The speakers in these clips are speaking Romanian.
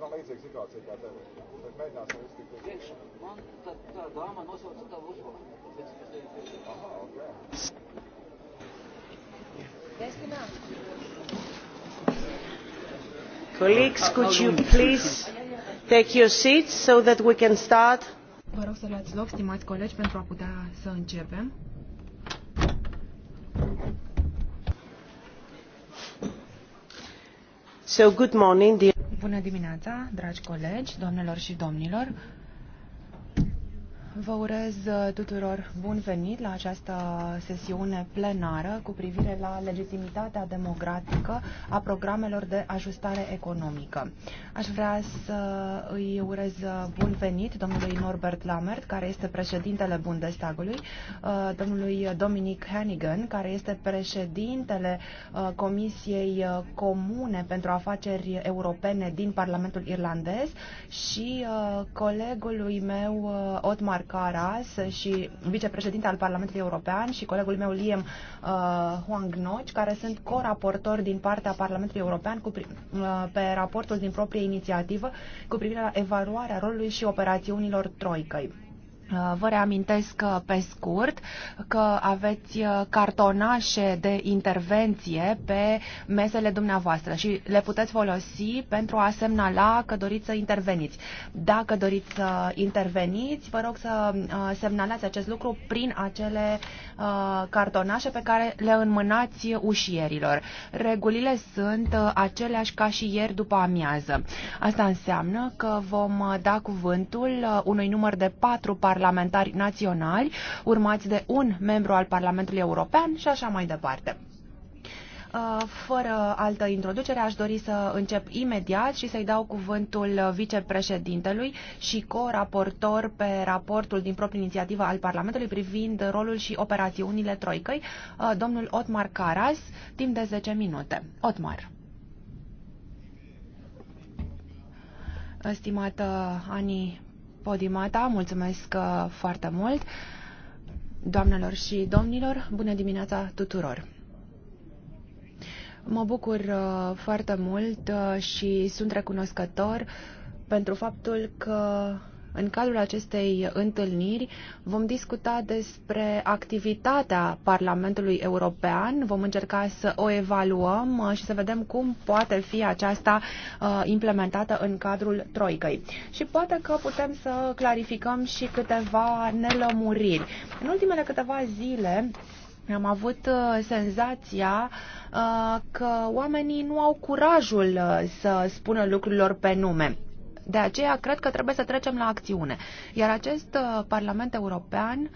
man situācija kā tev. mēģināsim man tā, tā dāma nosauca tavu Aha, ok. Colleagues, could you please take your seats so that we can start? Vă rog să luați loc, stimați colegi, pentru a putea să începem. So good morning, dear Bună dimineața, dragi colegi, doamnelor și domnilor. Vă urez uh, tuturor bun venit la această sesiune plenară cu privire la legitimitatea democratică a programelor de ajustare economică. Aș vrea să îi urez uh, bun venit domnului Norbert Lammert, care este președintele Bundestagului, uh, domnului Dominic Hannigan, care este președintele Comisiei Comune pentru Afaceri Europene din Parlamentul Irlandez și colegului meu Otmar Caras și vicepreședinte al Parlamentului European și colegul meu Liem uh, Huang Noci, care sunt coraportori din partea Parlamentului European cu, uh, pe raportul din proprie inițiativă cu privire la evaluarea rolului și operațiunilor Troicăi. Uh, vă reamintesc uh, pe scurt că aveți uh, cartonașe de intervenție pe mesele dumneavoastră și le puteți folosi pentru a semnala că doriți să interveniți. Dacă doriți să interveniți, vă rog să semnalați acest lucru prin acele cartonașe pe care le înmânați ușierilor. Regulile sunt aceleași ca și ieri după amiază. Asta înseamnă că vom da cuvântul unui număr de patru parteneri parlamentari naționali, urmați de un membru al Parlamentului European și așa mai departe. Uh, fără altă introducere, aș dori să încep imediat și să-i dau cuvântul vicepreședintelui și co-raportor pe raportul din proprie inițiativă al Parlamentului privind rolul și operațiunile Troicăi, uh, domnul Otmar Caras, timp de 10 minute. Otmar. Stimată Ani Podimata, mulțumesc uh, foarte mult. Doamnelor și domnilor, bună dimineața tuturor! Mă bucur uh, foarte mult uh, și sunt recunoscător pentru faptul că în cadrul acestei întâlniri vom discuta despre activitatea Parlamentului European, vom încerca să o evaluăm uh, și să vedem cum poate fi aceasta uh, implementată în cadrul Troicăi. Și poate că putem să clarificăm și câteva nelămuriri. În ultimele câteva zile, am avut uh, senzația că oamenii nu au curajul să spună lucrurilor pe nume. De aceea cred că trebuie să trecem la acțiune. Iar acest uh, Parlament European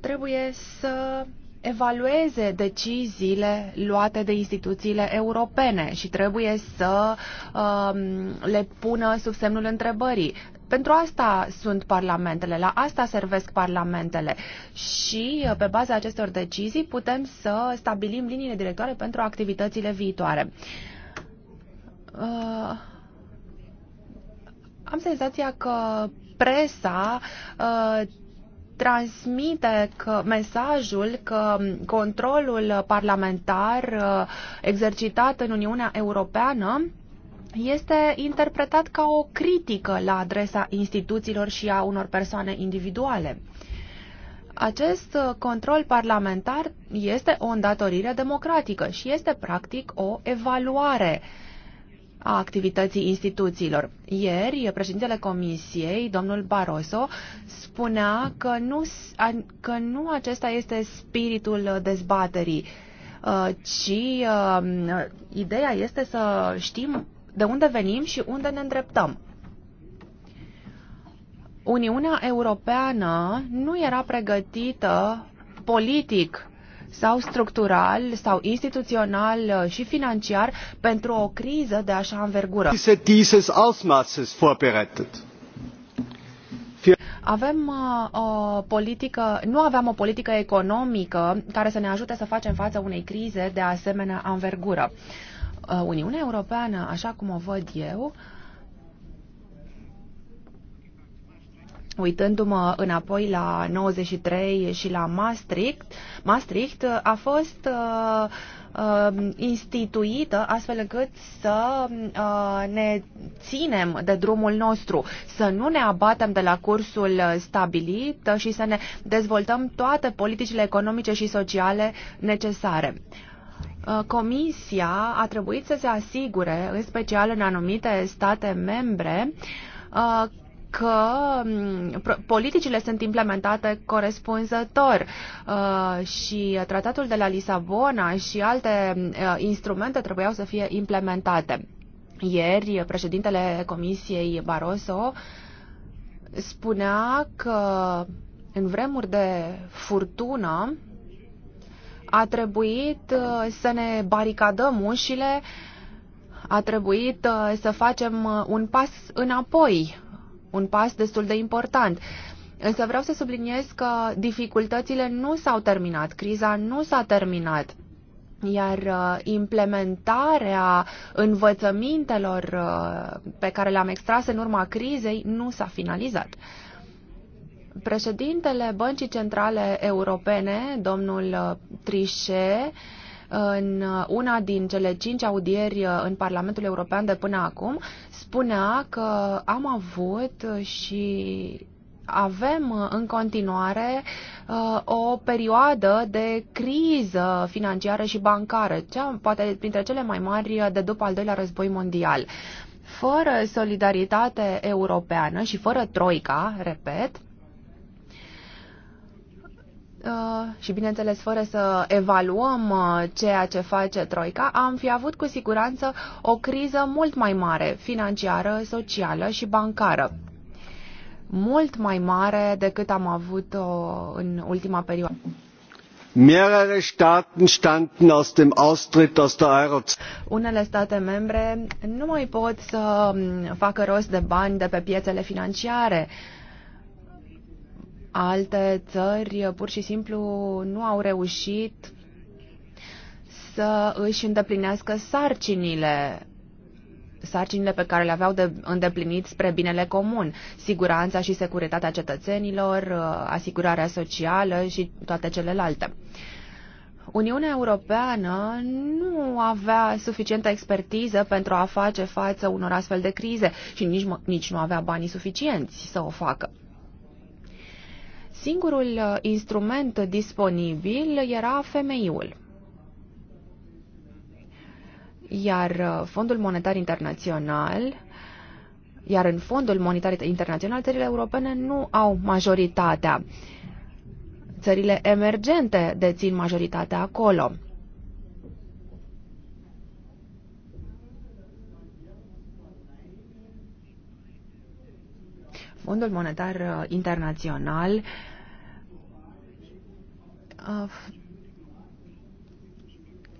trebuie să evalueze deciziile luate de instituțiile europene și trebuie să uh, le pună sub semnul întrebării. Pentru asta sunt parlamentele, la asta servesc parlamentele și uh, pe baza acestor decizii putem să stabilim liniile directoare pentru activitățile viitoare. Uh am senzația că presa uh, transmite că, mesajul că controlul parlamentar uh, exercitat în Uniunea Europeană este interpretat ca o critică la adresa instituțiilor și a unor persoane individuale. Acest uh, control parlamentar este o îndatorire democratică și este practic o evaluare uh, a activității instituțiilor. Ieri, președintele Comisiei, domnul Barroso, spunea că nu, că nu acesta este spiritul dezbaterii, uh, ci um, ideea este să știm de unde venim și unde ne îndreptăm. Uniunea Europeană nu era pregătită politic sau structural sau instituțional uh, și financiar pentru o criză de așa învergură. Avem uh, o politică, nu aveam o politică economică care să ne ajute să facem față unei crize de asemenea învergură. Uh, Uniunea Europeană, așa cum o văd eu, uitându-mă înapoi la 93 și la Maastricht, Maastricht a fost uh, uh, instituită astfel încât să uh, ne ținem de drumul nostru, să nu ne abatem de la cursul stabilit și să ne dezvoltăm toate politicile economice și sociale necesare. Comisia a trebuit să se asigure, în special în anumite state membre, că politicile sunt implementate corespunzător uh, și tratatul de la Lisabona și alte uh, instrumente trebuiau să fie implementate. Ieri, președintele Comisiei Barroso spunea că în vremuri de furtună a trebuit uh, să ne baricadăm ușile, a trebuit să facem un pas înapoi un pas destul de important. Însă vreau să subliniez că dificultățile nu s-au terminat, criza nu s-a terminat iar uh, implementarea învățămintelor uh, pe care le-am extras în urma crizei nu s-a finalizat. Președintele Băncii Centrale Europene, domnul uh, Trichet, în uh, una din cele cinci audieri uh, în Parlamentul European de până acum, spunea că am avut uh, și avem în continuare o perioadă de criză financiară și bancară, cea poate printre cele mai mari de după al doilea război mondial. Fără solidaritate europeană și fără troica, repet, Uh, și, bineînțeles, fără să evaluăm uh, ceea ce face Troica, am fi avut cu siguranță o criză mult mai mare, financiară, socială și bancară. Mult mai mare decât am avut-o uh, în ultima perioadă. Mehrere Staaten standen aus dem Austritt aus der Eurozone. Unele state membre nu mai pot să um, facă rost de bani de pe piețele financiare. Uh, Alte țări pur și simplu nu au reușit să își îndeplinească sarcinile sarcinile pe care le aveau de îndeplinit spre binele comun, siguranța și securitatea cetățenilor, asigurarea socială și toate celelalte. Uniunea Europeană nu avea suficientă expertiză pentru a face față unor astfel de crize și nici, nici nu avea banii suficienți să o facă. Singurul uh, instrument disponibil era femeiul. Iar uh, Fondul Monetar Internațional iar în Fondul Monetar Internațional țările europene nu au majoritatea. Țările emergente dețin majoritatea acolo. Fondul Monetar uh, Internațional uh,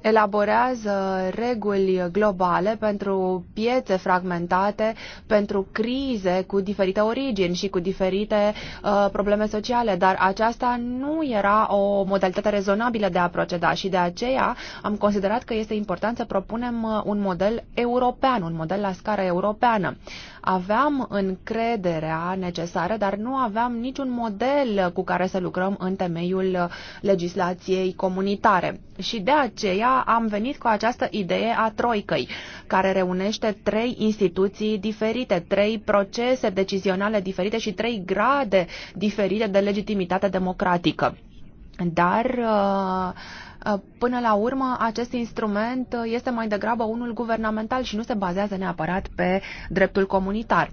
elaborează reguli globale pentru piețe fragmentate, pentru crize cu diferite origini și cu diferite uh, probleme sociale, dar aceasta nu era o modalitate rezonabilă de a proceda și de aceea am considerat că este important să propunem uh, un model european, un model la scară europeană. Aveam încrederea necesară, dar nu aveam niciun model cu care să lucrăm în temeiul uh, legislației comunitare. Și de aceea am venit cu această idee a troicăi, care reunește trei instituții diferite, trei procese decizionale diferite și trei grade diferite de legitimitate democratică. Dar uh, uh Până la urmă, acest instrument este mai degrabă unul guvernamental și nu se bazează neapărat pe dreptul comunitar.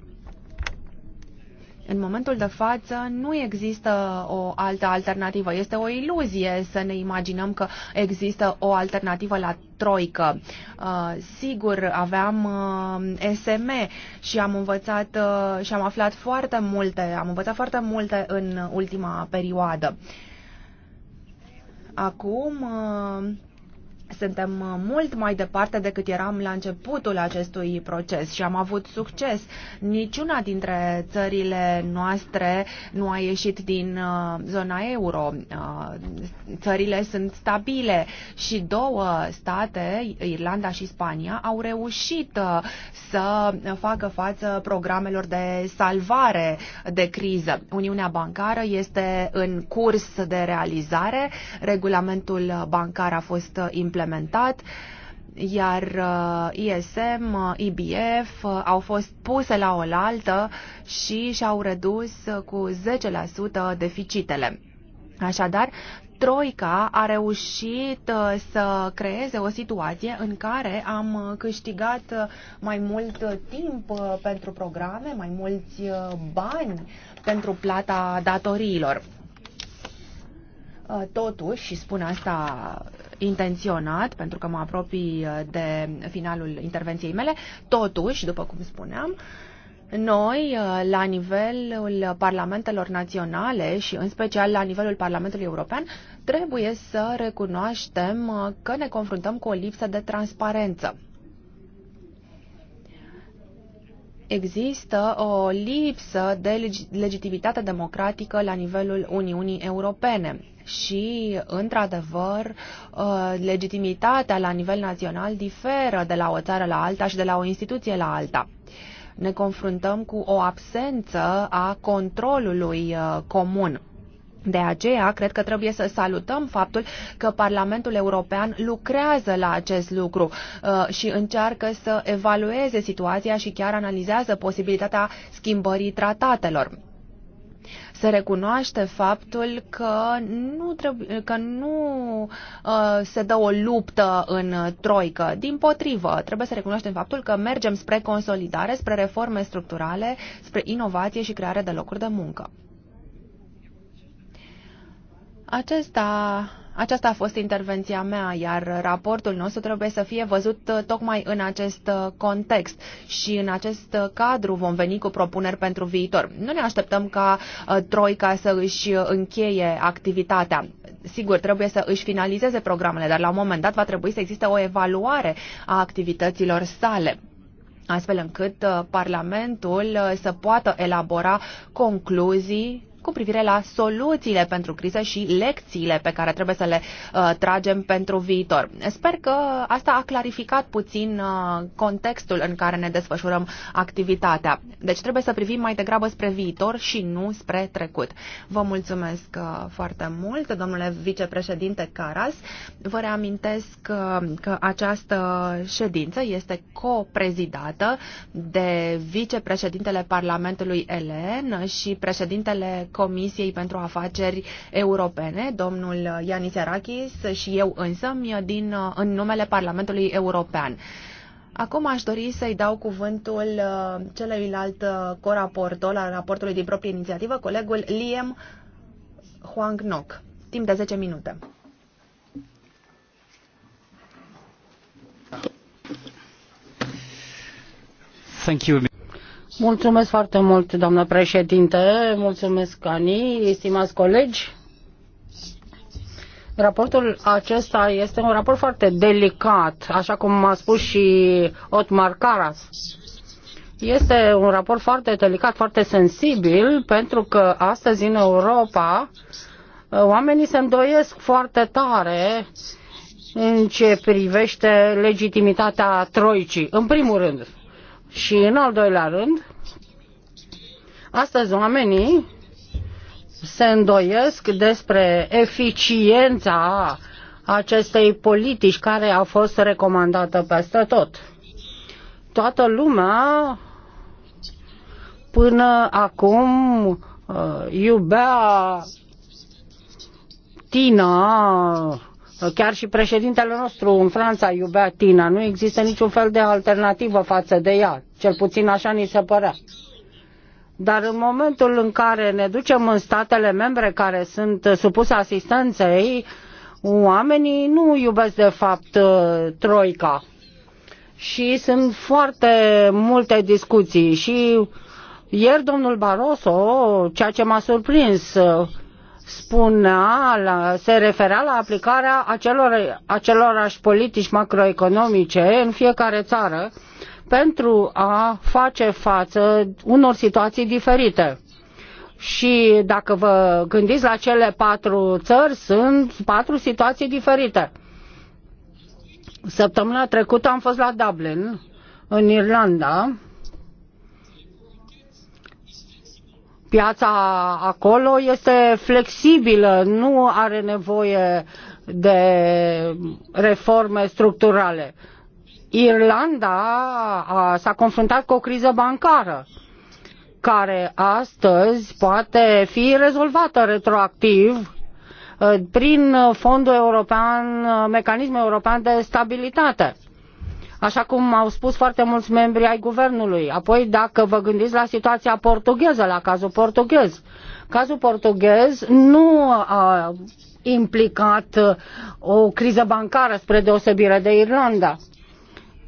În momentul de față nu există o altă alternativă. Este o iluzie să ne imaginăm că există o alternativă la troică. Uh, sigur, aveam uh, SM și am învățat uh, și am aflat foarte multe, am învățat foarte multe în ultima perioadă. Acum suntem uh, mult mai departe decât eram la începutul acestui proces și am avut succes. Niciuna dintre țările noastre nu a ieșit din uh, zona euro. Uh, țările sunt stabile și două state, Irlanda și Spania, au reușit să facă față programelor de salvare de criză. Uniunea bancară este în curs de realizare, regulamentul bancar a fost implementat implementat, iar uh, ISM, uh, IBF uh, au fost puse la oaltă și și-au redus cu 10% deficitele. Așadar, Troica a reușit să creeze o situație în care am câștigat mai mult timp pentru programe, mai mulți bani pentru plata datoriilor. Totuși, și spun asta intenționat, pentru că mă apropii uh, de finalul intervenției mele. Totuși, după cum spuneam, noi, uh, la nivelul parlamentelor naționale și în special la nivelul Parlamentului European, trebuie să recunoaștem uh, că ne confruntăm cu o lipsă de transparență. există o lipsă de legitimitate democratică la nivelul Uniunii Europene și, într-adevăr, ă, legitimitatea la nivel național diferă de la o țară la alta și de la o instituție la alta. Ne confruntăm cu o absență a controlului ă, comun de aceea, cred că trebuie să salutăm faptul că Parlamentul European lucrează la acest lucru uh, și încearcă să evalueze situația și chiar analizează posibilitatea schimbării tratatelor se recunoaște faptul că nu, trebuie, că nu uh, se dă o luptă în troică. Din potrivă, trebuie să recunoaștem faptul că mergem spre consolidare, spre reforme structurale, spre inovație și creare de locuri de muncă. Acesta, aceasta a fost intervenția mea, iar raportul nostru trebuie să fie văzut uh, tocmai în acest uh, context și în acest uh, cadru vom veni cu propuneri pentru viitor. Nu ne așteptăm ca Troica să își încheie activitatea. Sigur, trebuie să își finalizeze programele, dar la un moment dat va trebui să existe o evaluare a activităților sale astfel încât Parlamentul să poată elabora concluzii cu privire la soluțiile pentru criză și lecțiile pe care trebuie să le uh, tragem pentru viitor. Sper că asta a clarificat puțin uh, contextul în care ne desfășurăm activitatea. Deci trebuie să privim mai degrabă spre viitor și nu spre trecut. Vă mulțumesc uh, foarte mult, domnule vicepreședinte Caras. Vă reamintesc că această ședință este coprezidată de vicepreședintele Parlamentului Elen și președintele Comisiei pentru Afaceri Europene, domnul Ianis Arachis și eu însă din, în numele Parlamentului European. Acum aș dori să-i dau cuvântul uh, celuilalt coraportor al raportului din proprie inițiativă, colegul Liam Huang Nok, timp de 10 minute. Thank you. Mulțumesc foarte mult, doamnă președinte. Mulțumesc, Ani, estimați colegi. Raportul acesta este un raport foarte delicat, așa cum a spus și Otmar Caras. Este un raport foarte delicat, foarte sensibil, pentru că astăzi în Europa oamenii se îndoiesc foarte tare în ce privește legitimitatea troicii. În primul rând, și în al doilea rând, astăzi oamenii se îndoiesc despre eficiența acestei politici care a fost recomandată peste tot. Toată lumea până acum uh, iubea tina Chiar și președintele nostru în Franța iubea Tina. Nu există niciun fel de alternativă față de ea. Cel puțin așa ni se părea. Dar în momentul în care ne ducem în statele membre care sunt supuse asistenței, oamenii nu iubesc de fapt uh, troica. Și sunt foarte multe discuții. Și ieri domnul Barroso, ceea ce m-a surprins, uh, spunea, la, se referea la aplicarea acelor, acelorași politici macroeconomice în fiecare țară pentru a face față unor situații diferite. Și dacă vă gândiți la cele patru țări, sunt patru situații diferite. Săptămâna trecută am fost la Dublin, în Irlanda, piața acolo este flexibilă, nu are nevoie de reforme structurale. Irlanda s-a confruntat cu o criză bancară care astăzi poate fi rezolvată retroactiv uh, prin Fondul European, uh, Mecanismul European de Stabilitate așa cum au spus foarte mulți membri ai guvernului. Apoi, dacă vă gândiți la situația portugheză, la cazul portughez, cazul portughez nu a implicat uh, o criză bancară spre deosebire de Irlanda.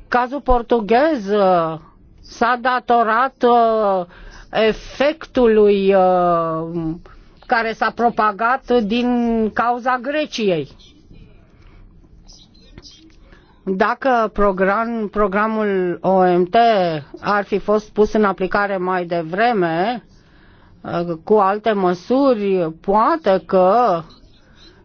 Cazul portughez uh, s-a datorat uh, efectului care s-a propagat din cauza Greciei dacă program, programul OMT ar fi fost pus în aplicare mai devreme, uh, cu alte măsuri, poate că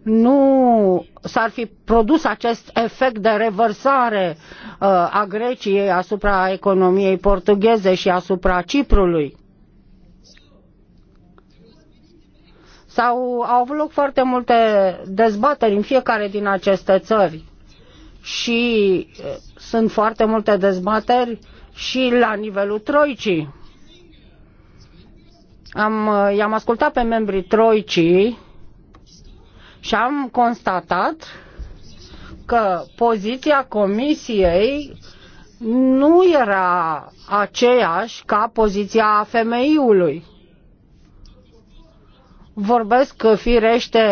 nu s-ar fi produs acest efect de revărsare uh, a Greciei asupra economiei portugheze și asupra Ciprului. Sau au avut loc foarte multe dezbateri în fiecare din aceste țări și sunt foarte multe dezbateri și la nivelul troicii. Am, i-am ascultat pe membrii troicii și am constatat că poziția comisiei nu era aceeași ca poziția femeiului. Vorbesc firește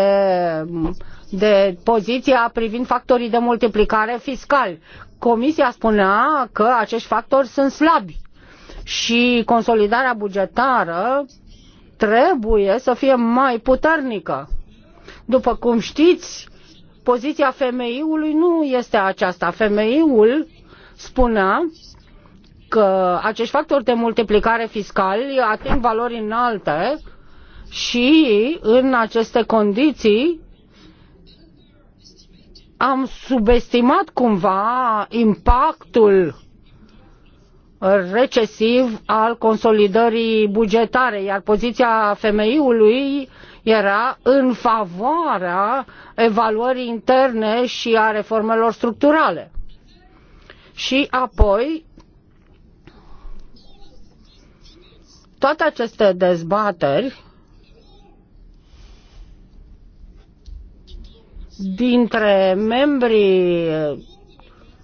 de poziția privind factorii de multiplicare fiscal. Comisia spunea că acești factori sunt slabi și consolidarea bugetară trebuie să fie mai puternică. După cum știți, poziția femeiului nu este aceasta. Femeiul spunea că acești factori de multiplicare fiscal ating valori înalte și în aceste condiții am subestimat cumva impactul recesiv al consolidării bugetare, iar poziția femeiului era în favoarea evaluării interne și a reformelor structurale. Și apoi, toate aceste dezbateri dintre membrii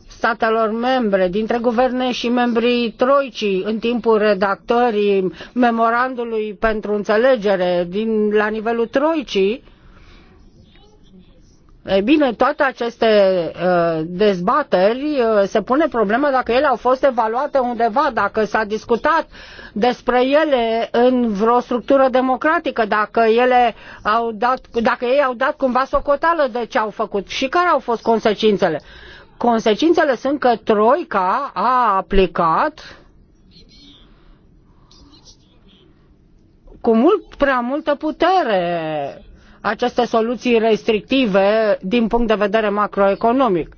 statelor membre, dintre guverne și membrii troicii în timpul redactării memorandului pentru înțelegere din, la nivelul troicii, E bine, toate aceste uh, dezbateri uh, se pune problema dacă ele au fost evaluate undeva, dacă s-a discutat despre ele în vreo structură democratică, dacă ele au dat, dacă ei au dat cumva socoteală de ce au făcut și care au fost consecințele. Consecințele sunt că Troica a aplicat cu mult prea multă putere aceste soluții restrictive din punct de vedere macroeconomic.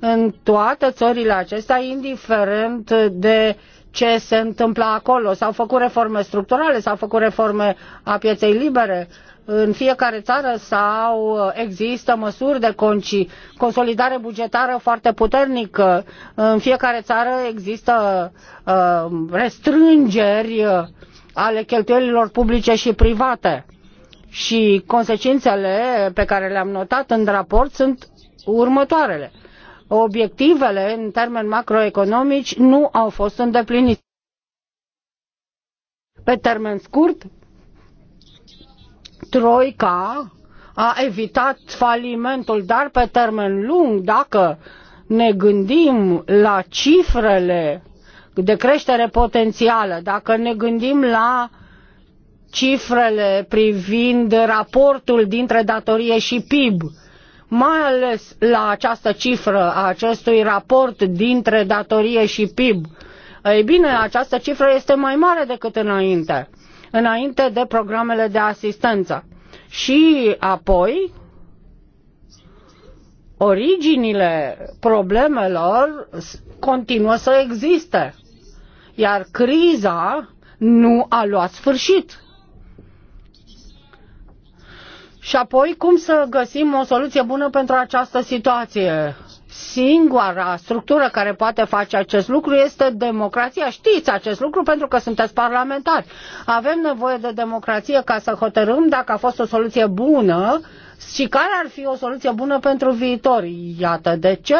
În toate țările acestea, indiferent de ce se întâmplă acolo. S-au făcut reforme structurale, s-au făcut reforme a pieței libere, în fiecare țară sau există măsuri de conci, consolidare bugetară foarte puternică. În fiecare țară există uh, restrângeri ale cheltuielilor publice și private și consecințele pe care le-am notat în raport sunt următoarele. Obiectivele în termeni macroeconomici nu au fost îndeplinite. Pe termen scurt, Troica a evitat falimentul, dar pe termen lung, dacă ne gândim la cifrele de creștere potențială, dacă ne gândim la uh, cifrele privind raportul dintre datorie și PIB, mai ales la această cifră a acestui raport dintre datorie și PIB. Ei bine, această cifră este mai mare decât înainte, înainte de programele de asistență. Și apoi, originile problemelor continuă să existe, iar criza nu a luat sfârșit. Și apoi cum să găsim o soluție bună pentru această situație? Singura structură care poate face acest lucru este democrația. Știți acest lucru pentru că sunteți parlamentari. Avem nevoie de democrație ca să hotărâm dacă a fost o soluție bună și care ar fi o soluție bună pentru viitor. Iată de ce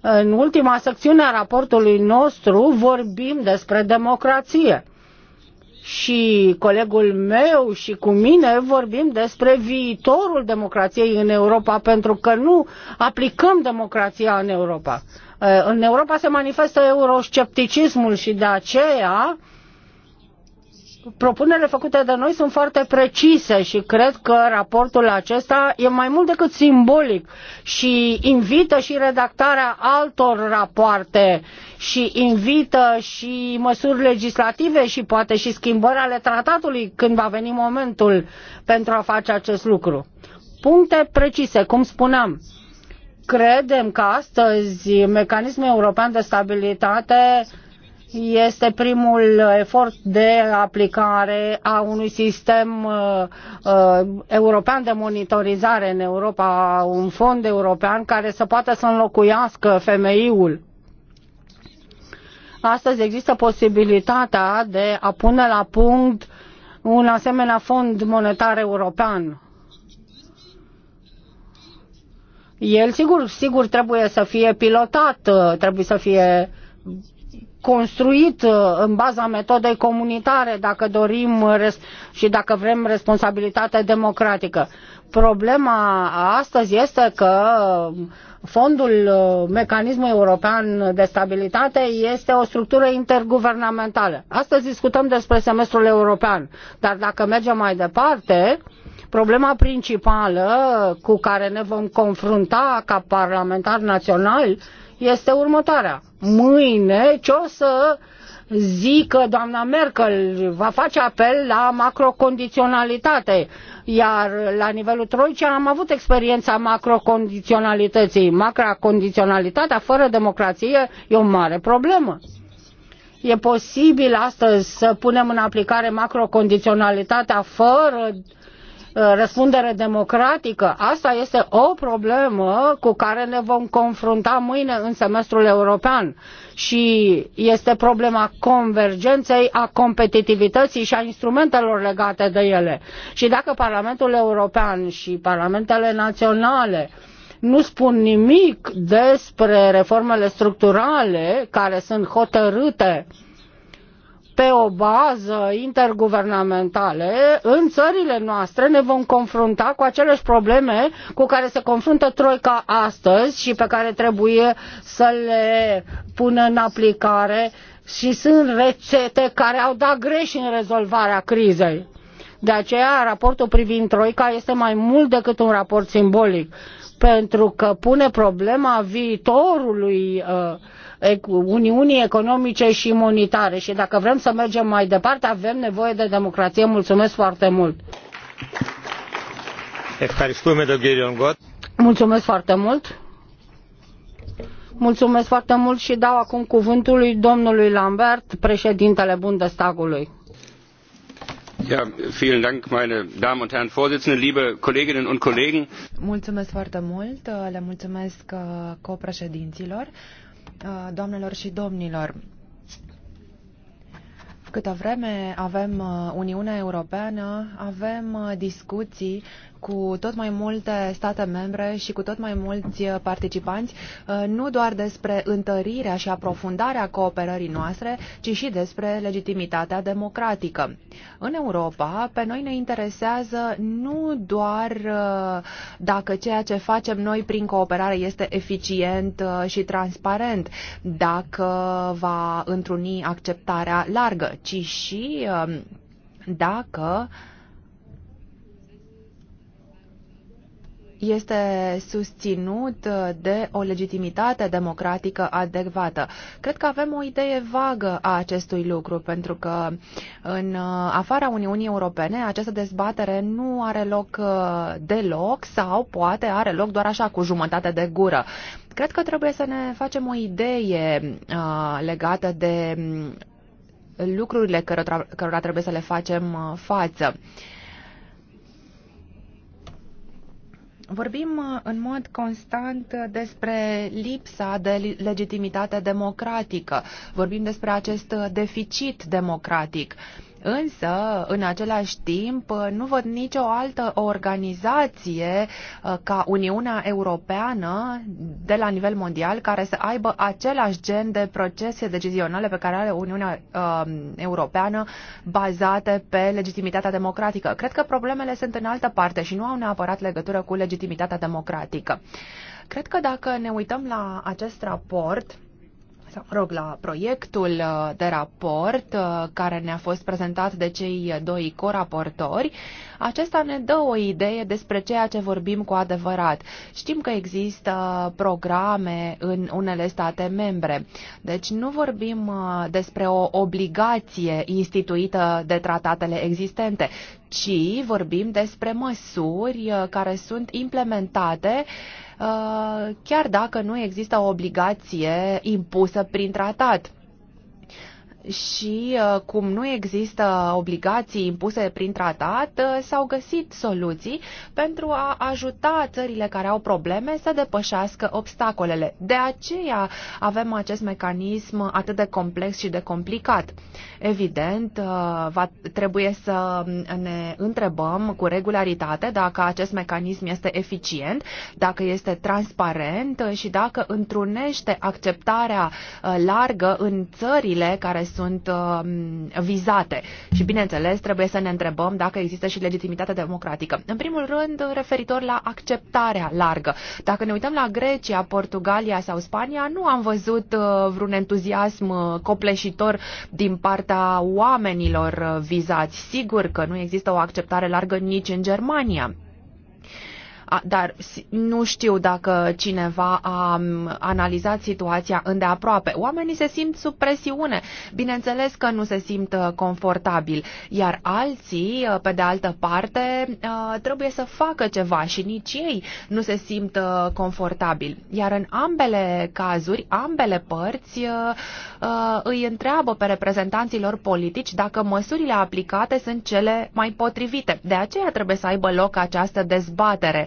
în ultima secțiune a raportului nostru vorbim despre democrație și colegul meu și cu mine vorbim despre viitorul democrației în Europa, pentru că nu aplicăm democrația în Europa. În Europa se manifestă euroscepticismul și de aceea propunerile făcute de noi sunt foarte precise și cred că raportul acesta e mai mult decât simbolic și invită și redactarea altor rapoarte și invită și măsuri legislative și poate și schimbări ale tratatului când va veni momentul pentru a face acest lucru. Puncte precise, cum spuneam, credem că astăzi mecanismul european de stabilitate este primul efort de aplicare a unui sistem uh, uh european de monitorizare în Europa, un fond european care să poată să înlocuiască femeiul Astăzi există posibilitatea de a pune la punct un asemenea fond monetar european. El sigur, sigur trebuie să fie pilotat, trebuie să fie construit uh, în baza metodei comunitare dacă dorim și dacă vrem responsabilitate democratică. Problema astăzi este că Fondul, uh, mecanismul european de stabilitate este o structură interguvernamentală. Astăzi discutăm despre semestrul european, dar dacă mergem mai departe, problema principală cu care ne vom confrunta ca parlamentari naționali este următoarea. Mâine ce o să zică că doamna Merkel va face apel la macrocondiționalitate, iar la nivelul troicii am avut experiența macrocondiționalității. Macrocondiționalitatea fără democrație e o mare problemă. E posibil astăzi să punem în aplicare macrocondiționalitatea fără uh, Uh, răspundere democratică. Asta este o problemă cu care ne vom confrunta mâine în semestrul european și este problema convergenței, a competitivității și a instrumentelor legate de ele. Și dacă Parlamentul European și Parlamentele Naționale nu spun nimic despre reformele structurale care sunt hotărâte uh, pe o bază interguvernamentale, în țările noastre ne vom confrunta cu aceleași probleme cu care se confruntă Troica astăzi și pe care trebuie să le pună în aplicare și sunt rețete care au dat greș în rezolvarea crizei. De aceea, raportul privind Troica este mai mult decât un raport simbolic, pentru că pune problema viitorului uh, Uniunii Economice și Monetare și dacă vrem să mergem mai departe avem nevoie de democrație. Mulțumesc foarte mult! Mulțumesc foarte mult! Mulțumesc foarte mult și dau acum cuvântul lui domnului Lambert, președintele Bundestagului. Ja, vielen Dank, meine Damen und Herren Vorsitzende, liebe Kolleginnen und Kollegen. Mulțumesc foarte mult, le mulțumesc uh, copreședinților. Uh, doamnelor și domnilor, câtă vreme avem uh, Uniunea Europeană, avem uh, discuții cu tot mai multe state membre și cu tot mai mulți uh, participanți, uh, nu doar despre întărirea și aprofundarea cooperării noastre, ci și despre legitimitatea democratică. În Europa, pe noi ne interesează nu doar uh, dacă ceea ce facem noi prin cooperare este eficient și transparent, dacă va întruni acceptarea largă, ci și um, dacă uh, este susținut de o legitimitate democratică adecvată. Cred că avem o idee vagă a acestui lucru, pentru că în afara Uniunii Europene această dezbatere nu are loc uh, deloc sau poate are loc doar așa cu jumătate de gură. Cred că trebuie să ne facem o idee uh, legată de mm, lucrurile cărora trebuie să le facem uh, față. Uh, Vorbim uh, în mod constant uh, despre lipsa de legitimitate democratică, vorbim despre acest uh, deficit democratic. Uh, Însă, în același timp, nu văd nicio altă organizație uh, ca Uniunea Europeană de la nivel mondial care să aibă același gen de procese decizionale pe care are Uniunea uh, Europeană bazate pe legitimitatea democratică. Cred că problemele sunt în altă parte și nu au neapărat legătură cu legitimitatea democratică. Cred că dacă ne uităm la acest raport, sau, mă rog, la proiectul uh, de raport uh, care ne-a fost prezentat de cei doi coraportori. Acesta ne dă o idee despre ceea ce vorbim cu adevărat. Știm că există programe în unele state membre, deci nu vorbim uh, despre o obligație instituită de tratatele existente, ci vorbim despre măsuri care sunt implementate uh, Uh, chiar dacă nu există o obligație impusă prin tratat și uh, cum nu există obligații impuse prin tratat, uh, s-au găsit soluții pentru a ajuta țările care au probleme să depășească obstacolele. De aceea avem acest mecanism atât de complex și de complicat. Evident, uh, va, trebuie să ne întrebăm cu regularitate dacă acest mecanism este eficient, dacă este transparent și dacă întrunește acceptarea largă în țările care sunt um, vizate. Și, bineînțeles, trebuie să ne întrebăm dacă există și legitimitate democratică. În primul rând, referitor la acceptarea largă. Dacă ne uităm la Grecia, Portugalia sau Spania, nu am văzut uh, vreun entuziasm uh, copleșitor din partea oamenilor uh, vizați. Sigur că nu există o acceptare largă nici în Germania dar nu știu dacă cineva a analizat situația îndeaproape. Oamenii se simt sub presiune. Bineînțeles că nu se simt uh, confortabil, iar alții, uh, pe de altă parte, uh, trebuie să facă ceva și nici ei nu se simt confortabil. Iar în ambele cazuri, ambele părți îi întreabă pe reprezentanții lor politici dacă măsurile aplicate sunt cele mai potrivite. De aceea trebuie să aibă loc această dezbatere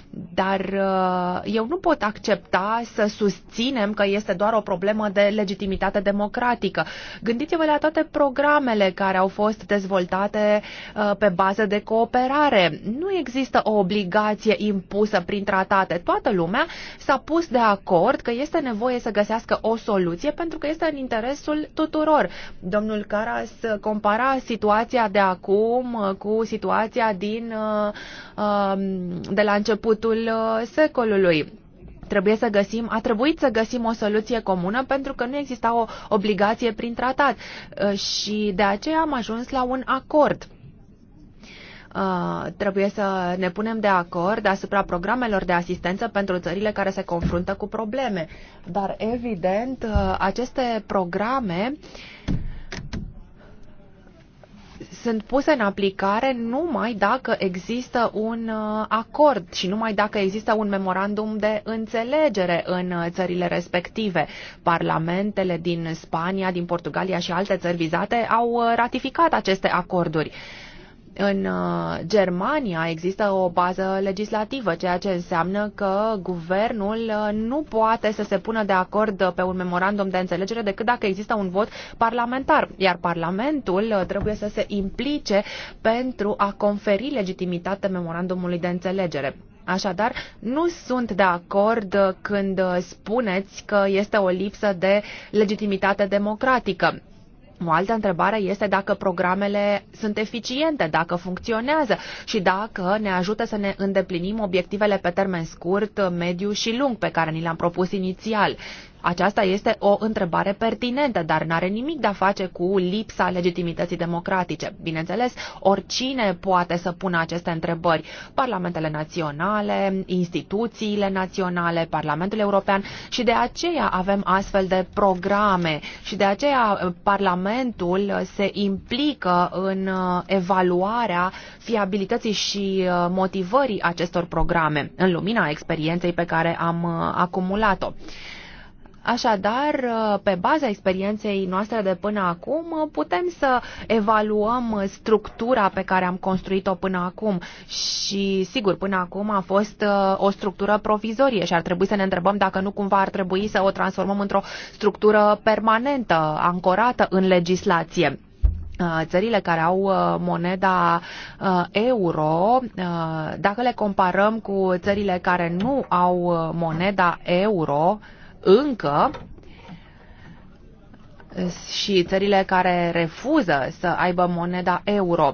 Dar uh, eu nu pot accepta să susținem că este doar o problemă de legitimitate democratică. Gândiți-vă la toate programele care au fost dezvoltate uh, pe bază de cooperare. Nu există o obligație impusă prin tratate. Toată lumea s-a pus de acord că este nevoie să găsească o soluție pentru că este în interesul tuturor. Domnul Caras compara situația de acum cu situația din, uh, um, de la început începutul uh, secolului trebuie să găsim, a trebuit să găsim o soluție comună pentru că nu exista o obligație prin tratat uh, și de aceea am ajuns la un acord. Uh, trebuie să ne punem de acord asupra programelor de asistență pentru țările care se confruntă cu probleme. Dar, evident, uh, aceste programe uh, sunt puse în aplicare numai dacă există un uh, acord și numai dacă există un memorandum de înțelegere în uh, țările respective. Parlamentele din Spania, din Portugalia și alte țări vizate au uh, ratificat aceste acorduri. În uh, Germania există o bază legislativă, ceea ce înseamnă că guvernul uh, nu poate să se pună de acord pe un memorandum de înțelegere decât dacă există un vot parlamentar, iar Parlamentul uh, trebuie să se implice pentru a conferi legitimitate memorandumului de înțelegere. Așadar, nu sunt de acord când spuneți că este o lipsă de legitimitate democratică. O altă întrebare este dacă programele sunt eficiente, dacă funcționează și dacă ne ajută să ne îndeplinim obiectivele pe termen scurt, mediu și lung pe care ni le-am propus inițial aceasta este o întrebare pertinentă, dar n-are nimic de a face cu lipsa legitimității democratice. Bineînțeles, oricine poate să pună aceste întrebări. Parlamentele naționale, instituțiile naționale, Parlamentul European și de aceea avem astfel de programe și de aceea uh, Parlamentul se implică în uh, evaluarea fiabilității și uh, motivării acestor programe în lumina experienței pe care am acumulat-o. Așadar, pe baza experienței noastre de până acum, putem să evaluăm structura pe care am construit-o până acum. Și, sigur, până acum a fost uh, o structură provizorie și ar trebui să ne întrebăm dacă nu cumva ar trebui să o transformăm într-o structură permanentă, ancorată în legislație uh, țările care au uh, moneda euro, dacă le comparăm cu țările care nu au moneda euro, încă și țările care refuză să aibă moneda euro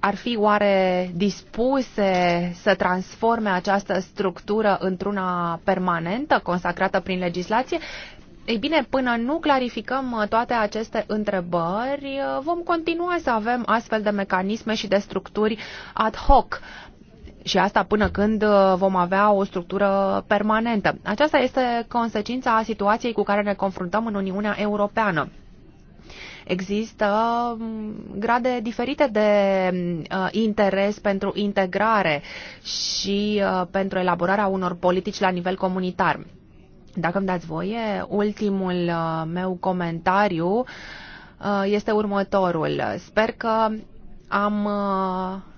ar fi oare dispuse să transforme această structură într-una permanentă, consacrată prin legislație? Ei bine, până nu clarificăm toate aceste întrebări, vom continua să avem astfel de mecanisme și de structuri ad hoc, și asta până când uh, vom avea o structură permanentă. Aceasta este consecința a situației cu care ne confruntăm în Uniunea Europeană. Există um, grade diferite de uh, interes pentru integrare și uh, pentru elaborarea unor politici la nivel comunitar. Dacă îmi dați voie, ultimul uh, meu comentariu uh, este următorul. Sper că am uh,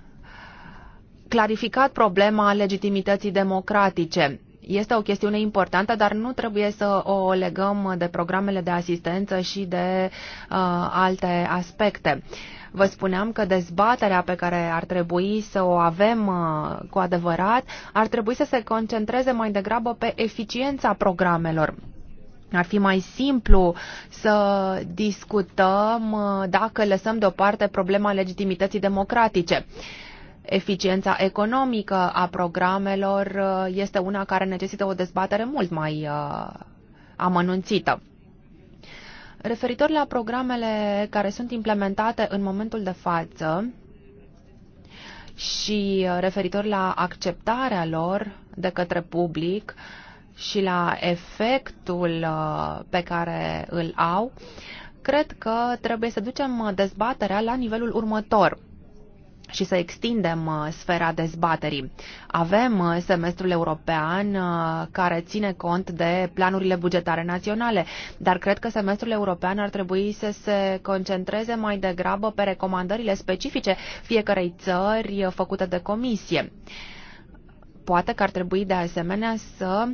clarificat problema legitimității democratice. Este o chestiune importantă, dar nu trebuie să o legăm de programele de asistență și de uh, alte aspecte. Vă spuneam că dezbaterea pe care ar trebui să o avem uh, cu adevărat ar trebui să se concentreze mai degrabă pe eficiența programelor. Ar fi mai simplu să discutăm uh, dacă lăsăm deoparte problema legitimității democratice. Uh, eficiența economică a programelor uh, este una care necesită o dezbatere mult mai uh, amănunțită. Referitor la programele care sunt implementate în momentul de față și uh, referitor la acceptarea lor de către public și la efectul pe care îl au, cred că trebuie să ducem dezbaterea la nivelul următor și să extindem uh, sfera dezbaterii. Avem uh, semestrul european uh, care ține cont de planurile bugetare naționale, dar cred că semestrul european ar trebui să se concentreze mai degrabă pe recomandările specifice fiecarei țări făcute de comisie. Poate că ar trebui de asemenea să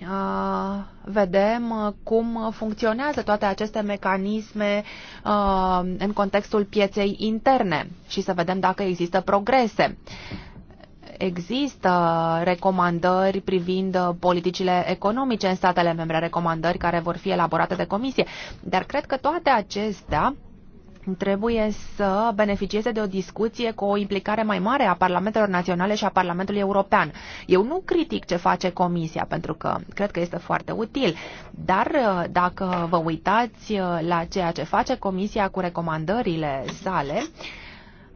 Uh, vedem uh, cum funcționează toate aceste mecanisme uh, în contextul pieței interne și să vedem dacă există progrese. Există recomandări privind politicile economice în statele membre, recomandări care vor fi elaborate de comisie, dar cred că toate acestea trebuie să beneficieze de o discuție cu o implicare mai mare a Parlamentelor Naționale și a Parlamentului European. Eu nu critic ce face Comisia, pentru că cred că este foarte util, dar uh, dacă vă uitați uh, la ceea ce face Comisia cu recomandările sale, uh,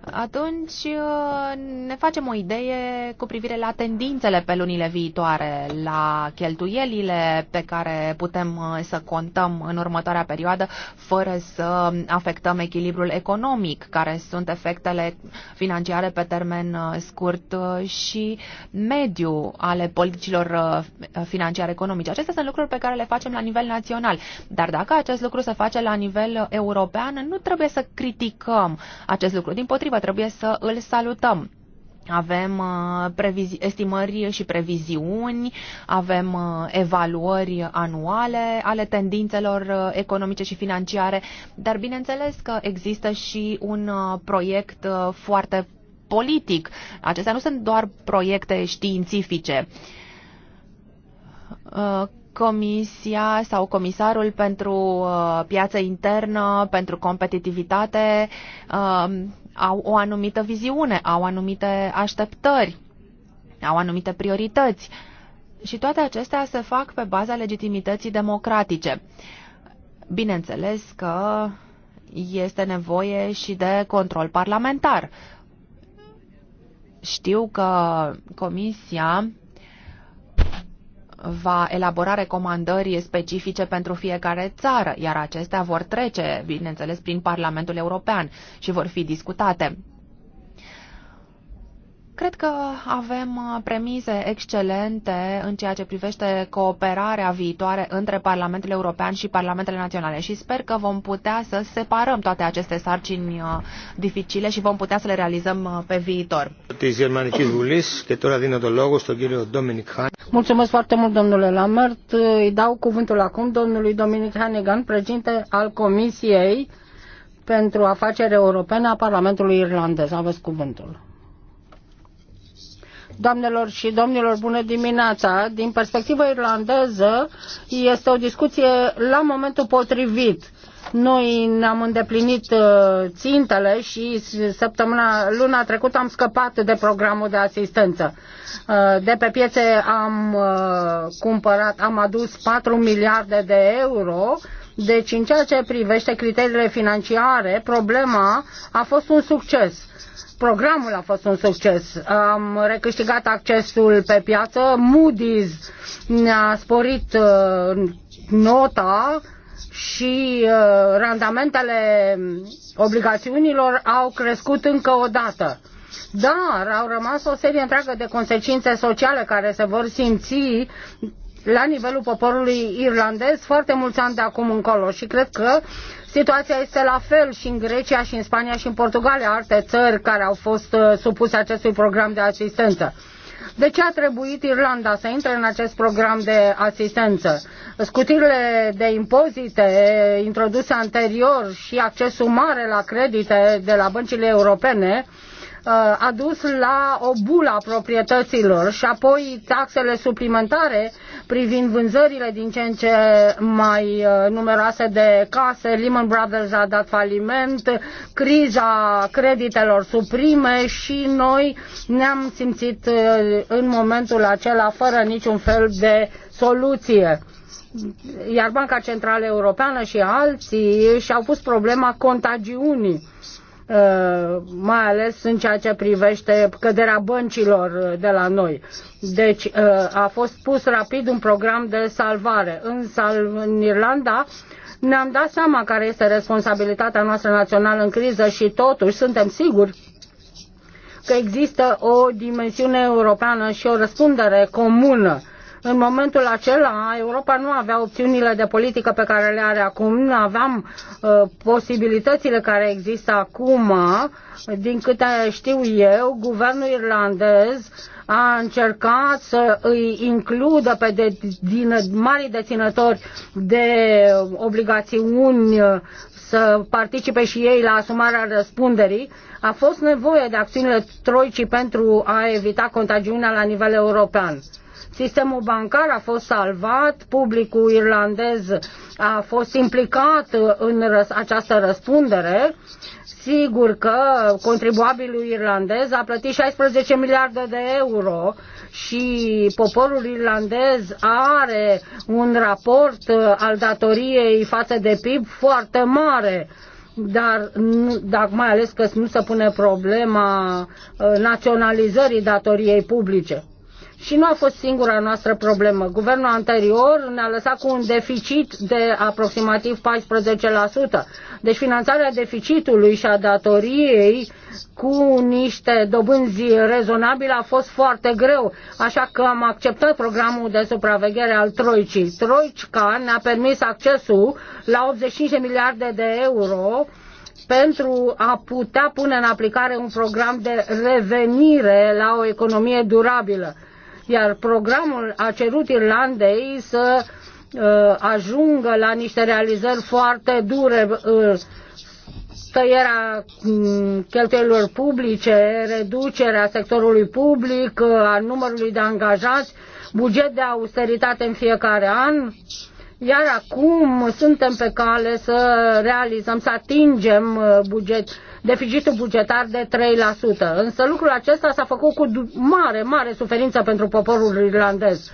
atunci uh, ne facem o idee cu privire la tendințele pe lunile viitoare, la cheltuielile pe care putem uh, să contăm în următoarea perioadă fără să afectăm echilibrul economic, care sunt efectele financiare pe termen uh, scurt și mediu ale politicilor financiare economice. Acestea sunt lucruri pe care le facem la nivel național. Dar dacă acest lucru se face la nivel european, nu trebuie să criticăm acest lucru. Din potrivă, potrivă, trebuie să îl salutăm. Avem uh, estimări și previziuni, avem uh, evaluări anuale ale tendințelor uh, economice și financiare, dar bineînțeles că există și un proiect foarte politic. Acestea nu sunt doar proiecte științifice. Comisia sau comisarul pentru piață internă, pentru competitivitate, au o anumită viziune, au anumite așteptări, au anumite priorități. Și toate acestea se fac pe baza legitimității democratice. Bineînțeles că este nevoie și de control parlamentar. Știu că Comisia va elabora recomandări specifice pentru fiecare țară, iar acestea vor trece, bineînțeles, prin Parlamentul European și vor fi discutate. Cred că avem uh, premise excelente în ceea ce privește cooperarea viitoare între Parlamentul European și Parlamentele Naționale și sper că vom putea să separăm toate aceste sarcini uh, dificile și vom putea să le realizăm uh, pe viitor. Mulțumesc foarte mult, domnule Lamert. Îi dau cuvântul acum domnului Dominic Hannigan, președinte al Comisiei pentru Afaceri Europene a Parlamentului Irlandez. Aveți cuvântul. Doamnelor și domnilor, bună dimineața! Din perspectiva irlandeză este o discuție la momentul potrivit. Noi ne-am îndeplinit uh, țintele și săptămâna, luna trecută am scăpat de programul de asistență. Uh, de pe piețe am uh, cumpărat, am adus 4 miliarde de euro deci, în ceea ce privește criteriile financiare, problema a fost un succes. Programul a fost un succes. Am recâștigat accesul pe piață. Moody's ne-a sporit uh, nota și uh, randamentele obligațiunilor au crescut încă o dată. Dar au rămas o serie întreagă de consecințe sociale care se vor simți la nivelul poporului irlandez foarte mulți ani de acum încolo și cred că situația este la fel și în Grecia și în Spania și în Portugalia, alte țări care au fost uh, supuse acestui program de asistență. De ce a trebuit Irlanda să intre în acest program de asistență? Scutirile de impozite introduse anterior și accesul mare la credite de la băncile europene uh, Uh, a dus la o bulă a proprietăților și apoi taxele suplimentare privind vânzările din ce în ce mai uh, numeroase de case. Lehman Brothers a dat faliment, criza creditelor suprime și noi ne-am simțit uh, în momentul acela fără niciun fel de soluție iar Banca Centrală Europeană și alții și-au pus problema contagiunii Uh, mai ales în ceea ce privește căderea băncilor uh, de la noi. Deci uh, a fost pus rapid un program de salvare. În, sal- în Irlanda ne-am dat seama care este responsabilitatea noastră națională în criză și totuși suntem siguri că există o dimensiune europeană și o răspundere comună în momentul acela, Europa nu avea opțiunile de politică pe care le are acum, nu aveam uh, posibilitățile care există acum. Din câte știu eu, guvernul irlandez a încercat să îi includă pe de, din, mari deținători de obligațiuni uh, să participe și ei la asumarea răspunderii, a fost nevoie de acțiunile troicii pentru a evita contagiunea la nivel european. Sistemul bancar a fost salvat, publicul irlandez a fost implicat în această răspundere. Sigur că contribuabilul irlandez a plătit 16 miliarde de euro și poporul irlandez are un raport uh, al datoriei față de PIB foarte mare dar dar mai ales că nu se pune problema uh, naționalizării datoriei publice. Și nu a fost singura noastră problemă. Guvernul anterior ne-a lăsat cu un deficit de aproximativ 14%. Deci finanțarea deficitului și a datoriei cu niște dobânzi rezonabile a fost foarte greu, așa că am acceptat programul de supraveghere al Troicii. Troica ne-a permis accesul la 85 miliarde de euro pentru a putea pune în aplicare un program de revenire la o economie durabilă iar programul a cerut Irlandei să uh, ajungă la niște realizări foarte dure, uh, tăierea mm, cheltuielilor publice, reducerea sectorului public, uh, a numărului de angajați, buget de austeritate în fiecare an. Iar acum suntem pe cale să realizăm, să atingem buget, deficitul bugetar de 3%. Însă lucrul acesta s-a făcut cu mare, mare suferință pentru poporul irlandez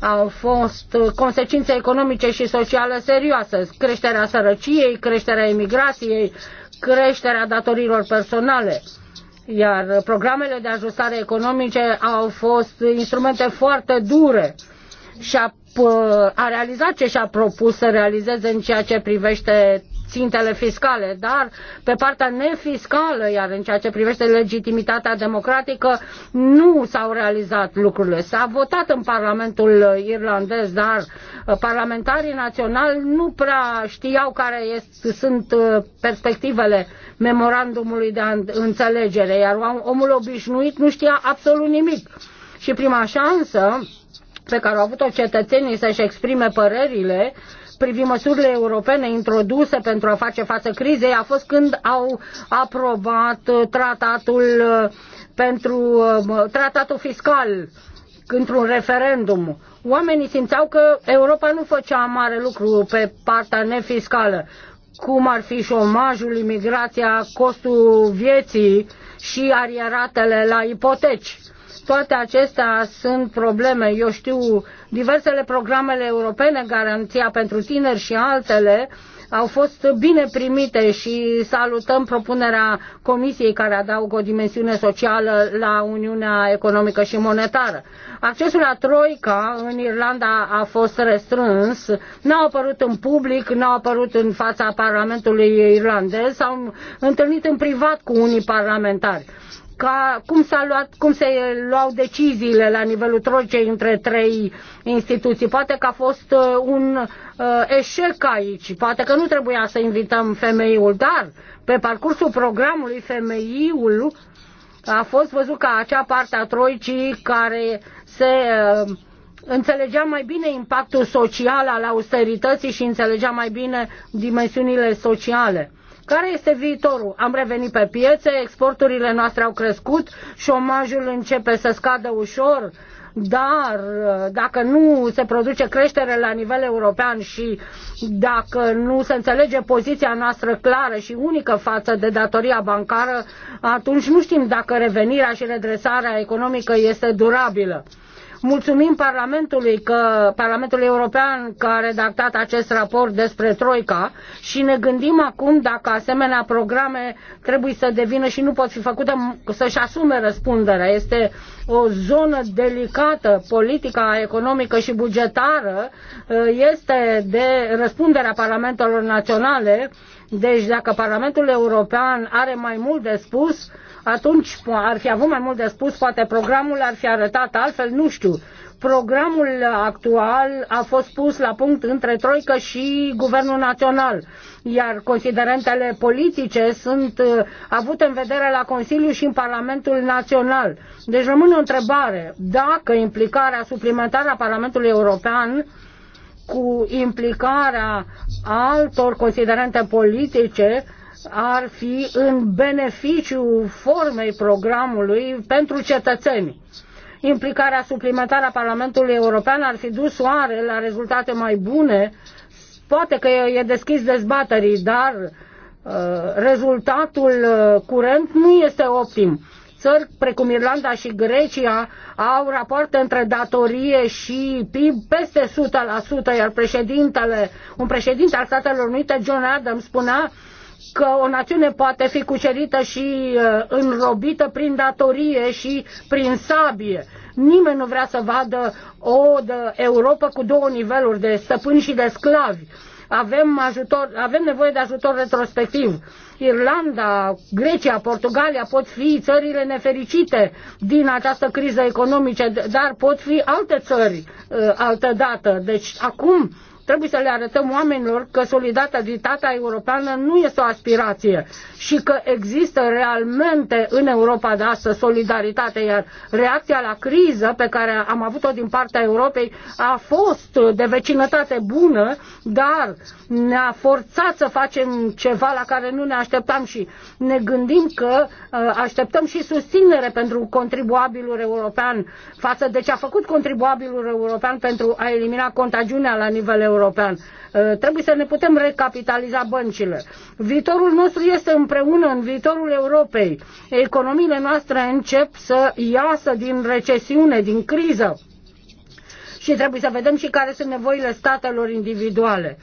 au fost consecințe economice și sociale serioase. Creșterea sărăciei, creșterea imigrației, creșterea datorilor personale. Iar programele de ajustare economice au fost instrumente foarte dure și a, a realizat ce și-a propus să realizeze în ceea ce privește țintele fiscale, dar pe partea nefiscală, iar în ceea ce privește legitimitatea democratică, nu s-au realizat lucrurile. S-a votat în Parlamentul irlandez, dar uh, parlamentarii naționali nu prea știau care este, sunt uh, perspectivele memorandumului de înțelegere, iar omul obișnuit nu știa absolut nimic. Și prima șansă pe care au avut-o cetățenii să-și exprime părerile privind măsurile europene introduse pentru a face față crizei a fost când au aprobat uh, tratatul uh, pentru uh, tratatul fiscal într-un referendum. Oamenii simțeau că Europa nu făcea mare lucru pe partea nefiscală, cum ar fi șomajul, imigrația, costul vieții și arieratele la ipoteci toate acestea sunt probleme. Eu știu diversele programele europene, Garanția pentru tineri și altele, au fost bine primite și salutăm propunerea Comisiei care adaugă o dimensiune socială la Uniunea Economică și Monetară. Accesul la Troica în Irlanda a fost restrâns, n-au apărut în public, n-au apărut în fața Parlamentului irlandez, s-au întâlnit în privat cu unii parlamentari ca cum, s-a luat, cum se luau deciziile la nivelul trocei între trei instituții. Poate că a fost uh, un uh, eșec aici, poate că nu trebuia să invităm femeiul, dar pe parcursul programului femeiul a fost văzut ca acea parte a troicii care se uh, înțelegea mai bine impactul social al austerității și înțelegea mai bine dimensiunile sociale. Care este viitorul? Am revenit pe piețe, exporturile noastre au crescut, șomajul începe să scadă ușor, dar uh, dacă nu se produce creștere la nivel european și dacă nu se înțelege poziția noastră clară și unică față de datoria bancară, atunci nu știm dacă revenirea și redresarea economică este durabilă. Mulțumim Parlamentului, că, Parlamentul European că a redactat acest raport despre Troica și ne gândim acum dacă asemenea programe trebuie să devină și nu pot fi făcute să-și asume răspunderea. Este o zonă delicată, politica, economică și bugetară uh, este de răspunderea Parlamentelor Naționale deci dacă Parlamentul European are mai mult de spus, atunci ar fi avut mai mult de spus, poate programul ar fi arătat altfel, nu știu. Programul actual a fost pus la punct între Troică și Guvernul Național, iar considerentele politice sunt uh, avute în vedere la Consiliu și în Parlamentul Național. Deci rămâne o întrebare dacă implicarea suplimentară a Parlamentului European cu implicarea altor considerente politice ar fi în beneficiu formei programului pentru cetățeni. Implicarea suplimentară a Parlamentului European ar fi dus oare la rezultate mai bune? Poate că e deschis dezbaterii, dar uh, rezultatul uh, curent nu este optim țări precum Irlanda și Grecia au rapoarte între datorie și PIB peste 100%, iar președintele, un președinte al Statelor Unite, John Adams, spunea că o națiune poate fi cucerită și uh, înrobită prin datorie și prin sabie. Nimeni nu vrea să vadă o Europa cu două niveluri de stăpâni și de sclavi avem, ajutor, avem nevoie de ajutor retrospectiv. Irlanda, Grecia, Portugalia pot fi țările nefericite din această criză economică, dar pot fi alte țări uh, altă dată. Deci acum Trebuie să le arătăm oamenilor că solidaritatea europeană nu este o aspirație și că există realmente în Europa de astăzi solidaritate, iar reacția la criză pe care am avut-o din partea Europei a fost de vecinătate bună, dar ne-a forțat să facem ceva la care nu ne așteptam și ne gândim că uh, așteptăm și susținere pentru contribuabilul european față de ce a făcut contribuabilul european pentru a elimina contagiunea la nivel european european. Uh, trebuie să ne putem recapitaliza băncile. Viitorul nostru este împreună în viitorul Europei. Economiile noastre încep să iasă din recesiune, din criză. Și trebuie să vedem și care sunt nevoile statelor individuale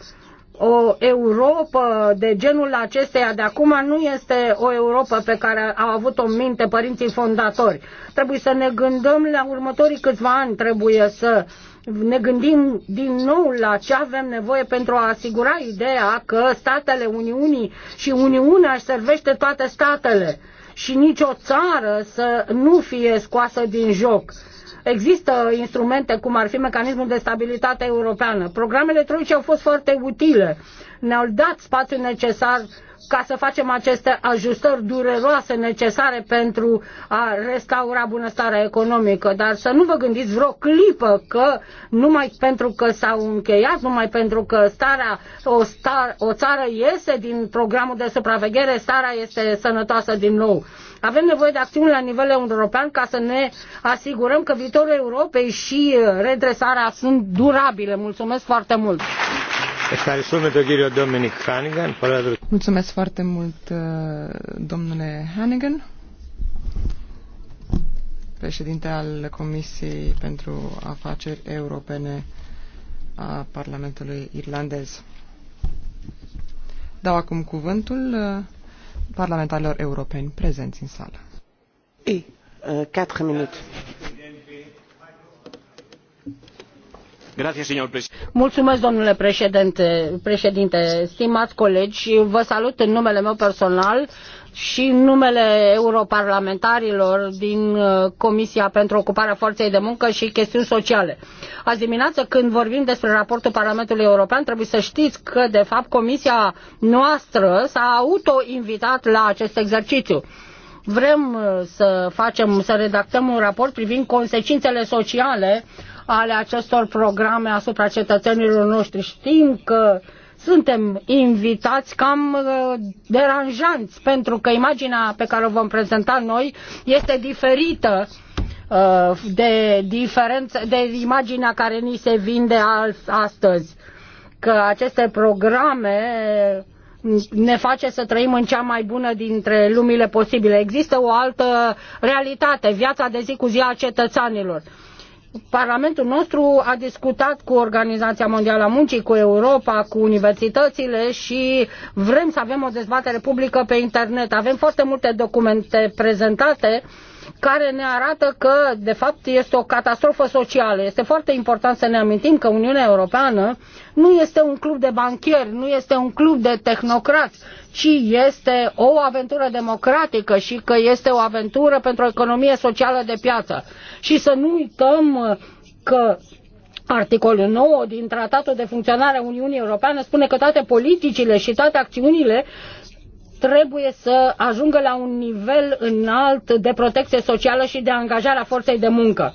o Europa de genul acesteia de acum nu este o Europa pe care au avut-o minte părinții fondatori. Trebuie să ne gândăm la următorii câțiva ani, trebuie să ne gândim din nou la ce avem nevoie pentru a asigura ideea că statele Uniunii și Uniunea își servește toate statele și nicio țară să nu fie scoasă din joc. Există instrumente cum ar fi mecanismul de stabilitate europeană. Programele troice au fost foarte utile. Ne-au dat spațiul necesar ca să facem aceste ajustări dureroase necesare pentru a restaura bunăstarea economică, dar să nu vă gândiți vreo clipă că numai pentru că s-au încheiat, numai pentru că starea, o, star, o țară iese din programul de supraveghere, starea este sănătoasă din nou. Avem nevoie de acțiuni la nivel european ca să ne asigurăm că viitorul Europei și redresarea sunt durabile. Mulțumesc foarte mult! Mulțumesc foarte mult, uh, domnule Hannigan, președinte al Comisiei pentru Afaceri Europene a Parlamentului Irlandez. Dau acum cuvântul uh, parlamentarilor europeni prezenți în sală. Ei, 4 minute. Mulțumesc, domnule președinte, președinte, stimați colegi, vă salut în numele meu personal și în numele europarlamentarilor din uh, Comisia pentru Ocuparea Forței de Muncă și Chestiuni Sociale. Azi dimineață, când vorbim despre raportul Parlamentului European, trebuie să știți că, de fapt, Comisia noastră s-a autoinvitat la acest exercițiu vrem uh, să facem, să redactăm un raport privind consecințele sociale ale acestor programe asupra cetățenilor noștri. Știm că suntem invitați cam uh, deranjanți, pentru că imaginea pe care o vom prezenta noi este diferită uh, de, diferență, de imaginea care ni se vinde astăzi. Că aceste programe ne face să trăim în cea mai bună dintre lumile posibile. Există o altă realitate, viața de zi cu zi a cetățanilor. Parlamentul nostru a discutat cu Organizația Mondială a Muncii, cu Europa, cu universitățile și vrem să avem o dezbatere publică pe internet. Avem foarte multe documente prezentate care ne arată că, de fapt, este o catastrofă socială. Este foarte important să ne amintim că Uniunea Europeană nu este un club de banchieri, nu este un club de tehnocrați, ci este o aventură democratică și că este o aventură pentru o economie socială de piață. Și să nu uităm uh, că Articolul 9 din Tratatul de Funcționare a Uniunii Europene spune că toate politicile și toate acțiunile trebuie să ajungă la un nivel înalt de protecție socială și de angajare a forței de muncă.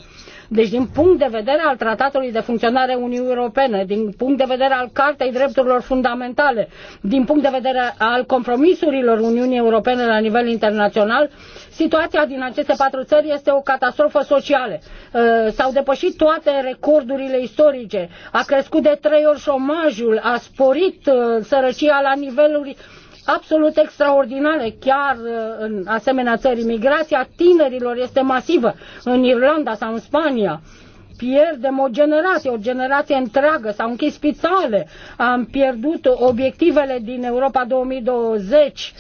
Deci din punct de vedere al Tratatului de Funcționare Uniunii Europene, din punct de vedere al Cartei Drepturilor Fundamentale, din punct de vedere al compromisurilor Uniunii Europene la nivel internațional, situația din aceste patru țări este o catastrofă socială. Uh, s-au depășit toate recordurile istorice, a crescut de trei ori șomajul, a sporit uh, sărăcia la niveluri uh, absolut extraordinare. Chiar uh, în asemenea țări, migrația tinerilor este masivă. În Irlanda sau în Spania pierdem o generație, o generație întreagă, s-au închis spitale, am pierdut obiectivele din Europa 2020,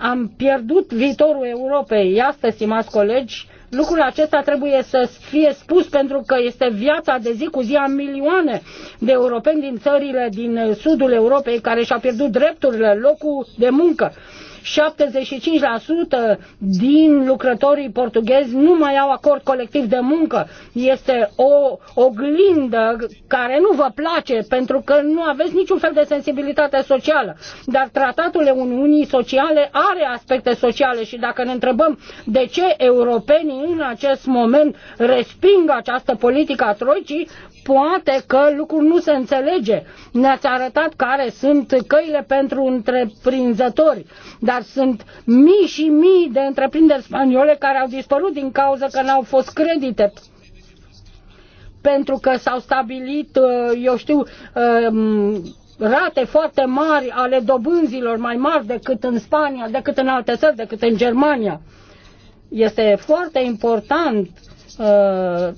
am pierdut viitorul Europei. Iată, stimați colegi, Lucrul acesta trebuie să fie spus pentru că este viața de zi cu zi a milioane de europeni din țările din sudul Europei care și-au pierdut drepturile, locul de muncă. 75% din lucrătorii portughezi nu mai au acord colectiv de muncă. Este o oglindă care nu vă place pentru că nu aveți niciun fel de sensibilitate socială. Dar tratatul Uniunii Sociale are aspecte sociale și dacă ne întrebăm de ce europenii în acest moment resping această politică a troicii, poate că lucrul nu se înțelege. Ne-ați arătat care sunt căile pentru întreprinzători, dar sunt mii și mii de întreprinderi spaniole care au dispărut din cauza că n-au fost credite pentru că s-au stabilit, uh, eu știu, uh, rate foarte mari ale dobânzilor, mai mari decât în Spania, decât în alte țări, decât în Germania. Este foarte important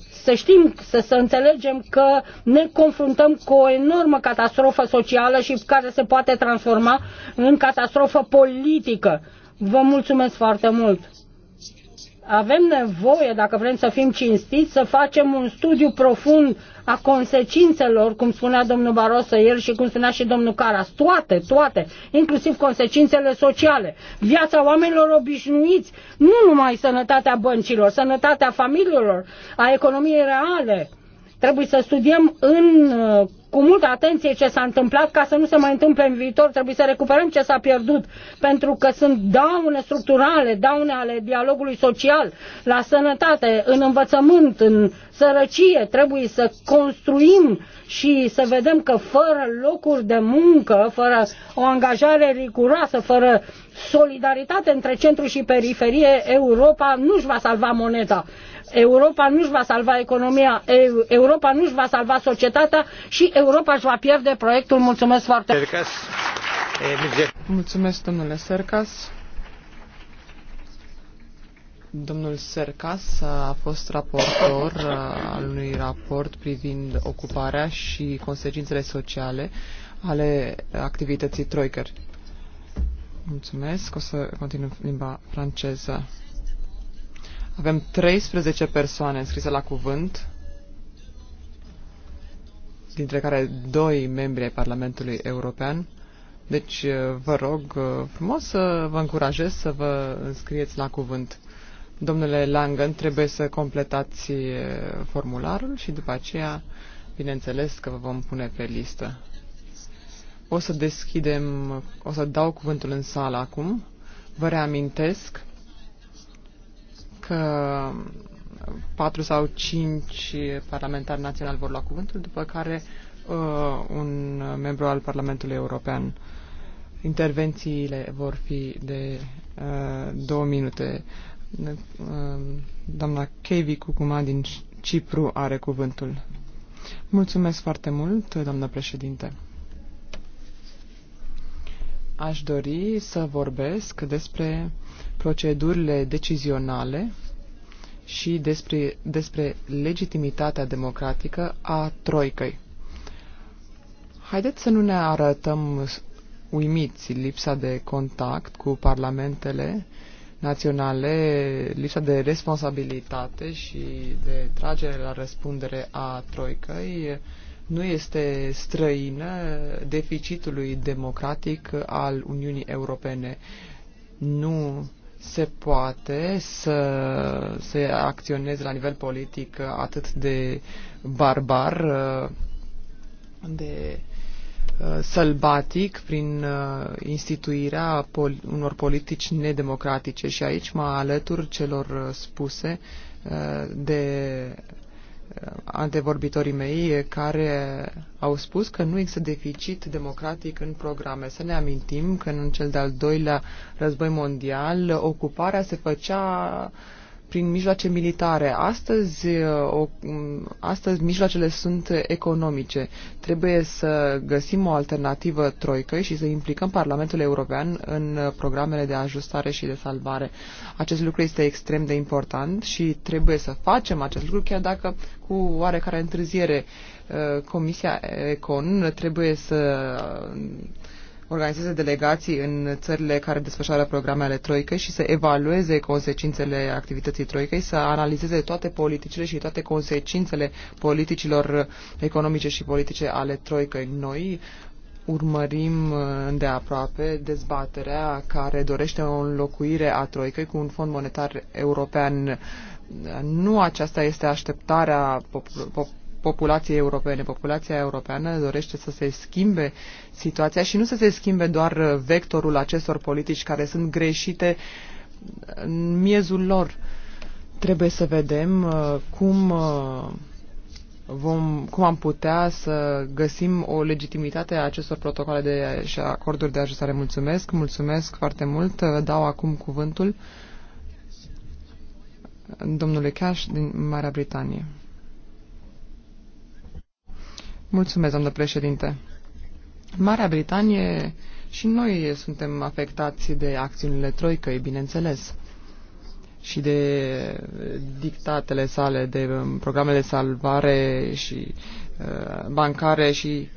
să știm, să, să înțelegem că ne confruntăm cu o enormă catastrofă socială și care se poate transforma în catastrofă politică. Vă mulțumesc foarte mult! avem nevoie, dacă vrem să fim cinstiți, să facem un studiu profund a consecințelor, cum spunea domnul Barosă el și cum spunea și domnul Caras, toate, toate, inclusiv consecințele sociale, viața oamenilor obișnuiți, nu numai sănătatea băncilor, sănătatea familiilor, a economiei reale, Trebuie să studiem în, uh, cu multă atenție ce s-a întâmplat ca să nu se mai întâmple în viitor. Trebuie să recuperăm ce s-a pierdut, pentru că sunt daune structurale, daune ale dialogului social, la sănătate, în învățământ, în sărăcie. Trebuie să construim și să vedem că fără locuri de muncă, fără o angajare riguroasă, fără solidaritate între centru și periferie, Europa nu-și va salva moneda. Europa nu-și va salva economia, Europa nu-și va salva societatea și Europa își va pierde proiectul. Mulțumesc foarte mult! Mulțumesc, domnule Sercas. Domnul Sercas a fost raportor al unui raport privind ocuparea și consecințele sociale ale activității Troiker. Mulțumesc, o să continuăm limba franceză. Avem 13 persoane înscrise la cuvânt, dintre care doi membri ai Parlamentului European. Deci uh, vă rog uh, frumos să vă încurajez să vă înscrieți la cuvânt. Domnule Langen, trebuie să completați uh, formularul și după aceea, bineînțeles că vă vom pune pe listă. O să deschidem, o să dau cuvântul în sală acum. Vă reamintesc că patru sau cinci parlamentari naționali vor lua cuvântul, după care uh, un membru al Parlamentului European. Intervențiile vor fi de uh, două minute. Uh, doamna Kevi Cucuma din Cipru are cuvântul. Mulțumesc foarte mult, doamnă președinte. Aș dori să vorbesc despre procedurile decizionale și despre, despre legitimitatea democratică a troicăi. Haideți să nu ne arătăm uimiți lipsa de contact cu parlamentele naționale, lipsa de responsabilitate și de tragere la răspundere a troicăi nu este străină deficitului democratic al Uniunii Europene. Nu se poate să se acționeze la nivel politic atât de barbar, uh, de uh, sălbatic prin uh, instituirea pol- unor politici nedemocratice și aici mă alătur celor spuse de antevorbitorii mei care au spus că nu există deficit democratic în programe. Să ne amintim că în cel de-al doilea război mondial ocuparea se făcea prin mijloace militare. Astăzi, uh, o, um, astăzi mijloacele sunt economice. Trebuie să găsim o alternativă troică și să implicăm Parlamentul European în programele de ajustare și de salvare. Acest lucru este extrem de important și trebuie să facem acest lucru chiar dacă cu oarecare întârziere uh, Comisia Econ trebuie să organizeze delegații în țările care desfășoară programe ale Troicăi și să evalueze consecințele activității Troicăi, să analizeze toate politicile și toate consecințele politicilor economice și politice ale Troicăi. Noi urmărim de aproape dezbaterea care dorește o înlocuire a Troicăi cu un fond monetar european. Nu aceasta este așteptarea pop- populației europene. Populația europeană dorește să se schimbe situația și nu să se schimbe doar vectorul acestor politici care sunt greșite în miezul lor. Trebuie să vedem uh, cum uh, vom, cum am putea să găsim o legitimitate a acestor protocole de, și acorduri de ajustare. Mulțumesc, mulțumesc foarte mult. Dau acum cuvântul domnului Cash din Marea Britanie. Mulțumesc, domnule președinte. Marea Britanie și noi suntem afectați de acțiunile troicăi, bineînțeles, și de dictatele sale, de um, programele de salvare și uh, bancare și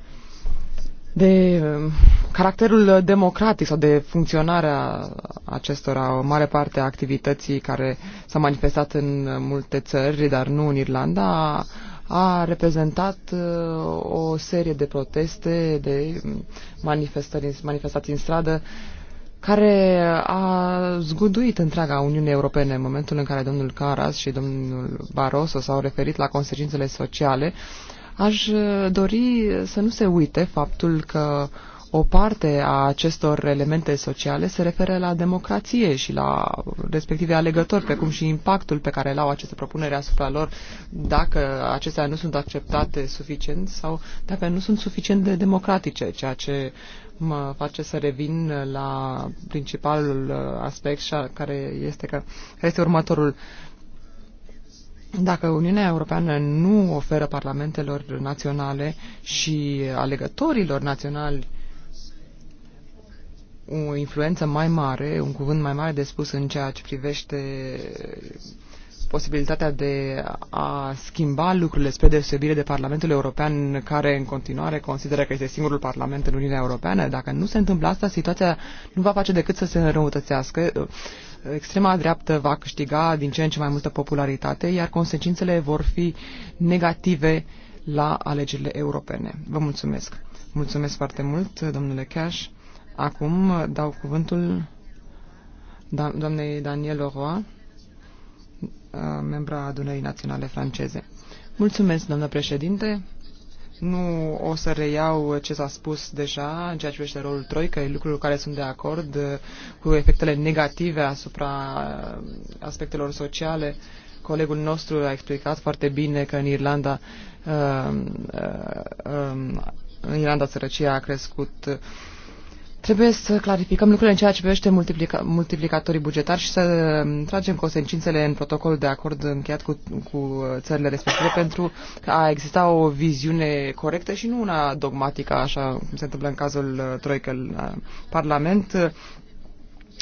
de um, caracterul democratic sau de funcționarea acestora, o mare parte a activității care s-a manifestat în multe țări, dar nu în Irlanda, a reprezentat uh, o serie de proteste, de manifestări, manifestații în stradă, care a zguduit întreaga Uniune Europene în momentul în care domnul Caras și domnul Barroso s-au referit la consecințele sociale, aș uh, dori să nu se uite faptul că uh, o parte a acestor elemente sociale se referă la democrație și la respective alegători, precum și impactul pe care îl au aceste propuneri asupra lor dacă acestea nu sunt acceptate suficient sau dacă nu sunt suficient de democratice, ceea ce mă face să revin la principalul aspect care este, că, care este următorul. Dacă Uniunea Europeană nu oferă parlamentelor naționale și alegătorilor naționali o influență mai mare, un cuvânt mai mare de spus în ceea ce privește posibilitatea de a schimba lucrurile spre deosebire de Parlamentul European, care în continuare consideră că este singurul Parlament în Uniunea Europeană. Dacă nu se întâmplă asta, situația nu va face decât să se înrăutățească. Extrema dreaptă va câștiga din ce în ce mai multă popularitate, iar consecințele vor fi negative la alegerile europene. Vă mulțumesc! Mulțumesc foarte mult, domnule Cash. Acum uh, dau cuvântul da- doamnei Daniel Leroy, uh, membra adunării naționale franceze. Mulțumesc, doamnă președinte. Nu o să reiau ce s-a spus deja în ceea ce privește rolul Troică, lucruri care sunt de acord uh, cu efectele negative asupra aspectelor sociale. Colegul nostru a explicat foarte bine că în Irlanda uh, uh, uh, în Irlanda sărăcia a crescut uh, Trebuie să clarificăm lucrurile în ceea ce privește multiplica, multiplicatorii bugetari și să um, tragem consecințele în protocolul de acord încheiat cu, cu țările respective pentru a exista o viziune corectă și nu una dogmatică, așa cum se întâmplă în cazul uh, Troică la Parlament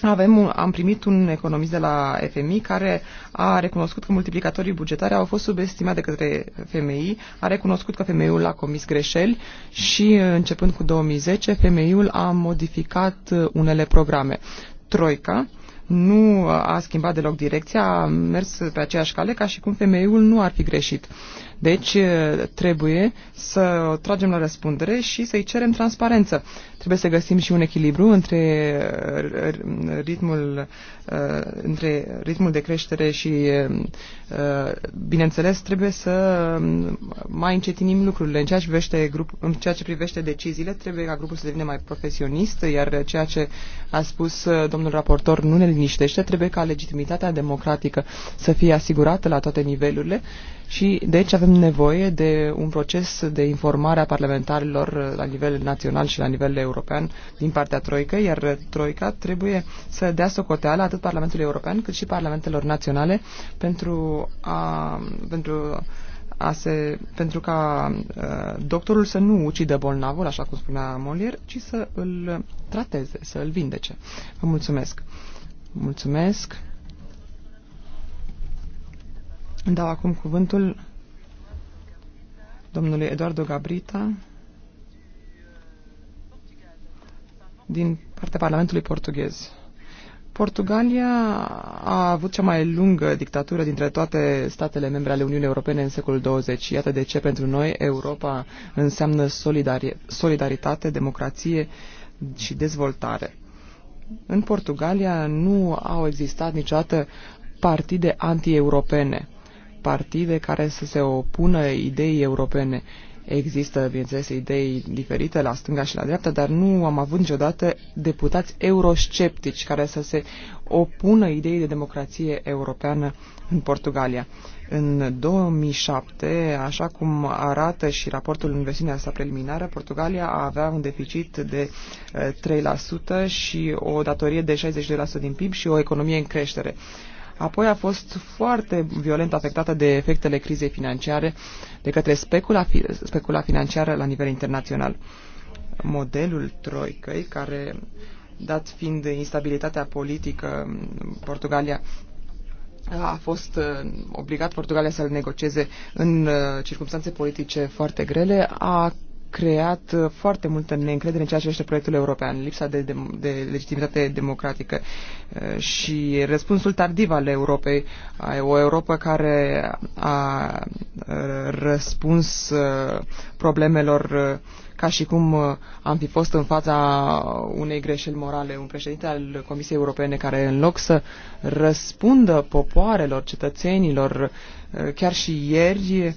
avem, am primit un economist de la FMI care a recunoscut că multiplicatorii bugetari au fost subestimați de către FMI, a recunoscut că FMI-ul a comis greșeli și, începând cu 2010, FMI-ul a modificat uh, unele programe. Troica nu a schimbat deloc direcția, a mers pe aceeași cale ca și cum femeiul nu ar fi greșit. Deci uh, trebuie să o tragem la răspundere și să-i cerem transparență. Trebuie să găsim și un echilibru între uh, ritmul, uh, între ritmul de creștere și, uh, bineînțeles, trebuie să um, mai încetinim lucrurile. În ceea ce privește, grup, în ceea ce privește deciziile, trebuie ca grupul să devină mai profesionist, iar ceea ce a spus domnul raportor nu ne liniștește, trebuie ca legitimitatea democratică să fie asigurată la toate nivelurile și deci avem nevoie de un proces de informare a parlamentarilor la nivel național și la nivel european European din partea Troică, iar Troica trebuie să dea socoteală atât Parlamentului European cât și Parlamentelor naționale pentru a, pentru a se, pentru ca uh, doctorul să nu ucidă bolnavul, așa cum spunea Molier, ci să îl trateze, să îl vindece. Vă mulțumesc. Mulțumesc. Dau acum cuvântul domnului Eduardo Gabrita. din partea Parlamentului portughez. Portugalia a avut cea mai lungă dictatură dintre toate statele membre ale Uniunii Europene în secolul 20. Iată de ce pentru noi Europa înseamnă solidari- solidaritate, democrație și dezvoltare. În Portugalia nu au existat niciodată partide anti-europene, partide care să se opună ideii europene Există, bineînțeles, idei diferite la stânga și la dreapta, dar nu am avut niciodată deputați eurosceptici care să se opună ideii de democrație europeană în Portugalia. În 2007, așa cum arată și raportul în versiunea sa preliminară, Portugalia avea un deficit de 3% eh, și o datorie de 62% din PIB și o economie în creștere apoi a fost foarte violent afectată de efectele crizei financiare de către specula, fi, specula financiară la nivel internațional. Modelul troicăi, care, dat fiind instabilitatea politică, Portugalia a fost uh, obligat Portugalia să negocieze în uh, circunstanțe politice foarte grele, a creat uh, foarte multă neîncredere în ceea ce este proiectul european, lipsa de, de, de legitimitate democratică uh, și răspunsul tardiv al Europei, o Europa care a răspuns uh, problemelor ca și cum am fi fost în fața unei greșeli morale. Un președinte al Comisiei Europene care în loc să răspundă popoarelor, cetățenilor, chiar și ieri,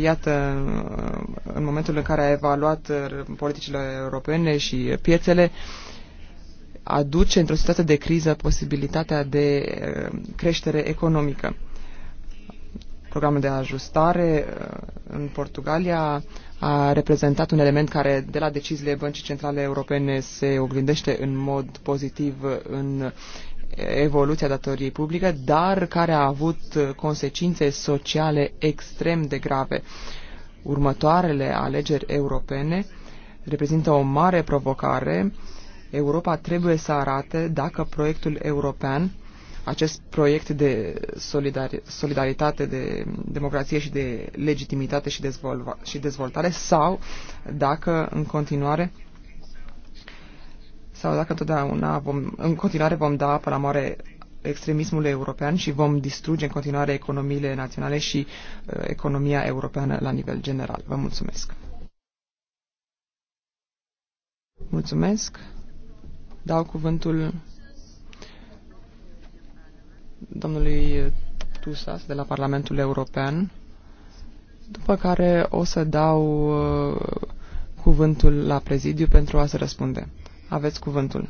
Iată, în momentul în care a evaluat uh, politicile europene și piețele, aduce într-o situație de criză posibilitatea de uh, creștere economică. Programul de ajustare uh, în Portugalia a reprezentat un element care de la deciziile Băncii Centrale Europene se oglindește în mod pozitiv în evoluția datoriei publice, dar care a avut uh, consecințe sociale extrem de grave. Următoarele alegeri europene reprezintă o mare provocare. Europa trebuie să arate dacă proiectul european, acest proiect de solidar- solidaritate, de democrație și de legitimitate și, și dezvoltare, sau dacă în continuare sau dacă întotdeauna vom, în continuare vom da apă la mare extremismului european și vom distruge în continuare economiile naționale și uh, economia europeană la nivel general. Vă mulțumesc. Mulțumesc. Dau cuvântul domnului Tusas de la Parlamentul European, după care o să dau uh, cuvântul la prezidiu pentru a se răspunde. Aveți cuvântul.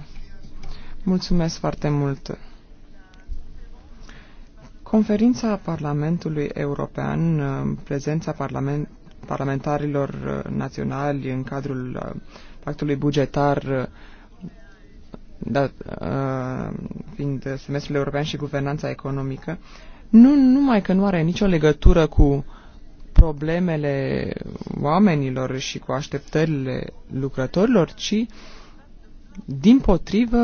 Mulțumesc foarte mult. Conferința Parlamentului European, prezența parlament, parlamentarilor naționali în cadrul uh, pactului bugetar, uh, dat, uh, fiind semestrul european și guvernanța economică, nu numai că nu are nicio legătură cu problemele oamenilor și cu așteptările lucrătorilor, ci uh, din potrivă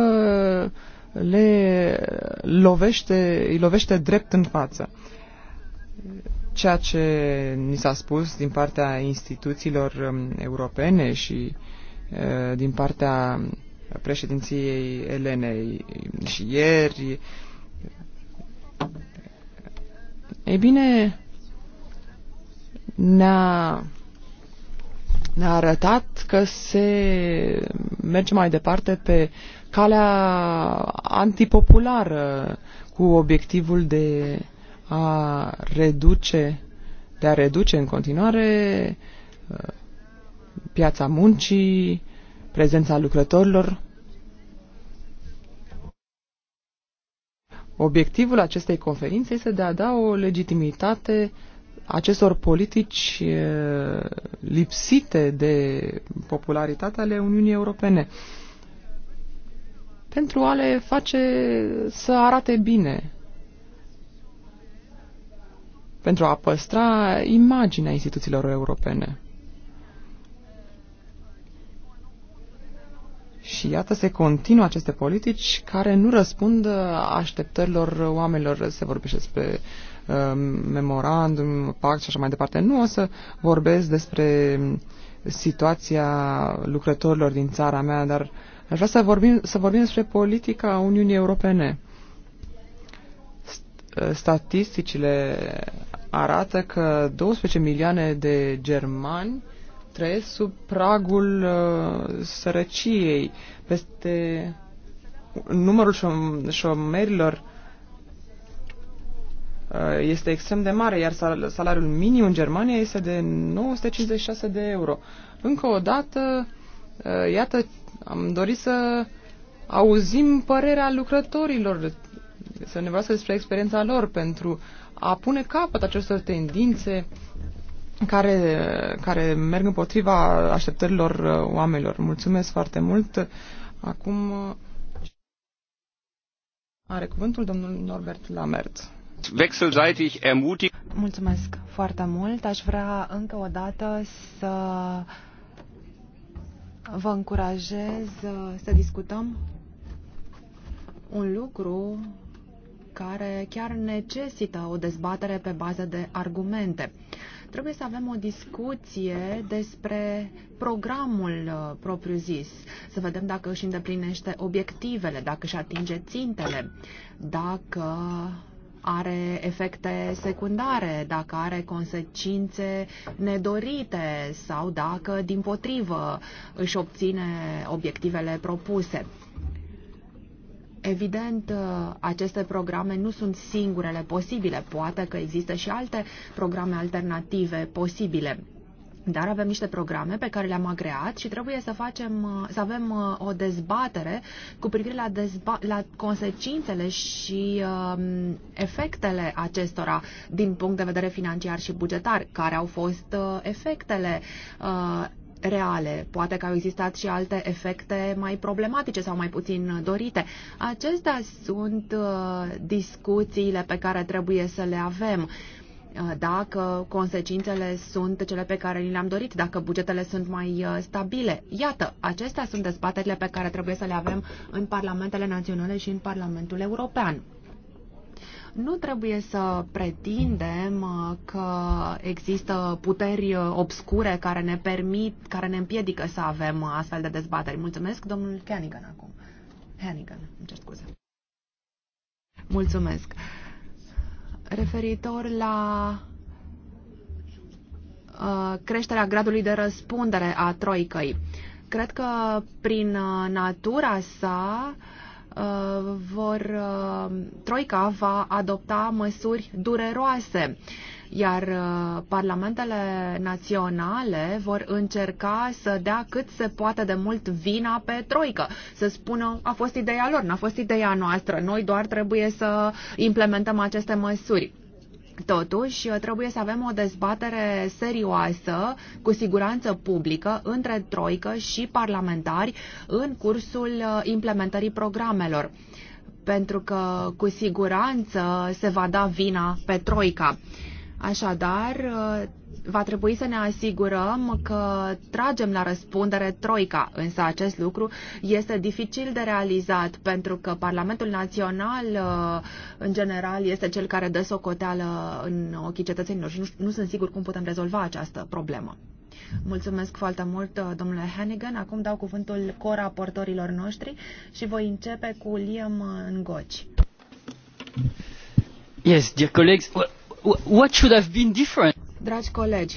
le lovește, îi lovește drept în față. Ceea ce ni s-a spus din partea instituțiilor um, europene și uh, din partea președinției Elenei și ieri. Ei bine, ne-a ne-a arătat că se merge mai departe pe calea antipopulară cu obiectivul de a reduce, de a reduce în continuare uh, piața muncii, prezența lucrătorilor. Obiectivul acestei conferințe este de a da o legitimitate acestor politici lipsite de popularitate ale Uniunii Europene pentru a le face să arate bine, pentru a păstra imaginea instituțiilor europene. Și iată, se continuă aceste politici care nu răspund așteptărilor oamenilor. Se vorbește despre uh, Um, memorandum, pact și așa mai departe. Nu o să vorbesc despre situația lucrătorilor din țara mea, dar aș vrea să vorbim, să vorbim despre politica Uniunii Europene. Statisticile arată că 12 milioane de germani trăiesc sub pragul uh, sărăciei. Peste numărul șom- șomerilor Uh, este extrem de mare, iar salariul minim în Germania este de 956 de euro. Încă o dată, uh, iată, am dorit să auzim părerea lucrătorilor, să ne vorbească despre experiența lor pentru a pune capăt acestor tendințe care, care merg împotriva așteptărilor uh, oamenilor. Mulțumesc foarte mult. Acum are cuvântul domnul Norbert Lamert. Wechselseitig ermutigt. Mulțumesc foarte mult. Aș vrea încă o dată să vă încurajez să discutăm un lucru care chiar necesită o dezbatere pe bază de argumente. Trebuie să avem o discuție despre programul uh, propriu-zis, să vedem dacă își îndeplinește obiectivele, dacă își atinge țintele, dacă are efecte secundare, dacă are consecințe nedorite sau dacă, din potrivă, își obține obiectivele propuse. Evident, aceste programe nu sunt singurele posibile. Poate că există și alte programe alternative posibile. Dar avem niște programe pe care le-am agreat și trebuie să facem, să avem uh, o dezbatere cu privire la, dezba- la consecințele și uh, efectele acestora din punct de vedere financiar și bugetar, care au fost uh, efectele uh, reale. Poate că au existat și alte efecte mai problematice sau mai puțin dorite. Acestea sunt uh, discuțiile pe care trebuie să le avem. Uh, Eh, dacă consecințele sunt cele pe care ni le-am dorit, dacă bugetele sunt mai eh, stabile. Iată, acestea sunt dezbaterile pe care trebuie să le avem în parlamentele naționale și în Parlamentul European nu trebuie să pretindem eh, că există puteri obscure care ne permit, care ne împiedică să avem astfel de dezbateri. Mulțumesc, domnul Hannigan acum. Hannigan, îmi cer scuze. Mulțumesc. Uh, referitor la uh, creșterea gradului de răspundere a troicăi. Cred că prin uh, natura sa uh, vor, troica va adopta măsuri dureroase iar uh, parlamentele naționale vor încerca să dea cât se poate de mult vina pe troică, să spună a fost ideea lor, n-a fost ideea noastră, noi doar trebuie să implementăm aceste măsuri. Totuși, uh, trebuie să avem o dezbatere serioasă, cu siguranță publică, între troică și parlamentari în cursul uh, implementării programelor. Pentru că, cu siguranță, se va da vina pe troica. Așadar, uh, va trebui să ne asigurăm că tragem la răspundere Troica, însă acest lucru este dificil de realizat pentru că Parlamentul Național, uh, în general, este cel care dă socoteală în ochii cetățenilor și nu, nu sunt sigur cum putem rezolva această problemă. Mulțumesc foarte mult, uh, domnule Hannigan. Acum dau cuvântul coraportorilor noștri și voi începe cu Liam Ngoci. Yes, dear colleagues, well what should have been different? Dragi colegi,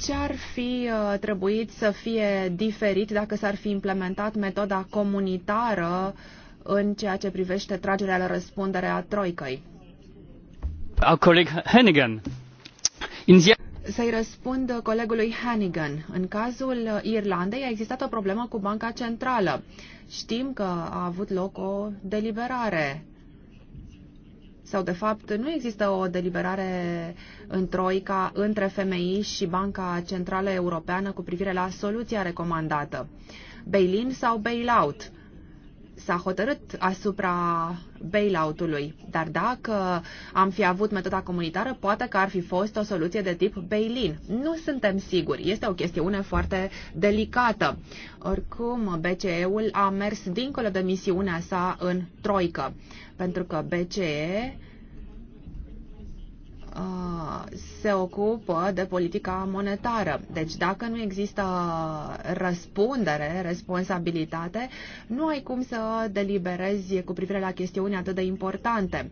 ce ar fi uh, trebuit să fie diferit dacă s-ar fi implementat metoda comunitară în ceea ce privește tragerea la răspundere a Troicăi? Our colleague Hennigan. In the... Să-i răspund colegului Hannigan. În cazul Irlandei a existat o problemă cu Banca Centrală. Știm că a avut loc o deliberare sau de fapt nu există o deliberare în Troica între FMI și Banca Centrală Europeană cu privire la soluția recomandată. Bail-in sau bail-out? S-a hotărât asupra out ului dar dacă am fi avut metoda comunitară, poate că ar fi fost o soluție de tip bail-in. Nu suntem siguri. Este o chestiune foarte delicată. Oricum, BCE-ul a mers dincolo de misiunea sa în Troică pentru că BCE uh, se ocupă de politica monetară. Deci dacă nu există răspundere, responsabilitate, nu ai cum să deliberezi cu privire la chestiuni atât de importante.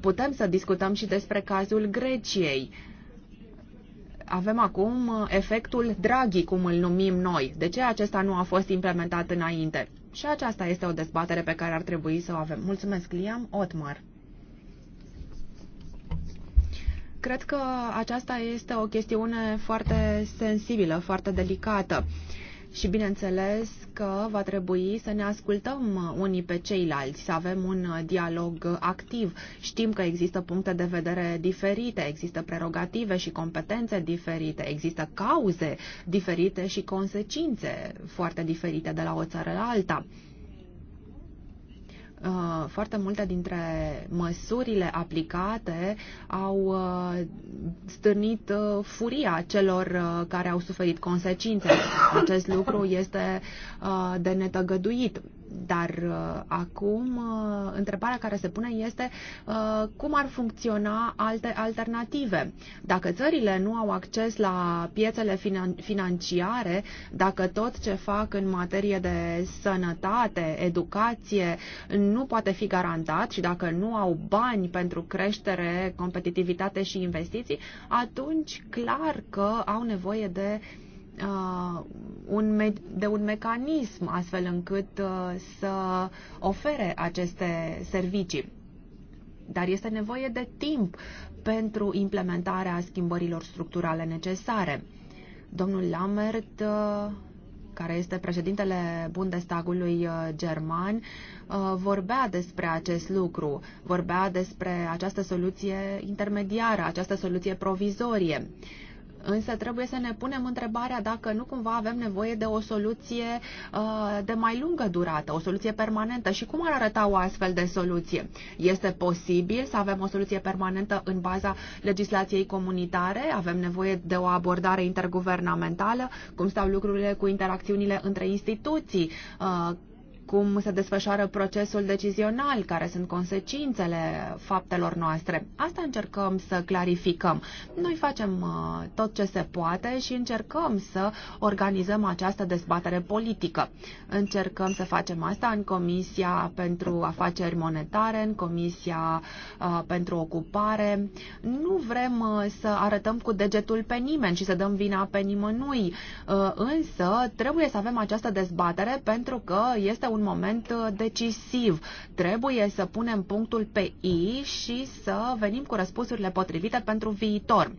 Putem să discutăm și despre cazul Greciei avem acum uh, efectul Draghi, cum îl numim noi. De ce acesta nu a fost implementat înainte? Și aceasta este o dezbatere pe care ar trebui să o avem. Mulțumesc, Liam Otmar. Cred că aceasta este o chestiune foarte sensibilă, foarte delicată și bineînțeles că va trebui să ne ascultăm uh, unii pe ceilalți, să avem un uh, dialog uh, activ. Știm că există puncte de vedere diferite, există prerogative și competențe diferite, există cauze diferite și consecințe foarte diferite de la o țară la alta. Uh, foarte multe dintre măsurile aplicate au uh, stârnit uh, furia celor care au suferit consecințe. Acest lucru este de netăgăduit. Dar uh, acum uh, întrebarea care se pune este uh, cum ar funcționa alte alternative. Dacă țările nu au acces la piețele finan- financiare, dacă tot ce fac în materie de sănătate, educație nu poate fi garantat și dacă nu au bani pentru creștere, competitivitate și investiții, atunci clar că au nevoie de uh, Uh, un de un mecanism astfel încât uh, să ofere aceste servicii. Dar este nevoie de timp pentru implementarea schimbărilor structurale necesare. Domnul Lambert uh, care este președintele Bundestagului german, vorbea despre acest lucru, vorbea despre această soluție intermediară, această soluție provizorie. Însă trebuie să ne punem întrebarea dacă nu cumva avem nevoie de o soluție uh, de mai lungă durată, o soluție permanentă. Și cum ar arăta o astfel de soluție? Este posibil să avem o soluție permanentă în baza legislației comunitare? Avem nevoie de o abordare interguvernamentală? Cum stau lucrurile cu interacțiunile între instituții? Uh, cum se desfășoară procesul decizional, care sunt consecințele faptelor noastre. Asta încercăm să clarificăm. Noi facem uh, tot ce se poate și încercăm să organizăm această dezbatere politică. Încercăm să facem asta în Comisia pentru Afaceri Monetare, în Comisia uh, pentru Ocupare. Nu vrem uh, să arătăm cu degetul pe nimeni și să dăm vina pe nimănui, însă trebuie să avem această dezbatere pentru că este un un moment uh, decisiv. Trebuie să punem punctul pe I și să venim cu răspunsurile potrivite pentru viitor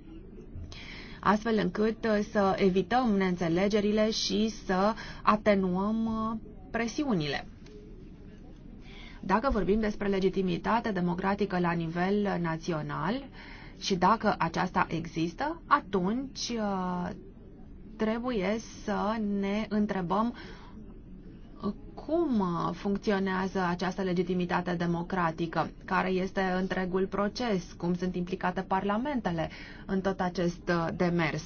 astfel încât uh, să evităm neînțelegerile și să atenuăm uh, presiunile. Dacă vorbim despre legitimitate democratică la nivel național și dacă aceasta există, atunci trebuie să ne întrebăm cum funcționează această legitimitate democratică, care este întregul proces, cum sunt implicate parlamentele în tot acest uh, demers.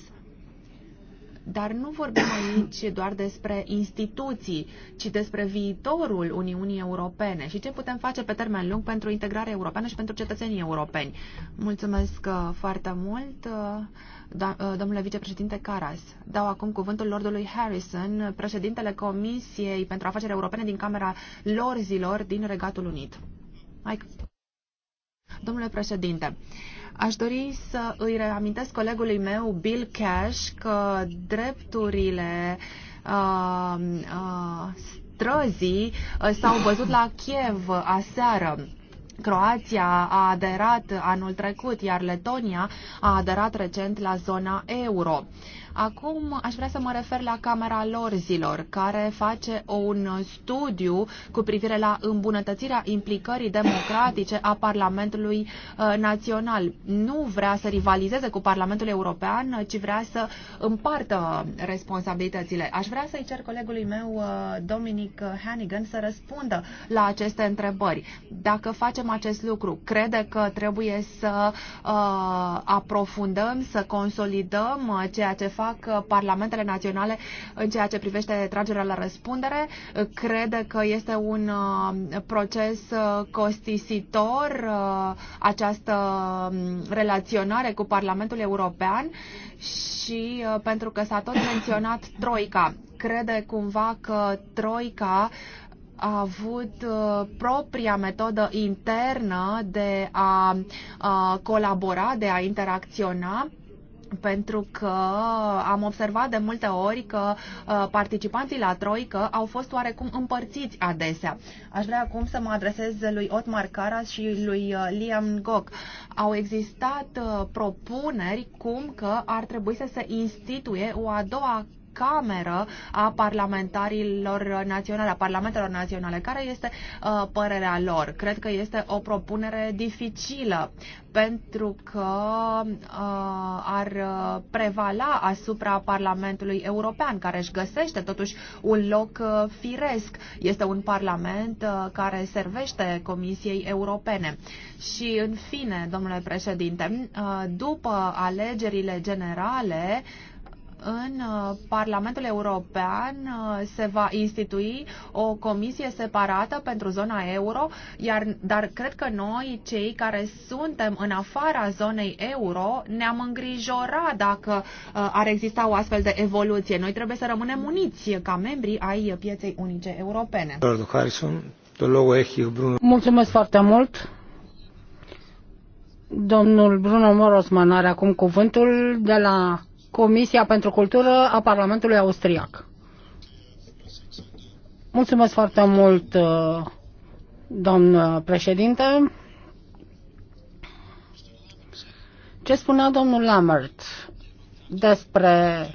Dar nu vorbim aici doar despre instituții, ci despre viitorul Uniunii Europene și ce putem face pe termen lung pentru integrarea europeană și pentru cetățenii europeni. Mulțumesc uh, foarte mult, uh, da, uh, domnule vicepreședinte Caras. Dau acum cuvântul Lordului Harrison, președintele Comisiei pentru Afaceri Europene din Camera Lorzilor din Regatul Unit. Mike. Domnule președinte, Aș dori să îi reamintesc colegului meu, Bill Cash, că drepturile uh, uh, străzii uh, s-au văzut la Kiev aseară. Croația a aderat anul trecut, iar Letonia a aderat recent la zona euro. Acum aș vrea să mă refer la Camera Lorzilor, care face un studiu cu privire la îmbunătățirea implicării democratice a Parlamentului uh, Național. Nu vrea să rivalizeze cu Parlamentul European, ci vrea să împartă responsabilitățile. Aș vrea să-i cer colegului meu, uh, Dominic Hannigan, să răspundă la aceste întrebări. Dacă facem acest lucru, crede că trebuie să uh, aprofundăm, să consolidăm uh, ceea ce facem fac uh, parlamentele naționale în ceea ce privește tragerea la răspundere. Uh, crede că este un uh, proces costisitor această um, relaționare cu Parlamentul European și pentru că s-a tot menționat Troica. Crede cumva că Troica a avut uh, propria metodă internă de a uh, colabora, de a interacționa pentru că am observat de multe ori că uh, participanții la Troică au fost oarecum împărțiți adesea. Aș vrea acum să mă adresez lui Otmar Caras și lui uh, Liam Gok. Au existat uh, propuneri cum că ar trebui să se instituie o a doua cameră a parlamentarilor naționale, a parlamentelor naționale. Care este uh, părerea lor? Cred că este o propunere dificilă pentru că uh, ar uh, prevala asupra Parlamentului European, care își găsește totuși un loc firesc. Este un parlament care servește Comisiei Europene. Și, în fine, domnule președinte, după alegerile generale, uh, în uh, Parlamentul European uh, se va institui o comisie separată pentru zona euro, iar, dar cred că noi, cei care suntem în afara zonei euro, ne-am îngrijora dacă uh, ar exista o astfel de evoluție. Noi trebuie să rămânem uniți ca membri ai pieței unice europene. Mulțumesc foarte mult. Domnul Bruno Morosman are acum cuvântul de la Comisia pentru Cultură a Parlamentului Austriac. Mulțumesc foarte mult, uh, doamnă președinte. Ce spunea domnul Lambert despre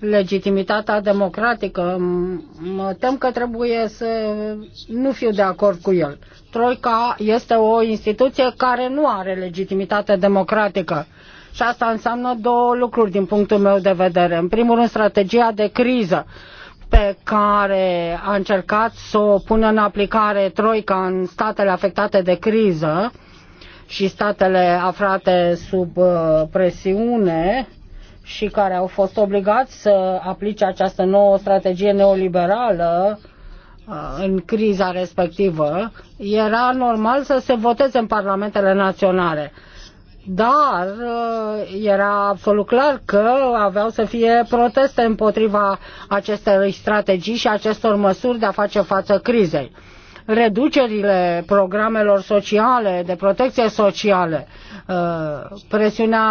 legitimitatea democratică, mă tem că trebuie să nu fiu de acord cu el. Troica este o instituție care nu are legitimitate democratică și asta înseamnă două lucruri din punctul meu de vedere. În primul rând, strategia de criză pe care a încercat să o pună în aplicare Troica în statele afectate de criză și statele aflate sub uh, presiune și care au fost obligați să aplice această nouă strategie neoliberală uh, în criza respectivă, era normal să se voteze în parlamentele naționale dar uh, era absolut clar că aveau să fie proteste împotriva acestei strategii și acestor măsuri de a face față crizei. Reducerile programelor sociale, de protecție socială, uh, presiunea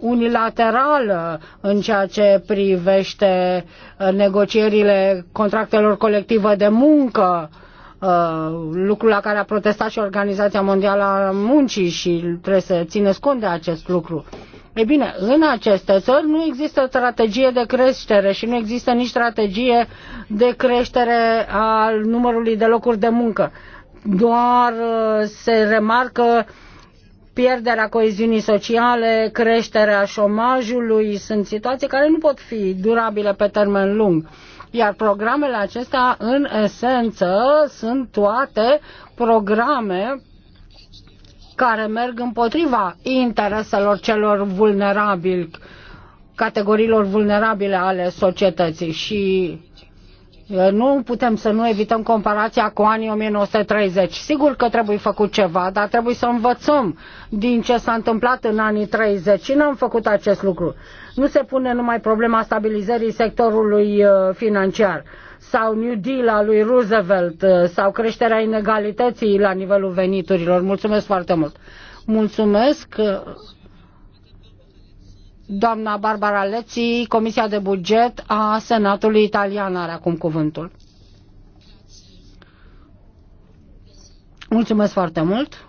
unilaterală în ceea ce privește uh, negocierile contractelor colective de muncă, Uh, lucru la care a protestat și Organizația Mondială a Muncii și trebuie să țineți cont de acest lucru. E bine, în aceste țări nu există strategie de creștere și nu există nici strategie de creștere al numărului de locuri de muncă. Doar uh, se remarcă pierderea coeziunii sociale, creșterea șomajului, sunt situații care nu pot fi durabile pe termen lung. Iar programele acestea, în esență, sunt toate programe care merg împotriva intereselor celor vulnerabili, categoriilor vulnerabile ale societății și nu putem să nu evităm comparația cu anii 1930. Sigur că trebuie făcut ceva, dar trebuie să învățăm din ce s-a întâmplat în anii 30 și n-am făcut acest lucru. Nu se pune numai problema stabilizării sectorului uh, financiar sau New Deal al lui Roosevelt uh, sau creșterea inegalității la nivelul veniturilor. Mulțumesc foarte mult. Mulțumesc. Uh, doamna Barbara Leții, Comisia de Buget a Senatului Italian are acum cuvântul. Mulțumesc foarte mult.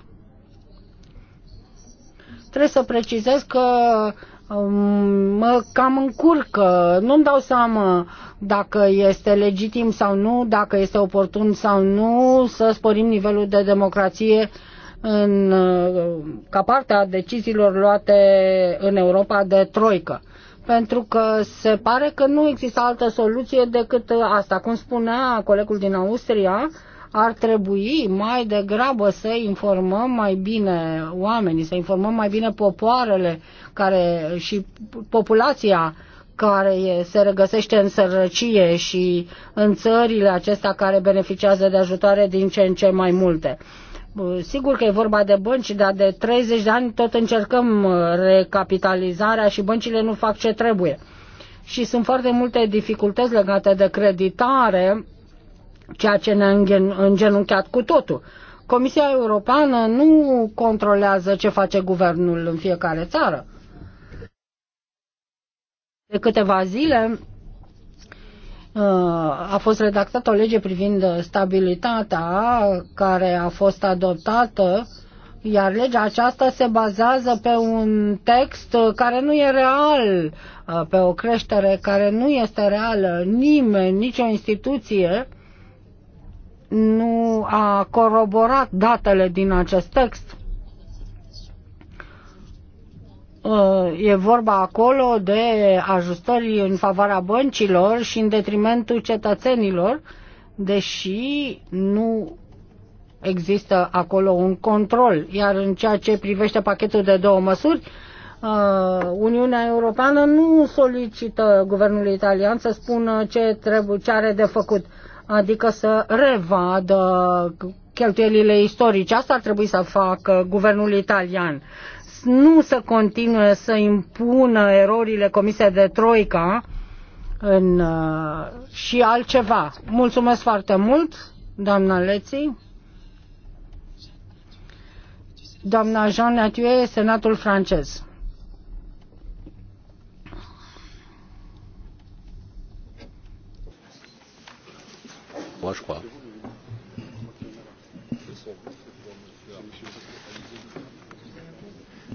Trebuie să precizez că mă cam încurcă, nu-mi dau seama dacă este legitim sau nu, dacă este oportun sau nu să sporim nivelul de democrație în, ca parte a deciziilor luate în Europa de troică. Pentru că se pare că nu există altă soluție decât asta. Cum spunea colegul din Austria, ar trebui mai degrabă să informăm mai bine oamenii, să informăm mai bine popoarele care și populația care se regăsește în sărăcie și în țările acestea care beneficiază de ajutoare din ce în ce mai multe. Sigur că e vorba de bănci, dar de 30 de ani tot încercăm uh, recapitalizarea și băncile nu fac ce trebuie. Și sunt foarte multe dificultăți legate de creditare ceea ce ne-a îngenunchiat cu totul. Comisia Europeană nu controlează ce face guvernul în fiecare țară. De câteva zile uh, a fost redactată o lege privind stabilitatea care a fost adoptată, iar legea aceasta se bazează pe un text care nu e real, uh, pe o creștere care nu este reală. Nimeni, nicio instituție nu a coroborat datele din acest text. Uh, e vorba acolo de ajustări în favoarea băncilor și în detrimentul cetățenilor, deși nu există acolo un control. Iar în ceea ce privește pachetul de două măsuri, uh, Uniunea Europeană nu solicită guvernului italian să spună ce, trebuie, ce are de făcut. Uh, adică să revadă cheltuielile istorice. Asta ar trebui să facă guvernul italian. Nu să continue să impună erorile comise de Troica în, uh, și altceva. Mulțumesc foarte mult, doamna Leții. Doamna Jean Nathieu, Senatul francez. trois, je crois.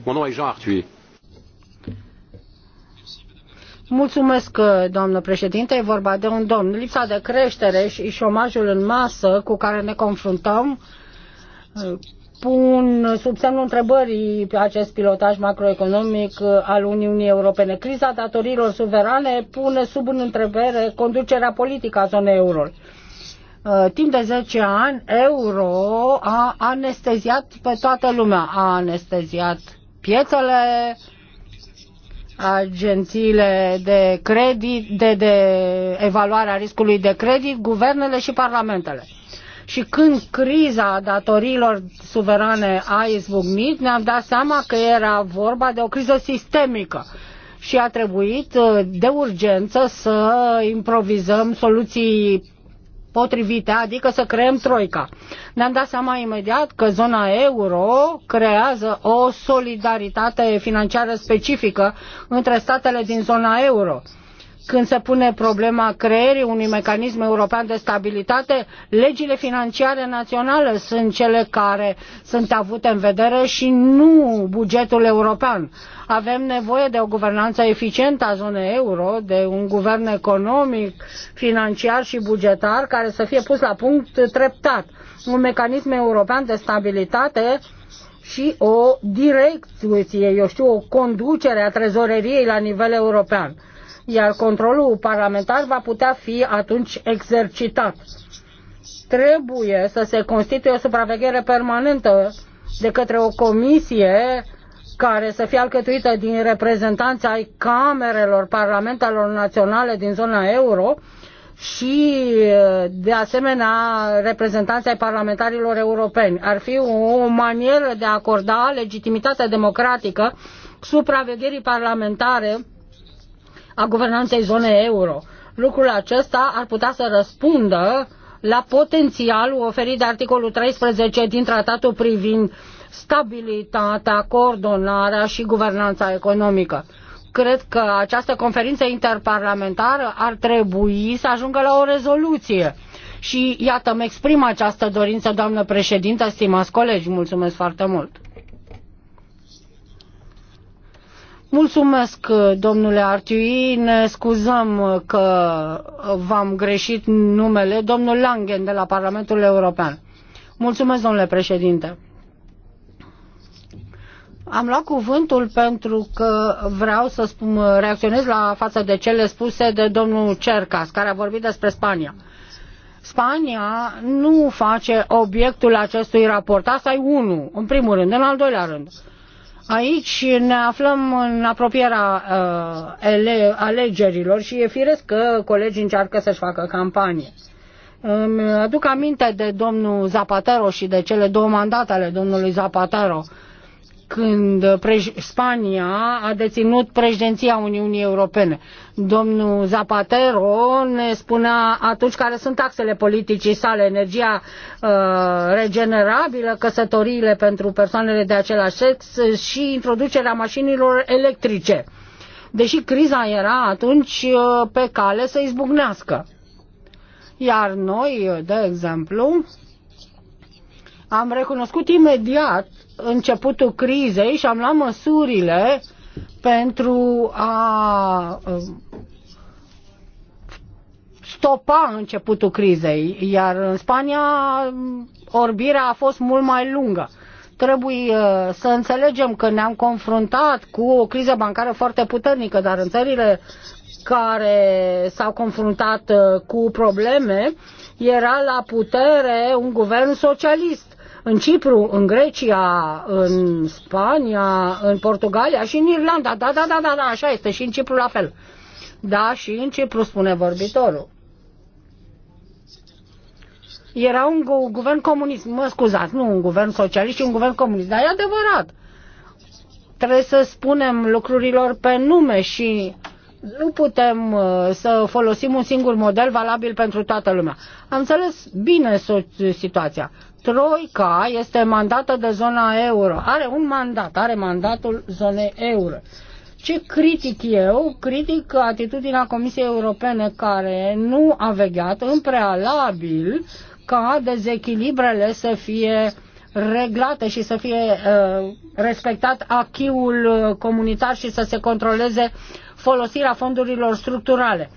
Mon nom est Jean Arthuis. Mulțumesc, domnul președinte. E vorba de un domn. Lipsa de creștere și șomajul în masă cu care ne confruntăm uh, pun sub semnul întrebării acest pilotaj macroeconomic uh, al Uniunii Europene. Criza datorilor suverane pune sub în întrebare conducerea politică a zonei euro. Uh, timp de 10 ani, euro a anesteziat pe toată lumea. A anesteziat piețele, agențiile de credit, de, de evaluare a riscului de credit, guvernele și parlamentele. Și când criza datorilor suverane a izbucnit, ne-am dat seama că era vorba de o criză sistemică și a trebuit uh, de urgență să improvizăm soluții potrivite, adică să creăm troica. Ne-am dat seama imediat că zona euro creează o solidaritate financiară specifică între statele din zona euro când se pune problema creierii unui mecanism european de stabilitate, legile financiare naționale sunt cele care sunt avute în vedere și nu bugetul european. Avem nevoie de o guvernanță eficientă a zonei euro, de un guvern economic, financiar și bugetar care să fie pus la punct treptat. Un mecanism european de stabilitate și o direcție, eu știu, o conducere a trezoreriei la nivel european iar controlul parlamentar va putea fi atunci exercitat. Trebuie să se constituie o supraveghere permanentă de către o comisie care să fie alcătuită din reprezentanța ai camerelor parlamentelor naționale din zona euro și, de asemenea, reprezentanța ai parlamentarilor europeni. Ar fi o manieră de a acorda legitimitatea democratică supravegherii parlamentare a guvernanței zonei euro. Lucrul acesta ar putea să răspundă la potențialul oferit de articolul 13 din tratatul privind stabilitatea, coordonarea și guvernanța economică. Cred că această conferință interparlamentară ar trebui să ajungă la o rezoluție. Și iată, îmi exprim această dorință, doamnă președintă, stimați colegi, mulțumesc foarte mult. Mulțumesc, domnule Artiui, ne scuzăm că v-am greșit numele, domnul Langen de la Parlamentul European. Mulțumesc, domnule președinte. Am luat cuvântul pentru că vreau să spun, reacționez la față de cele spuse de domnul Cercas, care a vorbit despre Spania. Spania nu face obiectul acestui raport. Asta e unul, în primul rând. În al doilea rând, uh, Aici ne aflăm în apropierea uh, ele, alegerilor și e firesc că colegii încearcă să-și facă campanie. Îmi aduc aminte de domnul Zapatero și de cele două mandate ale domnului Zapatero. Uh, când Spania a deținut președinția Uniunii Europene. Domnul Zapatero ne spunea atunci care sunt taxele politicii sale, energia uh, regenerabilă, căsătoriile pentru persoanele de același sex și introducerea mașinilor electrice. Deși criza era atunci uh, pe cale să izbucnească. Iar noi, de exemplu, am recunoscut imediat începutul crizei și am luat măsurile pentru a um, stopa începutul crizei, iar în Spania um, orbirea a fost mult mai lungă. Trebuie uh, să înțelegem că ne-am confruntat cu o criză bancară foarte puternică, dar în țările care s-au confruntat uh, cu probleme era la putere un guvern socialist în Cipru, în Grecia, în Spania, în Portugalia și în Irlanda. Da, da, da, da, da așa este. Și în Cipru la fel. Da, și în Cipru, spune vorbitorul. Era un guvern comunist, mă scuzați, nu un guvern socialist, ci un guvern comunist, dar e adevărat. Trebuie să spunem lucrurilor pe nume și nu putem uh, să folosim un singur model valabil pentru toată lumea. Am înțeles bine situația. Troica este mandată de zona euro. Are un mandat, are mandatul zonei euro. Ce critic eu? Critic atitudinea Comisiei Europene care nu a vegheat în prealabil ca dezechilibrele să fie reglate și să fie uh, respectat achiul uh, comunitar și să se controleze folosirea fondurilor structurale.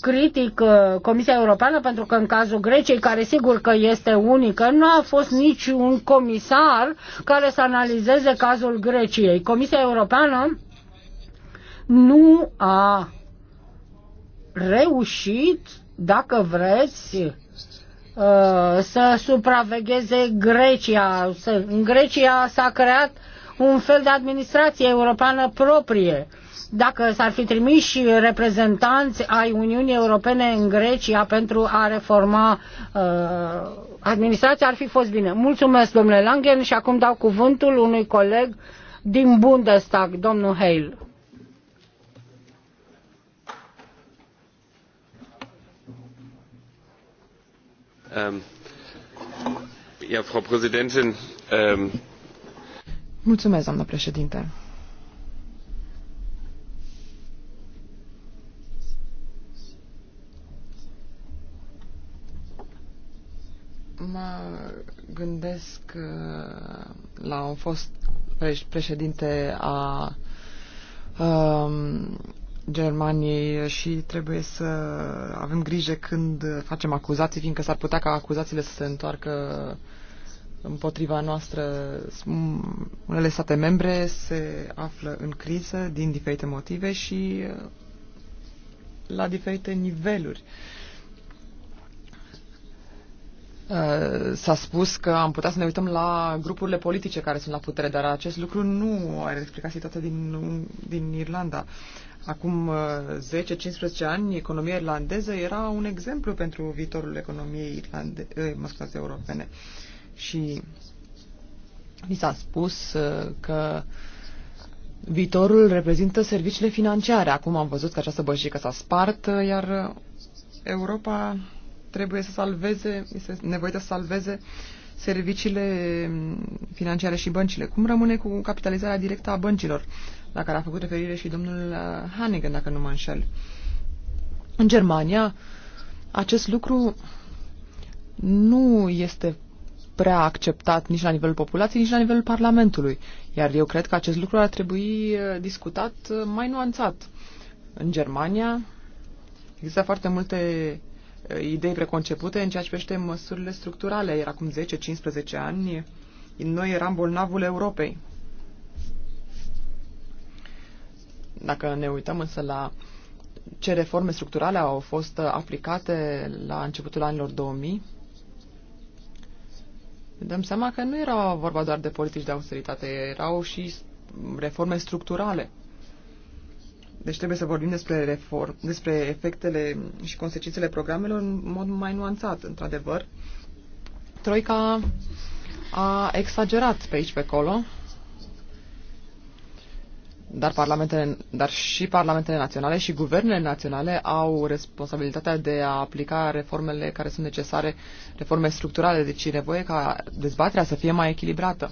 Critic uh, Comisia Europeană pentru că în cazul Greciei, care sigur că este unică, nu a fost niciun comisar care să analizeze cazul Greciei. Comisia Europeană nu a reușit, dacă vreți, uh, să supravegheze Grecia. În Grecia s-a creat un fel de administrație europeană proprie dacă s-ar fi trimis și reprezentanți ai Uniunii Europene în Grecia pentru a reforma uh, administrația, ar fi fost bine. Mulțumesc, domnule Langen, și acum dau cuvântul unui coleg din Bundestag, domnul Heil. Um, ja, Frau Präsidentin, um... Mulțumesc, doamnă președinte. Mă gândesc uh, la un fost președinte a um, Germaniei și trebuie să avem grijă când facem acuzații, fiindcă s-ar putea ca acuzațiile să se întoarcă împotriva noastră. Unele state membre se află în criză din diferite motive și uh, la diferite niveluri. Uh, Eh, s-a spus că am putea să ne uităm la grupurile politice care sunt la putere, dar acest lucru nu are explicat situația din, din Irlanda. Acum 10-15 eh, ani, economia irlandeză era un exemplu pentru viitorul economiei irlande, eh, europene. Și mi s-a spus că viitorul reprezintă serviciile financiare. Acum am văzut că această bășică s-a spart, iar Europa trebuie să salveze, este nevoită să salveze serviciile mm, financiare și băncile. Cum rămâne cu capitalizarea directă a băncilor, la care a făcut referire și domnul uh, Hannigan, dacă nu mă înșel. În Germania, acest lucru nu este prea acceptat nici la nivelul populației, nici la nivelul Parlamentului. Iar eu cred că acest lucru ar trebui uh, discutat uh, mai nuanțat. În Germania există foarte multe idei preconcepute în ceea ce privește măsurile structurale. Era acum 10-15 ani, noi eram bolnavul Europei. Dacă ne uităm însă la ce reforme structurale au fost aplicate la începutul anilor 2000, ne dăm seama că nu era vorba doar de politici de austeritate, erau și reforme structurale. Deci trebuie să vorbim despre, reform, despre efectele și consecințele programelor în mod mai nuanțat, într-adevăr. Troica a exagerat pe aici, pe acolo, dar, parlamentele, dar și parlamentele naționale și guvernele naționale au responsabilitatea de a aplica reformele care sunt necesare, reforme structurale, deci e nevoie ca dezbaterea să fie mai echilibrată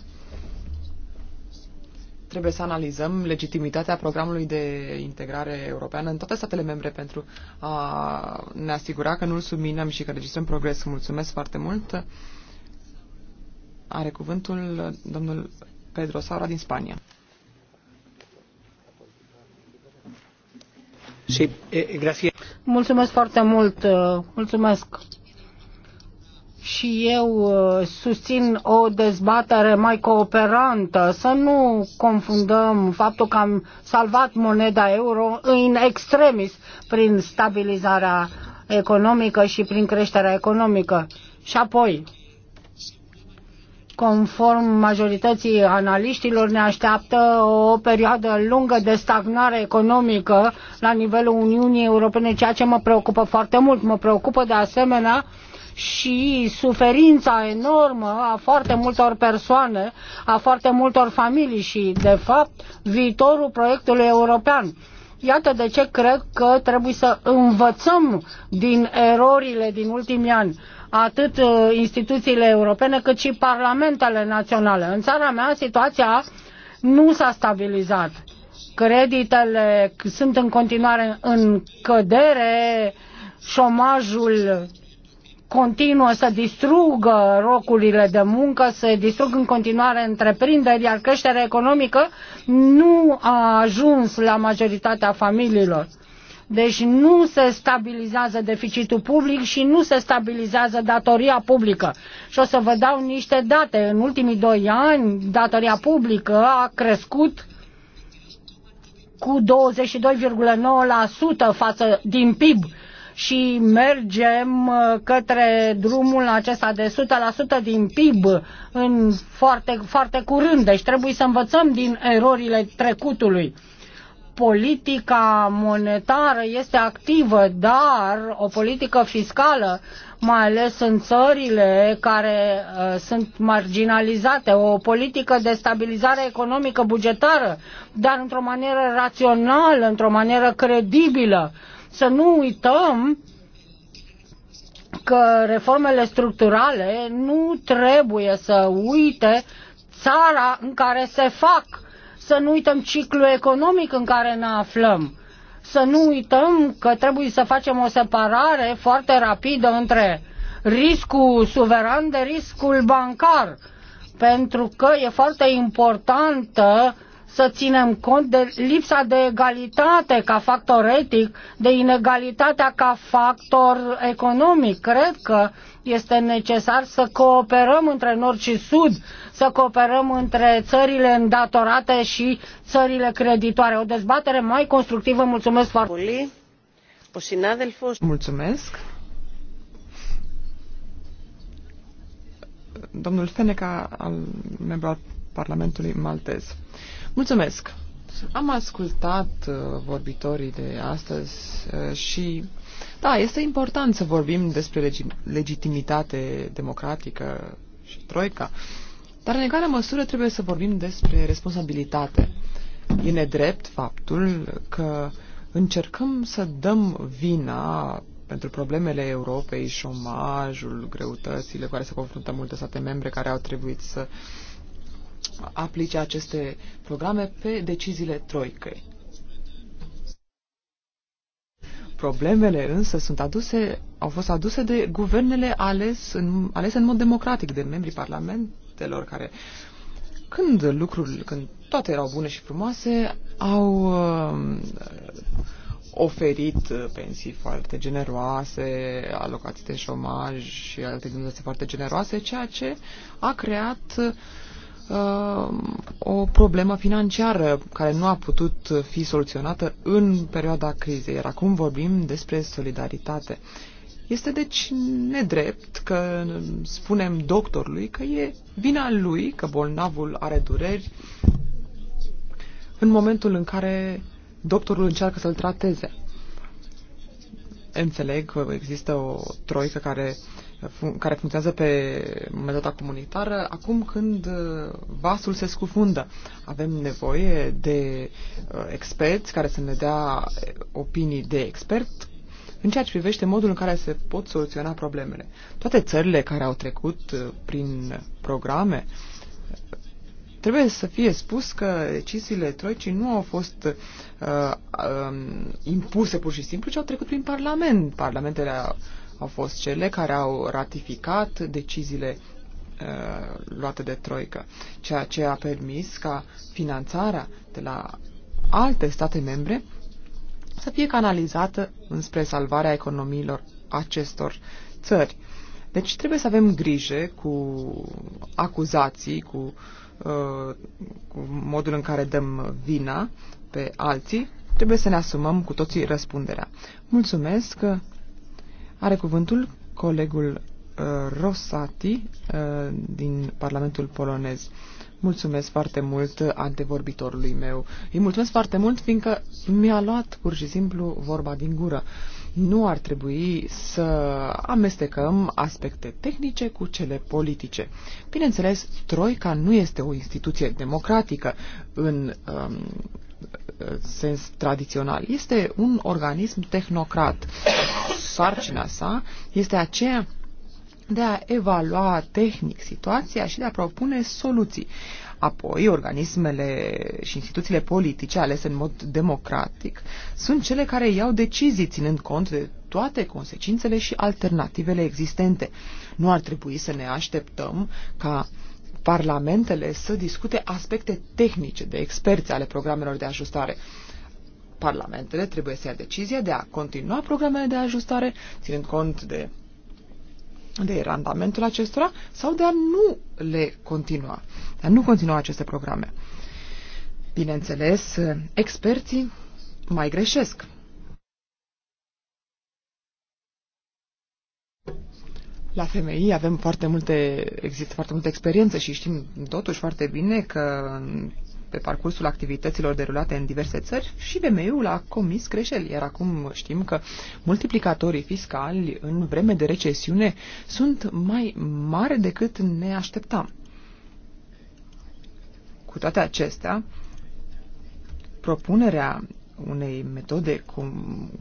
trebuie să analizăm legitimitatea programului de integrare europeană în toate statele membre pentru a ne asigura că nu-l subminăm și că registrăm progres. Mulțumesc foarte mult. Are cuvântul domnul Pedro Saura din Spania. Eh, Mulțumesc foarte mult. Mulțumesc și eu uh, susțin o dezbatere mai cooperantă, să nu confundăm faptul că am salvat moneda euro în extremis prin stabilizarea economică și prin creșterea economică. Și apoi, conform majorității analiștilor, ne așteaptă o perioadă lungă de stagnare economică la nivelul Uniunii Europene, ceea ce mă preocupă foarte mult. Mă preocupă de asemenea și suferința enormă a foarte multor persoane, a foarte multor familii și, de fapt, viitorul proiectului european. Iată de ce cred că trebuie să învățăm din erorile din ultimii ani atât uh, instituțiile europene cât și parlamentele naționale. În țara mea situația nu s-a stabilizat. Creditele sunt în continuare în cădere, șomajul continuă să distrugă rocurile de muncă, să distrug în continuare întreprinderi, iar creșterea economică nu a ajuns la majoritatea familiilor. Deci nu se stabilizează deficitul public și nu se stabilizează datoria publică. Și o să vă dau niște date. În ultimii doi ani, datoria publică a crescut cu 22,9% față din PIB și mergem uh, către drumul acesta de 100% din PIB în foarte, foarte curând. Deci trebuie să învățăm din erorile trecutului politica monetară este activă, dar o politică fiscală, mai ales în țările care uh, sunt marginalizate, o politică de stabilizare economică bugetară, dar într-o manieră rațională, într-o manieră credibilă. Uh, să nu uităm că reformele structurale nu trebuie să uite țara în care se fac, să nu uităm ciclul economic în care ne aflăm, să nu uităm că trebuie să facem o separare foarte rapidă între riscul suveran de riscul bancar, pentru că e foarte importantă să ținem cont de lipsa de egalitate ca factor etic, de inegalitatea ca factor economic. Cred că este necesar să cooperăm între nord și sud, să cooperăm între țările îndatorate și țările creditoare. O dezbatere mai constructivă. Mulțumesc foarte mult. Mulțumesc. Domnul Feneca, al membru al Parlamentului maltez. Mulțumesc! Am ascultat uh, vorbitorii de astăzi uh, și, da, este important să vorbim despre legi legitimitate democratică și troica, dar în egală măsură trebuie să vorbim despre responsabilitate. E nedrept faptul că încercăm să dăm vina pentru problemele Europei, șomajul, greutățile cu care se confruntă multe state membre care au trebuit să uh, aplice aceste programe pe deciziile troicăi. Problemele însă sunt aduse, au fost aduse de guvernele ales în, alese în mod democratic, de membrii parlamentelor care, când lucrurile, când toate erau bune și frumoase, au uh, oferit pensii foarte generoase, alocații de șomaj și alte indemnizații foarte generoase, ceea ce a creat uh, o problemă financiară care nu a putut fi soluționată în perioada crizei, iar acum vorbim despre solidaritate. Este deci nedrept că spunem doctorului că e vina lui că bolnavul are dureri în momentul în care doctorul încearcă să-l trateze. Înțeleg că există o troică care care funcționează pe metoda comunitară acum când uh, vasul se scufundă. Avem nevoie de uh, experți care să ne dea uh, opinii de expert în ceea ce privește modul în care se pot soluționa problemele. Toate țările care au trecut prin programe trebuie să fie spus că deciziile troicii nu au fost uh, uh, impuse pur și simplu, ci au trecut prin Parlament. Parlamentele au fost cele care au ratificat deciziile uh, luate de Troică, ceea ce a permis ca finanțarea de la alte state membre să fie canalizată înspre salvarea economiilor acestor țări. Deci trebuie să avem grijă cu acuzații, cu, uh, cu modul în care dăm vina pe alții. Trebuie să ne asumăm cu toții răspunderea. Mulțumesc, are cuvântul colegul uh, Rosati uh, din Parlamentul polonez. Mulțumesc foarte mult antevorbitorului meu. Îi mulțumesc foarte mult fiindcă mi-a luat pur și simplu vorba din gură. Nu ar trebui să amestecăm aspecte tehnice cu cele politice. Bineînțeles, Troica nu este o instituție democratică în um, sens tradițional. Este un organism tehnocrat. Sarcina sa este aceea de a evalua tehnic situația și de a propune soluții. Apoi, organismele și instituțiile politice alese în mod democratic sunt cele care iau decizii ținând cont de toate consecințele și alternativele existente. Nu ar trebui să ne așteptăm ca uh, parlamentele să discute aspecte tehnice de experți ale programelor de ajustare. Parlamentele trebuie să ia decizia de a continua programele de ajustare, ținând cont de, de randamentul acestora, sau de a nu le continua, de a nu continua aceste programe. Bineînțeles, experții mai greșesc. La femei avem foarte multe, există foarte multă experiență și știm totuși foarte bine că pe parcursul activităților derulate în diverse țări și femeiul a comis greșeli, iar acum știm că multiplicatorii fiscali în vreme de recesiune sunt mai mari decât ne așteptam. Cu toate acestea, propunerea unei metode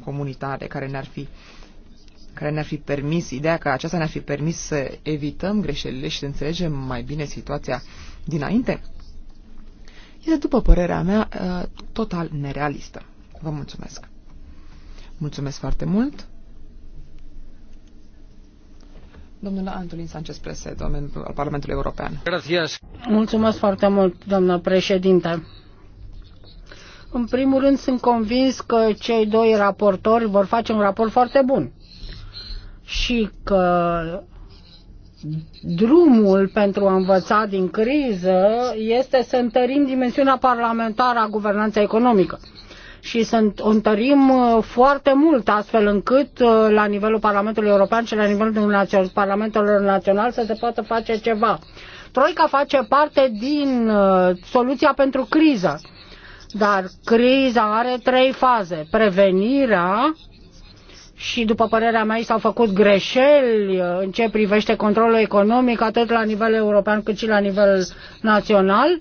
comunitare care ne-ar fi uh, care ne-ar fi permis, ideea că aceasta ne-ar fi permis să evităm greșelile și să înțelegem mai bine situația dinainte, este, după părerea mea, uh, total nerealistă. Vă mulțumesc. Mulțumesc foarte mult. Domnul Antolin Sanchez Presedo, domnul al Parlamentului European. Gracias. Mulțumesc foarte mult, doamnă președinte. În primul rând, sunt convins că cei doi raportori vor face un raport foarte bun și că drumul pentru a învăța din criză este să întărim dimensiunea parlamentară a guvernanței economică și să întărim uh, foarte mult astfel încât uh, la nivelul Parlamentului European și la nivelul Parlamentelor Național să se poată face ceva. Troica face parte din uh, soluția pentru criză, dar criza are trei faze. Prevenirea, și, după părerea mea, s-au făcut greșeli uh, în ce privește controlul economic, atât la nivel european cât și la nivel național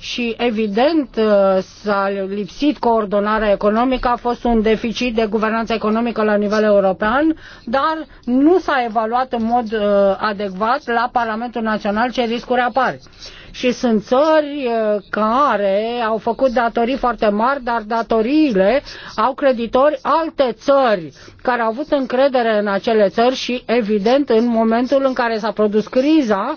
și evident uh, s-a lipsit coordonarea economică, a fost un deficit de guvernanță economică la nivel european, dar nu s-a evaluat în mod uh, adecvat la Parlamentul Național ce riscuri apar. Și sunt țări uh, care au făcut datorii foarte mari, dar datoriile au creditori alte țări care au avut încredere în acele țări și evident în momentul în care s-a produs criza,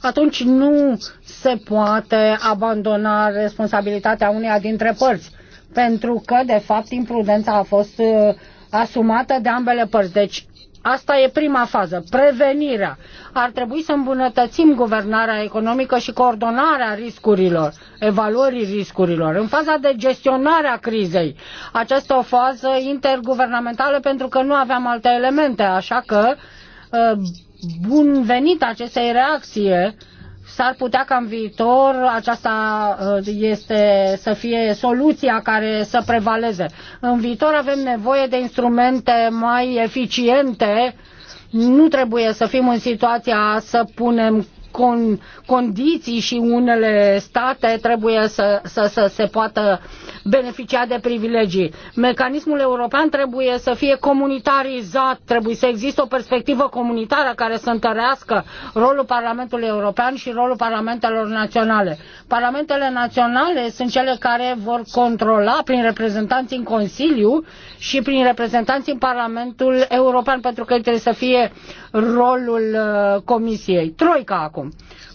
atunci nu se poate abandona responsabilitatea uneia dintre părți, pentru că, de fapt, imprudența a fost uh, asumată de ambele părți. Deci, Asta e prima fază, prevenirea. Ar trebui să îmbunătățim guvernarea economică și coordonarea riscurilor, evaluării riscurilor. În faza de gestionare a crizei, această o fază interguvernamentală pentru că nu aveam alte elemente, așa că uh, bun venit acestei reacție S-ar putea ca în viitor aceasta uh, este să fie soluția care să prevaleze. În viitor avem nevoie de instrumente mai eficiente. Nu trebuie să fim în situația să punem con, condiții și unele state trebuie să, să, să se poată beneficia de privilegii. Mecanismul european trebuie să fie comunitarizat, trebuie să existe o perspectivă comunitară care să întărească rolul Parlamentului European și rolul Parlamentelor Naționale. Parlamentele Naționale sunt cele care vor controla prin reprezentanții în Consiliu și prin reprezentanții în Parlamentul European, pentru că trebuie să fie rolul uh, Comisiei. Troica acum acum.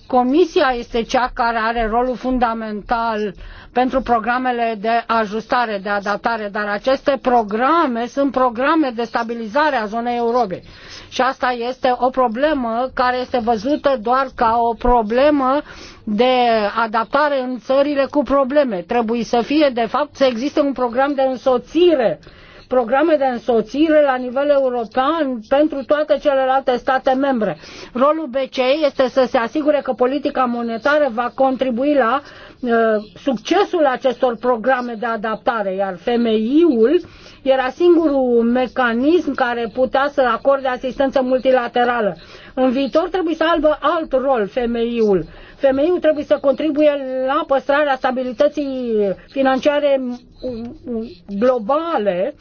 Comisia este cea care are rolul fundamental pentru programele de ajustare, de adaptare, dar aceste programe sunt programe de stabilizare a zonei Europei. Și asta este o problemă care este văzută doar ca o problemă de adaptare în țările cu probleme. Trebuie să fie, de fapt, să existe un program de însoțire programe de însoțire la nivel european pentru toate celelalte state membre. Rolul BCE este să se asigure că politica monetară va contribui la uh, succesul acestor programe de adaptare, iar FMI-ul era singurul mecanism care putea să acorde asistență multilaterală. În viitor trebuie să aibă alt rol FMI-ul. FMI-ul trebuie să contribuie la păstrarea stabilității financiare globale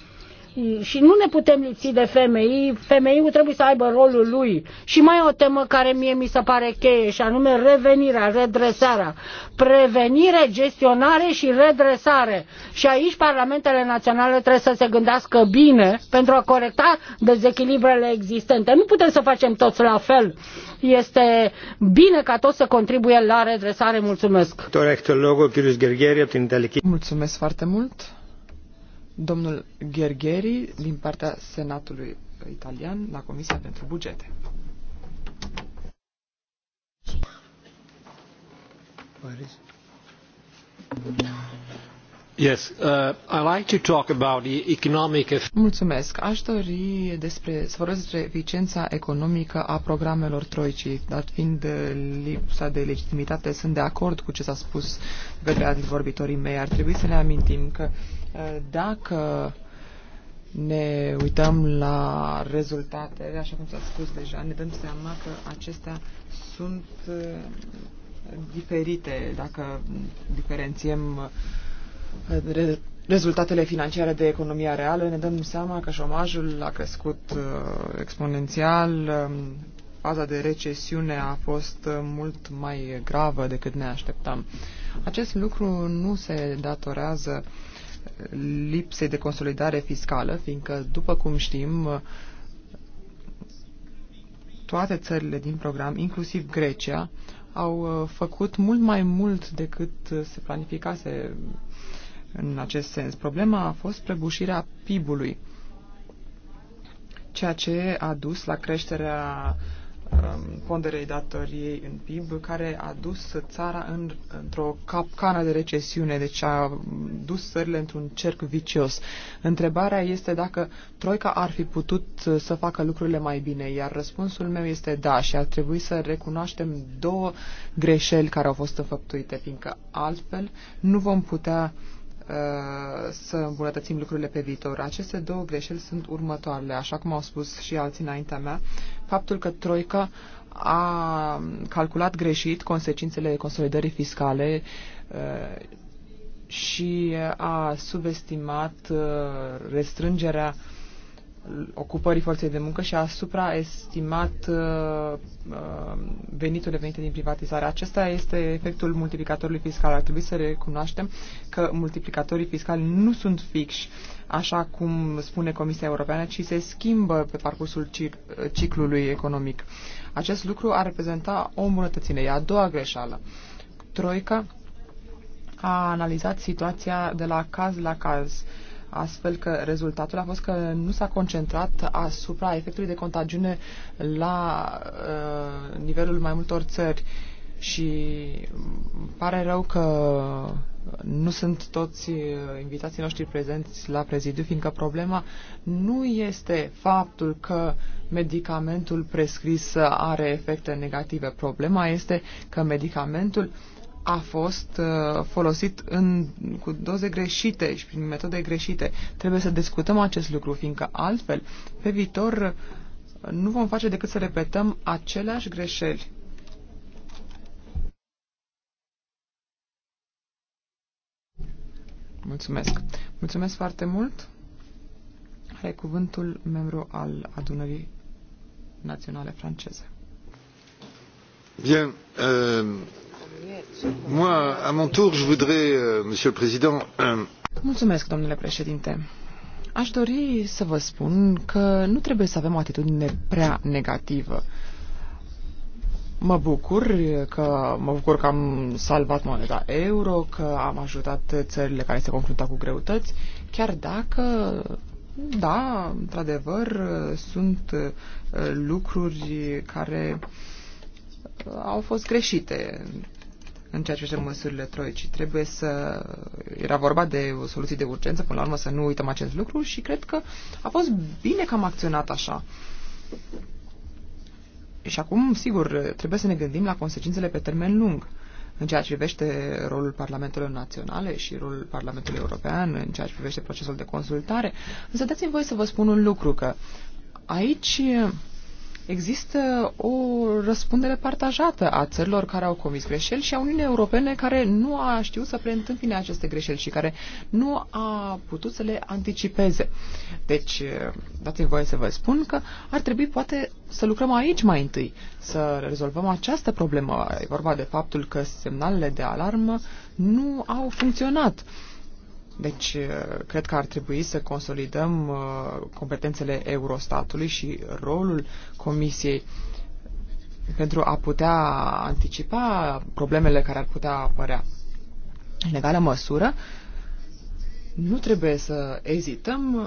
și nu ne putem lipsi de femei. Femeiul trebuie să aibă rolul lui. Și mai o temă care mie mi se pare cheie și anume revenirea, redresarea. Prevenire, gestionare și redresare. Și aici parlamentele naționale trebuie să se gândească bine pentru a corecta dezechilibrele existente. Nu putem să facem toți la fel. Este bine ca toți să contribuie la redresare. Mulțumesc! Mulțumesc foarte mult! domnul Ghergheri din partea Senatului Italian la Comisia pentru Bugete. Yes, uh, I like to talk about the economic Mulțumesc. Aș dori despre, să vorbesc despre eficiența economică a programelor troicii, dat fiind uh, lipsa de legitimitate, sunt de acord cu ce s-a spus de către vorbitorii mei. Ar trebui să ne amintim că uh, dacă ne uităm la rezultate, așa cum s-a spus deja, ne dăm seama că acestea sunt uh, diferite dacă diferențiem uh, rezultatele financiare de economia reală, ne dăm seama că șomajul a crescut uh, exponențial, um, faza de recesiune a fost mult mai gravă decât ne așteptam. Acest lucru nu se datorează uh, lipsei de consolidare fiscală, fiindcă, după cum știm, toate țările din program, inclusiv Grecia, au uh, făcut mult mai mult decât se planificase în acest sens. Problema a fost prăbușirea PIB-ului, ceea ce a dus la creșterea uh, ponderei datoriei în PIB, care a dus țara în, într-o capcană de recesiune, deci a dus țările într-un cerc vicios. Întrebarea este dacă Troica ar fi putut să facă lucrurile mai bine, iar răspunsul meu este da și ar trebui să recunoaștem două greșeli care au fost înfăptuite, fiindcă altfel nu vom putea uh, Uh, să îmbunătățim lucrurile pe viitor. Aceste două greșeli sunt următoarele, așa cum au spus și alții înaintea mea. Faptul că Troica a calculat greșit consecințele consolidării fiscale uh, și a subestimat uh, restrângerea uh, ocupării forței de muncă și a supraestimat uh, uh veniturile venite din privatizare. Acesta este efectul multiplicatorului fiscal. Ar trebui să recunoaștem că multiplicatorii fiscali nu sunt fixi, așa cum spune Comisia Europeană, ci se schimbă pe parcursul ciclului economic. Acest lucru ar reprezenta o îmbunătățire. E a doua greșeală. Troica a analizat situația de la caz la caz. Uh, astfel că rezultatul a fost că nu s-a concentrat asupra efectului de contagiune la uh, nivelul mai multor țări și pare rău că nu sunt toți uh, invitații noștri prezenți la prezidiu, fiindcă problema nu este faptul că medicamentul prescris are efecte negative. Problema este că medicamentul uh, a fost uh, folosit în, cu doze greșite și prin metode greșite. Trebuie să discutăm acest lucru, fiindcă altfel, pe viitor, uh, nu vom face decât să repetăm aceleași greșeli. Mulțumesc. Mulțumesc foarte mult. Are cuvântul membru al adunării naționale franceze. Bien, euh, Moi, domnule președinte. Aș dori să vă spun că nu trebuie să avem o atitudine prea negativă. Mă bucur că mă bucur că am salvat moneda euro, că am ajutat țările care se confruntă cu greutăți, chiar dacă da, într-adevăr, sunt uh, lucruri care uh, au fost greșite în ceea ce privește măsurile troicii. Trebuie să... Era vorba de o soluție de urgență, până la urmă să nu uităm acest lucru și cred că a fost bine că am acționat așa. Și acum, sigur, trebuie să ne gândim la consecințele pe termen lung în ceea ce privește rolul Parlamentelor Naționale și rolul Parlamentului European, în ceea ce privește procesul de consultare. Însă dați-mi voie să vă spun un lucru, că aici există o răspundere partajată a țărilor care au comis greșeli și a Uniunii Europene care nu a știut să preîntâmpine aceste greșeli și care nu a putut să le anticipeze. Deci, eh, dați-mi voie să vă spun că ar trebui poate să lucrăm aici mai întâi, să rezolvăm această problemă. E vorba de faptul că semnalele de alarmă nu au funcționat deci, uh, cred că ar trebui să consolidăm uh, competențele Eurostatului și rolul Comisiei pentru a putea anticipa problemele care ar putea apărea. În egală măsură, nu trebuie să ezităm uh,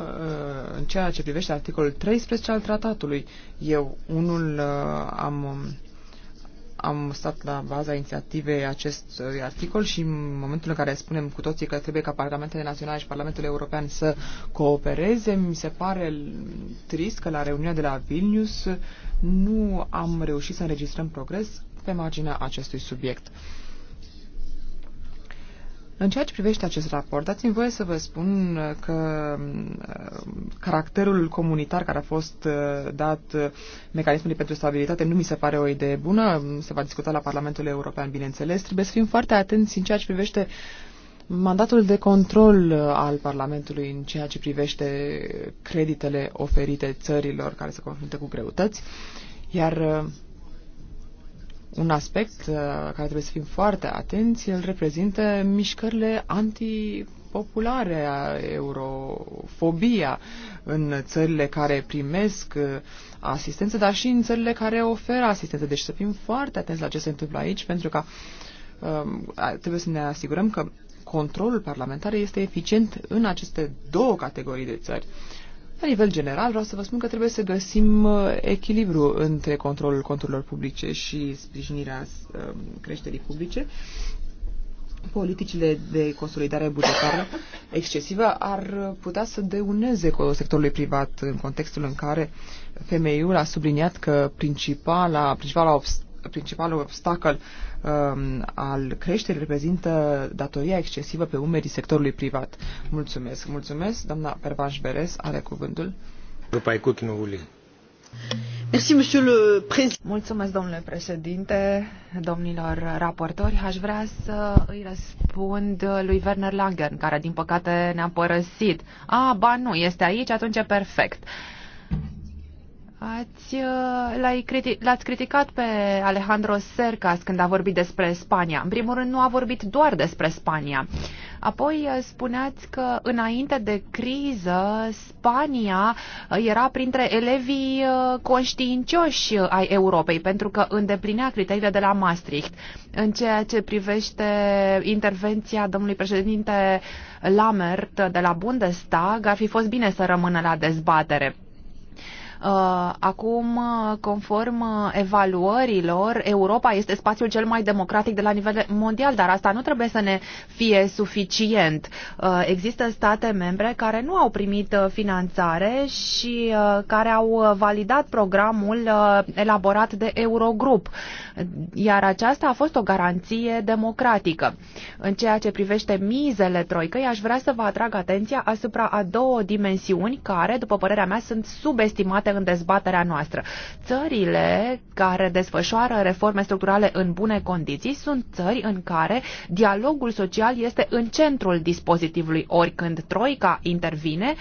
în ceea ce privește articolul 13 al tratatului. Eu, unul, am um, am stat la baza inițiativei acestui articol și în momentul în care spunem cu toții că trebuie ca Parlamentele Naționale și Parlamentul European să coopereze, mi se pare trist că la reuniunea de la Vilnius nu am reușit să înregistrăm progres pe marginea acestui subiect. În ceea ce privește acest raport, dați-mi voie să vă spun uh, că uh, caracterul comunitar care a fost uh, dat mecanismului pentru stabilitate nu mi se pare o idee bună. Se va discuta la Parlamentul European, bineînțeles. Trebuie să fim foarte atenți în ceea ce privește mandatul de control al Parlamentului în ceea ce privește creditele oferite țărilor care se confruntă cu greutăți. Iar un aspect uh, care trebuie să fim foarte atenți, el reprezintă mișcările anti populare, eurofobia în țările care primesc uh, asistență, dar și în țările care oferă asistență. Deci să fim foarte atenți la ce se întâmplă aici, pentru că um, trebuie să ne asigurăm că controlul parlamentar este eficient în aceste două categorii de țări. Uh, la nivel general, vreau să vă spun că trebuie să găsim uh, echilibru între controlul conturilor publice și sprijinirea um, creșterii publice. Politicile de consolidare bugetară excesivă ar putea să deuneze cu sectorului privat în contextul în care femeiul a subliniat că principala, principala, obst- principalul obstacol uh, Um, al creșterii reprezintă datoria excesivă pe umerii sectorului privat. Mulțumesc. Mulțumesc. Doamna Pervaș Beres are cuvântul. După président. Mulțumesc, domnule președinte, domnilor raportori. Aș vrea să îi răspund lui Werner Langen, care din păcate ne-a părăsit. A, ba nu, este aici, atunci e perfect. Uh, Ați, uh, l-ați criticat, criticat pe Alejandro Sercas când a vorbit despre Spania. În primul rând, nu a vorbit doar despre Spania. Apoi uh, spuneați că înainte de criză, Spania uh, era printre elevii conștiincioși ai Europei, pentru că îndeplinea criteriile de la Maastricht. În ceea ce privește intervenția domnului președinte Lamert de la Bundestag, ar fi fost bine să rămână la dezbatere. Uh, acum, uh, conform uh, evaluărilor, Europa este spațiul cel mai democratic de la nivel mondial, dar asta nu trebuie să ne fie suficient. Există state membre care nu au primit finanțare și care au validat programul elaborat de Eurogrup iar aceasta a fost o garanție democratică. În ceea ce privește mizele troicăi, aș vrea să vă atrag atenția asupra a două dimensiuni care, după părerea mea, sunt subestimate în dezbaterea noastră. Țările care desfășoară reforme structurale în bune condiții sunt țări în care dialogul social este în centrul dispozitivului, ori când troica intervine,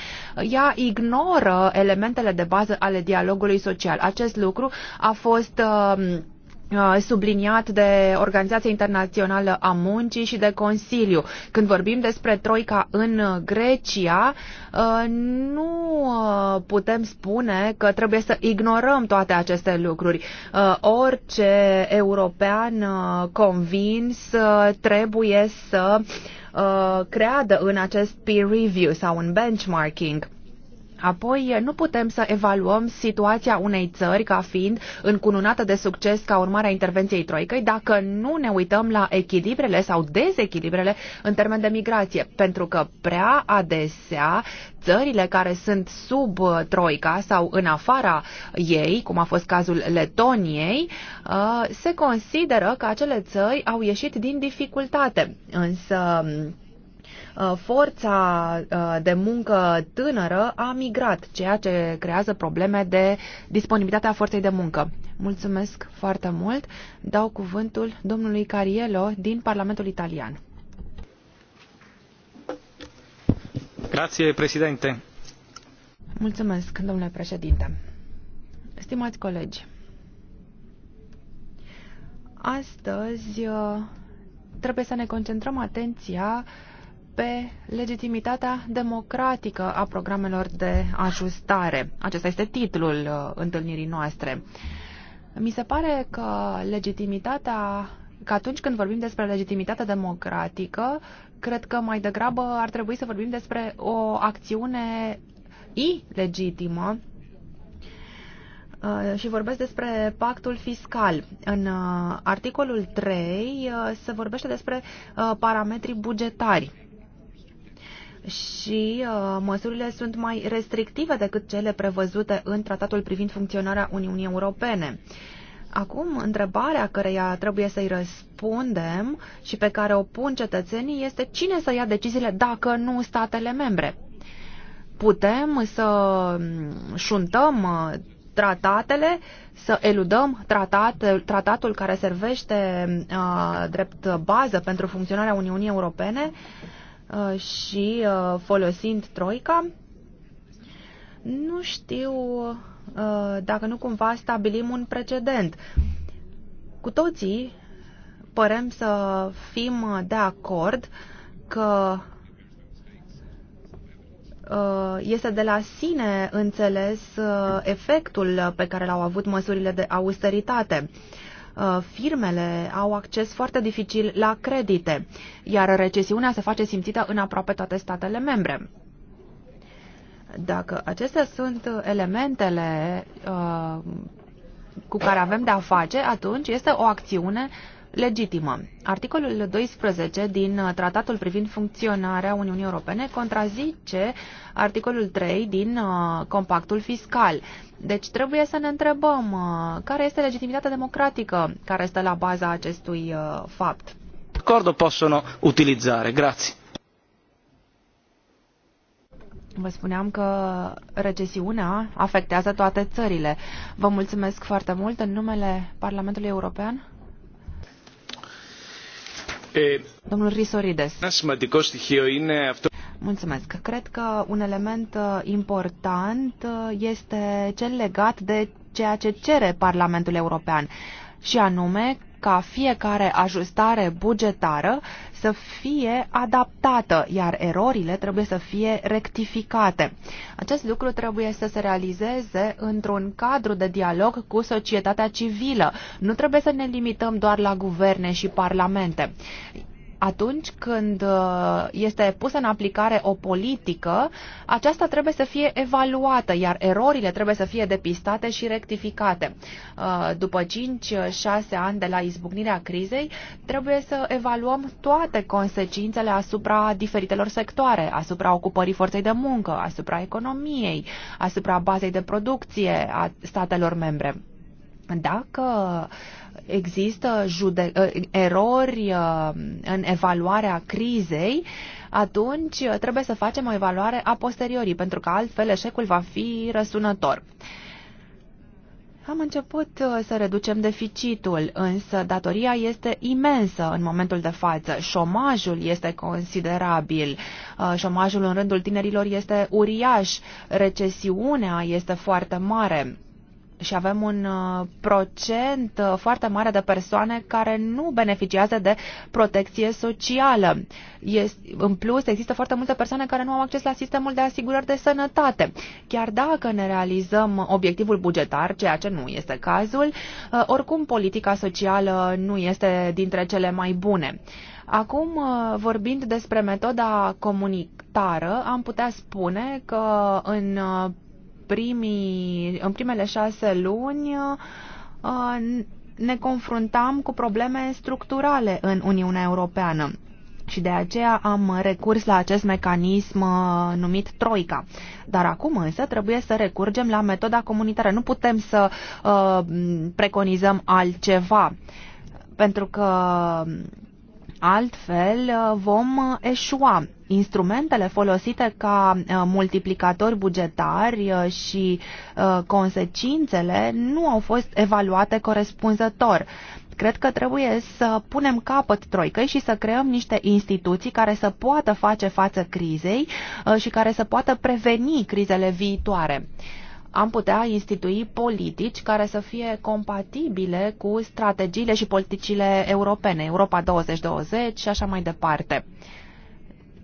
ea ignoră elementele de bază ale dialogului social. Acest lucru a fost uh, subliniat de Organizația Internațională a Muncii și de Consiliu. Când vorbim despre Troica în Grecia, nu putem spune că trebuie să ignorăm toate aceste lucruri. Orice european convins trebuie să creadă în acest peer review sau în benchmarking Apoi, nu putem să evaluăm situația unei țări ca fiind încununată de succes ca urmare a intervenției troicăi dacă nu ne uităm la echilibrele sau dezechilibrele în termen de migrație, pentru că prea adesea țările care sunt sub troica sau în afara ei, cum a fost cazul Letoniei, uh, se consideră că acele țări au ieșit din dificultate. Însă, Uh, forța uh, de muncă tânără a migrat, ceea ce creează probleme de disponibilitate a forței de muncă. Mulțumesc foarte mult. Dau cuvântul domnului Cariello din Parlamentul Italian. Grazie, președinte. Mulțumesc, domnule președinte. Stimați colegi, astăzi uh, trebuie să ne concentrăm atenția uh, pe legitimitatea democratică a programelor de ajustare. Acesta este titlul uh, întâlnirii noastre. Mi se pare că legitimitatea, că atunci când vorbim despre legitimitatea democratică, cred că mai degrabă ar trebui să vorbim despre o acțiune ilegitimă uh, și vorbesc despre pactul fiscal. În uh, articolul 3 se vorbește despre parametrii bugetari și uh, măsurile sunt mai restrictive decât cele prevăzute în tratatul privind funcționarea Uniunii Europene. Acum, întrebarea căreia trebuie să-i răspundem și pe care o pun cetățenii este cine să ia deciziile dacă nu statele membre. Putem să mm, șuntăm uh, tratatele, să eludăm tratat, tratatul care servește uh, drept bază pentru funcționarea Uniunii Europene, uh, Uh, și uh, folosind troica, nu știu uh, dacă nu cumva stabilim un precedent. Cu toții părem să fim de acord că este de la sine înțeles efectul pe care l-au avut măsurile de austeritate. Uh, firmele au acces foarte dificil la credite, iar recesiunea se face simțită în aproape toate statele membre. Dacă acestea sunt elementele uh, cu care avem de a face, atunci este o acțiune legitimă. Articolul 12 din uh, Tratatul privind funcționarea Uniunii Europene contrazice articolul 3 din uh, compactul fiscal. Deci trebuie să ne întrebăm uh, care este legitimitatea democratică care stă la baza acestui fapt. Acordul possono utilizare. Grazie. Vă spuneam că recesiunea afectează toate țările. Vă mulțumesc foarte mult în numele Parlamentului European. Domnul Risorides. Mulțumesc. Cred că un element uh, important uh, este cel legat de ceea ce cere Parlamentul European și anume ca fiecare ajustare bugetară să fie adaptată, iar erorile trebuie să fie rectificate. Acest lucru trebuie să se realizeze într-un cadru de dialog cu societatea civilă. Nu trebuie să ne limităm doar la guverne și parlamente atunci când uh, este pusă în aplicare o politică, aceasta trebuie să fie evaluată, iar erorile trebuie să fie depistate și rectificate. Uh, după 5-6 uh, ani de la izbucnirea crizei, trebuie să evaluăm toate consecințele asupra diferitelor sectoare, asupra ocupării forței de muncă, asupra economiei, asupra bazei de producție a statelor membre. Dacă uh, există jude- ă, erori ă, în evaluarea crizei, atunci ă, trebuie să facem o evaluare a posteriorii, pentru că altfel eșecul va fi răsunător. Am început să reducem deficitul, însă datoria este imensă în momentul de față. Șomajul este considerabil, șomajul în rândul tinerilor este uriaș, recesiunea este foarte mare și avem un uh, procent uh, foarte mare de persoane care nu beneficiază de protecție socială. Este, în plus, există foarte multe persoane care nu au acces la sistemul de asigurări de sănătate. Chiar dacă ne realizăm obiectivul bugetar, ceea ce nu este cazul, uh, oricum politica socială nu este dintre cele mai bune. Acum, vorbind despre metoda comunitară, am putea spune că în primii, în primele șase luni uh, ne confruntam cu probleme structurale în Uniunea Europeană și de aceea am recurs la acest mecanism uh, numit Troica. Dar acum însă trebuie să recurgem la metoda comunitară. Nu putem să uh, preconizăm altceva, pentru că altfel uh, vom eșua instrumentele folosite ca uh, multiplicatori bugetari uh, și uh, consecințele nu au fost evaluate corespunzător. Cred că trebuie să punem capăt troicăi și să creăm niște instituții care să poată face față crizei și care să poată preveni crizele viitoare am putea institui politici care să fie compatibile cu strategiile și politicile europene, Europa 2020 și așa mai departe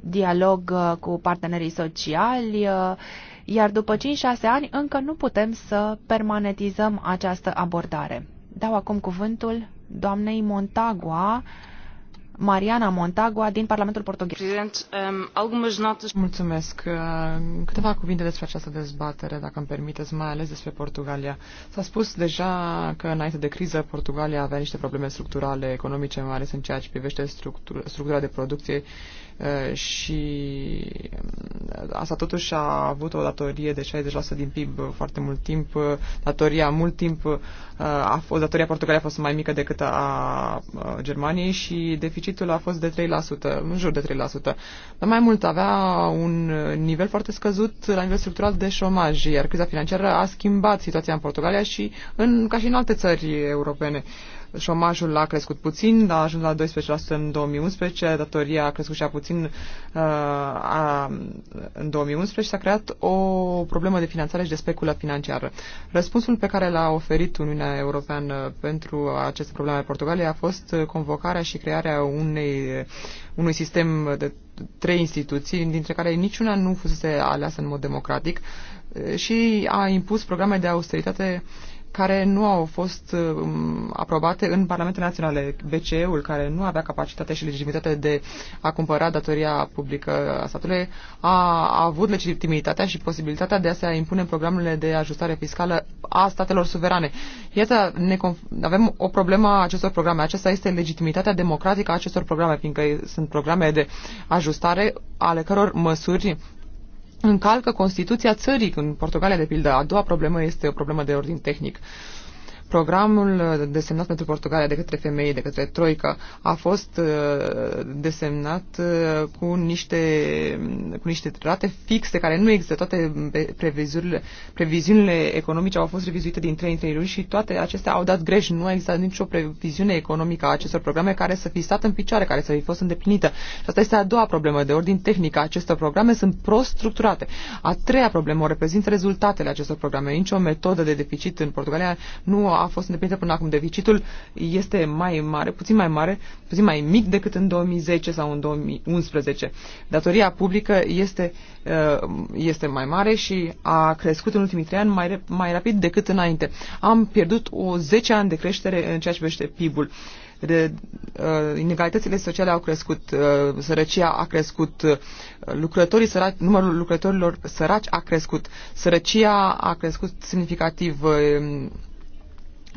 dialog uh, cu partenerii sociali, uh, iar după 5-6 ani încă nu putem să permanentizăm această abordare. Dau acum cuvântul doamnei Montagua, Mariana Montagua din Parlamentul Portughez. Um, Mulțumesc. Uh, câteva cuvinte despre această dezbatere, dacă îmi permiteți, mai ales despre Portugalia. S-a spus deja că înainte de criză Portugalia avea niște probleme structurale, economice, mai ales în ceea ce privește structura de producție Uh, și um, asta totuși a avut o datorie de 60% din PIB uh, foarte mult timp. Uh, datoria mult timp a fost, datoria Portugaliei a fost mai mică decât a Germaniei și deficitul a fost de 3%, în jur de 3%. Dar mai mult avea un nivel foarte scăzut la nivel structural de șomaj, iar criza financiară a schimbat situația în Portugalia și în, ca și în alte țări europene. Uh, șomajul a crescut puțin, a ajuns la 12% în 2011, datoria a crescut și a puțin uh, a, în 2011 s-a creat o problemă de finanțare și de speculă financiară. Răspunsul pe care l-a oferit Uniunea Europeană pentru aceste probleme ale Portugaliei a fost convocarea și crearea unei, unui sistem de trei instituții, dintre care niciuna nu fusese aleasă în mod democratic uh, și a impus programe de austeritate uh, care nu au fost um, aprobate în Parlamentele Naționale. BCE-ul, care nu avea capacitatea și legitimitatea de a cumpăra datoria publică a statului, a avut legitimitatea și posibilitatea de a se impune programele de ajustare fiscală a statelor suverane. Iată, ne avem o problemă a acestor programe. Aceasta este legitimitatea democratică a acestor programe, fiindcă sunt programe de ajustare ale căror măsuri încalcă Constituția țării. În Portugalia, de pildă, a doua problemă este o problemă de ordin tehnic. Uh, Programul desemnat pentru Portugalia de către femei, de către Troica, a fost uh, desemnat uh, cu niște, cu niște rate fixe care nu există. Toate previziunile, previziunile economice au fost revizuite din 3 în 3 luni și toate acestea au dat greș. Nu a existat nicio previziune economică a acestor programe care să fi stat în picioare, care să fi fost îndeplinită. Și asta este a doua problemă de ordin tehnică. Acestor programe sunt prost structurate. A treia problemă o reprezintă rezultatele acestor programe. Nicio metodă de deficit în Portugalia nu a a fost îndeplinită până acum. Deficitul este mai mare, puțin mai mare, puțin mai mic decât în 2010 sau în 2011. Datoria publică este, uh, este mai mare și a crescut în ultimii trei ani mai, mai rapid decât înainte. Am pierdut o 10 ani de creștere în ceea ce privește PIB-ul. De, uh, inegalitățile sociale au crescut, uh, sărăcia a crescut, uh, lucrătorii săraci, numărul lucrătorilor săraci a crescut, sărăcia a crescut semnificativ. Uh,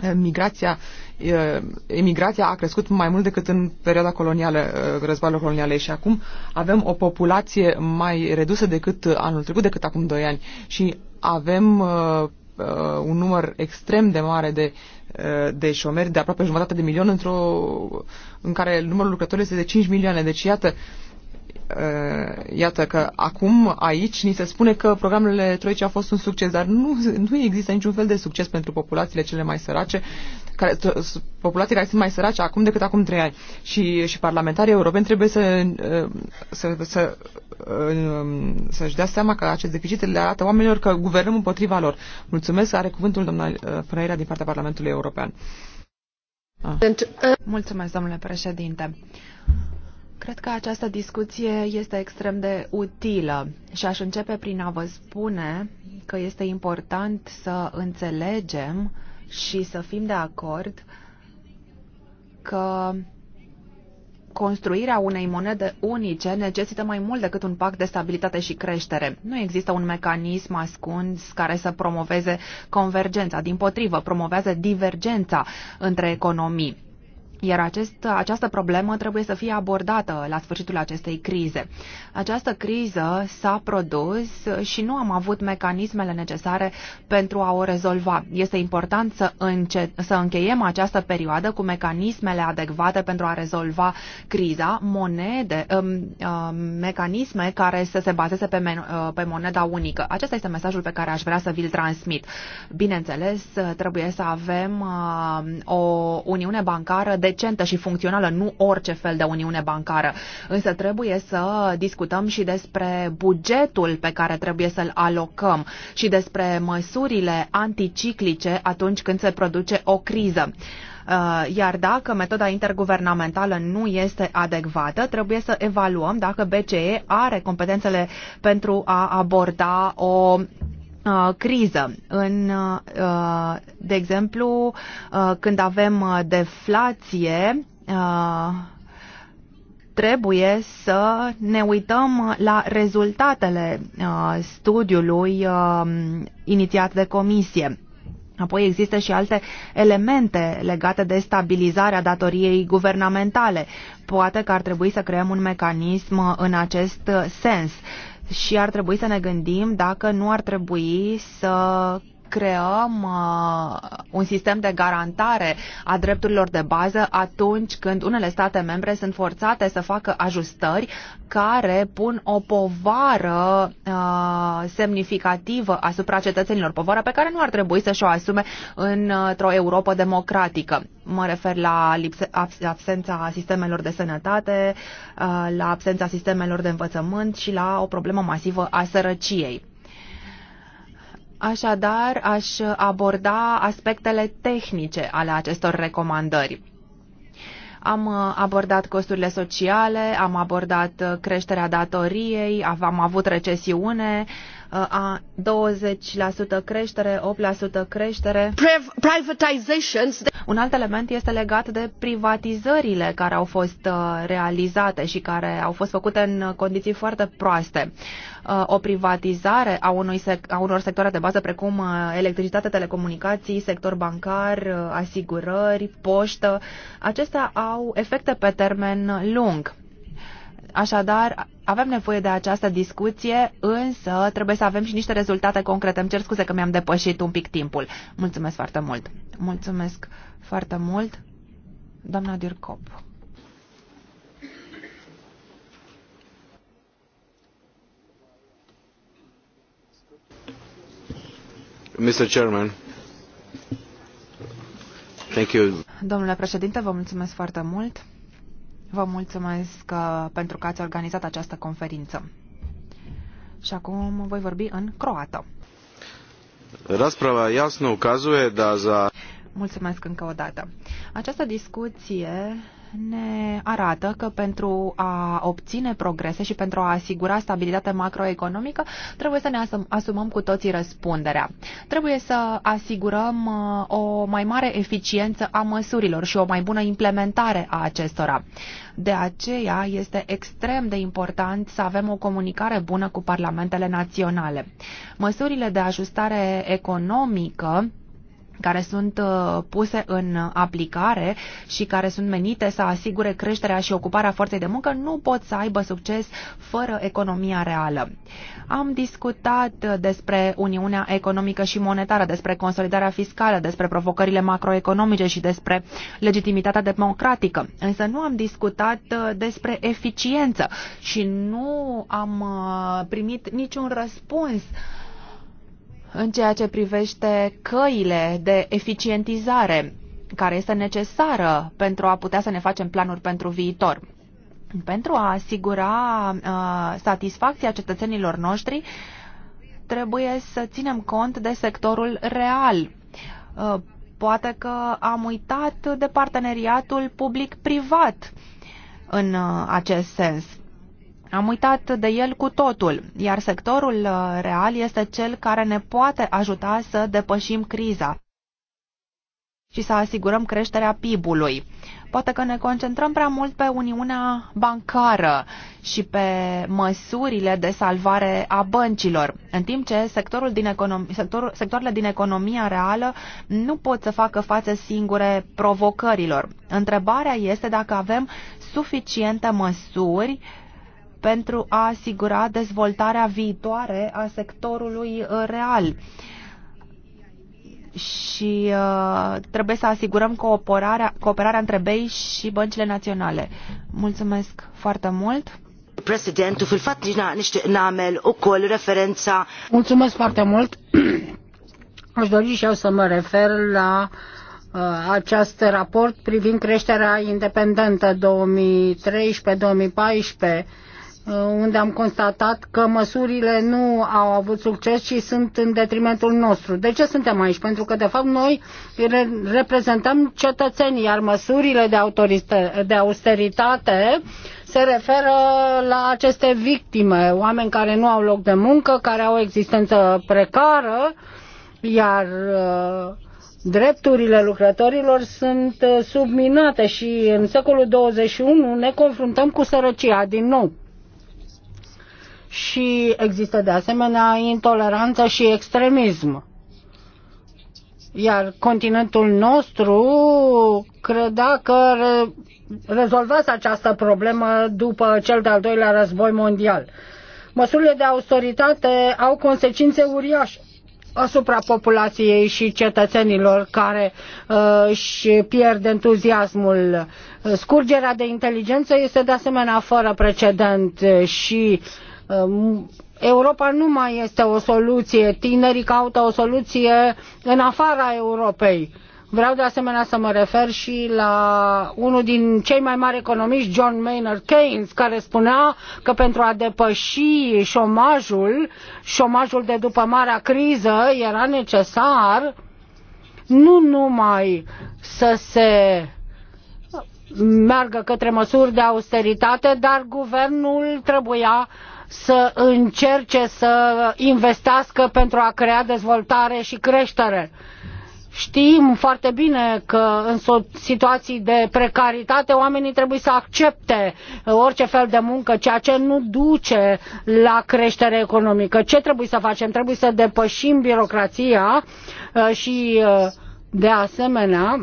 Eh, migrația, eh, emigrația a crescut mai mult decât în perioada colonială, eh, războiului coloniale și acum avem o populație mai redusă decât anul trecut, decât acum 2 ani și avem uh, un număr extrem de mare de, uh, de șomeri, de aproape jumătate de milion, într-o, în care numărul lucrătorilor este de 5 milioane. Deci, iată, uh, Eh, iată că acum aici ni se spune că programele troice au fost un succes, dar nu, nu există niciun fel de succes pentru populațiile cele mai sărace, care, populații care sunt mai sărace acum decât acum trei ani. Și, și parlamentarii europeni trebuie să, eh, să, să să-și dea seama că acest deficit le arată oamenilor că guvernăm împotriva lor. Mulțumesc, are cuvântul doamna eh, Freira din partea Parlamentului European. Ah. Mulțumesc, domnule președinte. Cred că această discuție este extrem de utilă și aș începe prin a vă spune că este important să înțelegem și să fim de acord că construirea unei monede unice necesită mai mult decât un pact de stabilitate și creștere. Nu există un mecanism ascuns care să promoveze convergența, din potrivă, promovează divergența între economii. Iar acest, această problemă trebuie să fie abordată la sfârșitul acestei crize. Această criză s-a produs și nu am avut mecanismele necesare pentru a o rezolva. Este important să, înce- să încheiem această perioadă cu mecanismele adecvate pentru a rezolva criza, monede, um, um, mecanisme care să se bazeze pe, men- uh, pe moneda unică. Acesta este mesajul pe care aș vrea să vi-l transmit. Bineînțeles, trebuie să avem uh, o uniune bancară de decentă și funcțională, nu orice fel de uniune bancară. Însă trebuie să discutăm și despre bugetul pe care trebuie să-l alocăm și despre măsurile anticiclice atunci când se produce o criză uh, iar dacă metoda interguvernamentală nu este adecvată, trebuie să evaluăm dacă BCE are competențele pentru a aborda o Uh, criză. În, uh, de exemplu, uh, când avem deflație, trebuie să ne uităm la rezultatele studiului um, inițiat de comisie. Apoi există și alte elemente legate de stabilizarea datoriei guvernamentale. Poate că ar trebui să creăm un mecanism în acest sens și ar trebui să ne gândim dacă nu ar trebui să creăm uh, un sistem de garantare a drepturilor de bază atunci când unele state membre sunt forțate să facă ajustări care pun o povară uh, semnificativă asupra cetățenilor, povară pe care nu ar trebui să-și o asume într-o Europa democratică. Mă refer la absența sistemelor de sănătate, uh, la absența sistemelor de învățământ și la o problemă masivă a sărăciei. Așadar, aș aborda aspectele tehnice ale acestor recomandări. Am abordat costurile sociale, am abordat creșterea datoriei, am avut recesiune, a 20% creștere, 8% creștere. Privatizations. Un alt element este legat de privatizările care au fost uh, realizate și care au fost făcute în condiții foarte proaste. Uh, o privatizare a, unui sec- a unor sectoare de bază precum uh, electricitate, telecomunicații, sector bancar, asigurări, poștă, acestea au efecte pe termen lung Așadar, avem nevoie de această discuție, însă trebuie să avem și niște rezultate concrete. Îmi cer scuze că mi-am depășit un pic timpul. Mulțumesc foarte mult. Mulțumesc foarte mult, doamna Dircop. Mr. Chairman, thank you. Domnule președinte, vă mulțumesc foarte mult. Vă mulțumesc uh, pentru că ați organizat această conferință. Și acum voi vorbi în croată. Rasprava jasno ukazuje da za... Mulțumesc încă o dată. Această discuție ne arată că pentru a obține progrese și pentru a asigura stabilitatea macroeconomică, trebuie să ne asumăm cu toții răspunderea. Trebuie să asigurăm uh, o mai mare eficiență a măsurilor și o mai bună implementare a acestora. De aceea este extrem de important să avem o comunicare bună cu parlamentele naționale. Măsurile de ajustare economică care sunt uh, puse în aplicare și care sunt menite să asigure creșterea și ocuparea forței de muncă nu pot să aibă succes fără economia reală. Am discutat uh, despre Uniunea Economică și Monetară, despre consolidarea fiscală, despre provocările macroeconomice și despre legitimitatea democratică, însă nu am discutat uh, despre eficiență și nu am primit niciun răspuns în ceea ce privește căile de eficientizare care este necesară pentru a putea să ne facem planuri pentru viitor. Pentru a asigura uh, satisfacția cetățenilor noștri, trebuie să ținem cont de sectorul real. Uh, poate că am uitat de parteneriatul public-privat în uh, acest sens am uitat de el cu totul, iar sectorul uh, real este cel care ne poate ajuta să depășim criza și să asigurăm creșterea PIB-ului. Poate că ne concentrăm prea mult pe Uniunea Bancară și pe măsurile de salvare a băncilor, în timp ce sectorul din econom- sector, sectoarele din economia reală nu pot să facă față singure provocărilor. Întrebarea este dacă avem suficiente măsuri uh, pentru a asigura dezvoltarea viitoare a sectorului uh, real și uh, trebuie să asigurăm cooperarea, cooperarea între BEI și băncile naționale. Mulțumesc foarte mult! President, fil fatt li Mulțumesc foarte mult. Aș dori și eu să mă refer la uh, acest raport privind creșterea independentă 2013-2014 Uh, unde am constatat că măsurile nu au avut succes și sunt în detrimentul nostru. De ce suntem aici? Pentru că, de fapt, noi reprezentăm cetățenii, iar măsurile de, de austeritate se referă la aceste victime, oameni care nu au loc de muncă, care au o existență precară, iar uh, drepturile lucrătorilor sunt uh, subminate și în secolul 21 ne confruntăm cu sărăcia din nou și există de asemenea intoleranță și extremism. Iar continentul nostru credea că re- rezolvați această problemă după cel de-al doilea război mondial. Măsurile de austeritate au consecințe uriașe asupra populației și cetățenilor care uh, își pierd entuziasmul. Scurgerea de inteligență este de asemenea fără precedent și uh, Ehm, Europa nu mai este o soluție, tinerii caută o soluție în afara Europei. Vreau de asemenea să mă refer și la unul din cei mai mari economiști, John Maynard Keynes, care spunea că pentru a depăși șomajul, șomajul de după marea criză, era necesar nu numai să se meargă către măsuri de austeritate, dar guvernul trebuia să încerce să investească pentru a crea dezvoltare și creștere. Știm foarte bine că în situații de precaritate oamenii trebuie să accepte orice fel de muncă, ceea ce nu duce la creștere economică. Ce trebuie să facem? Trebuie să depășim birocrația uh, și uh, de asemenea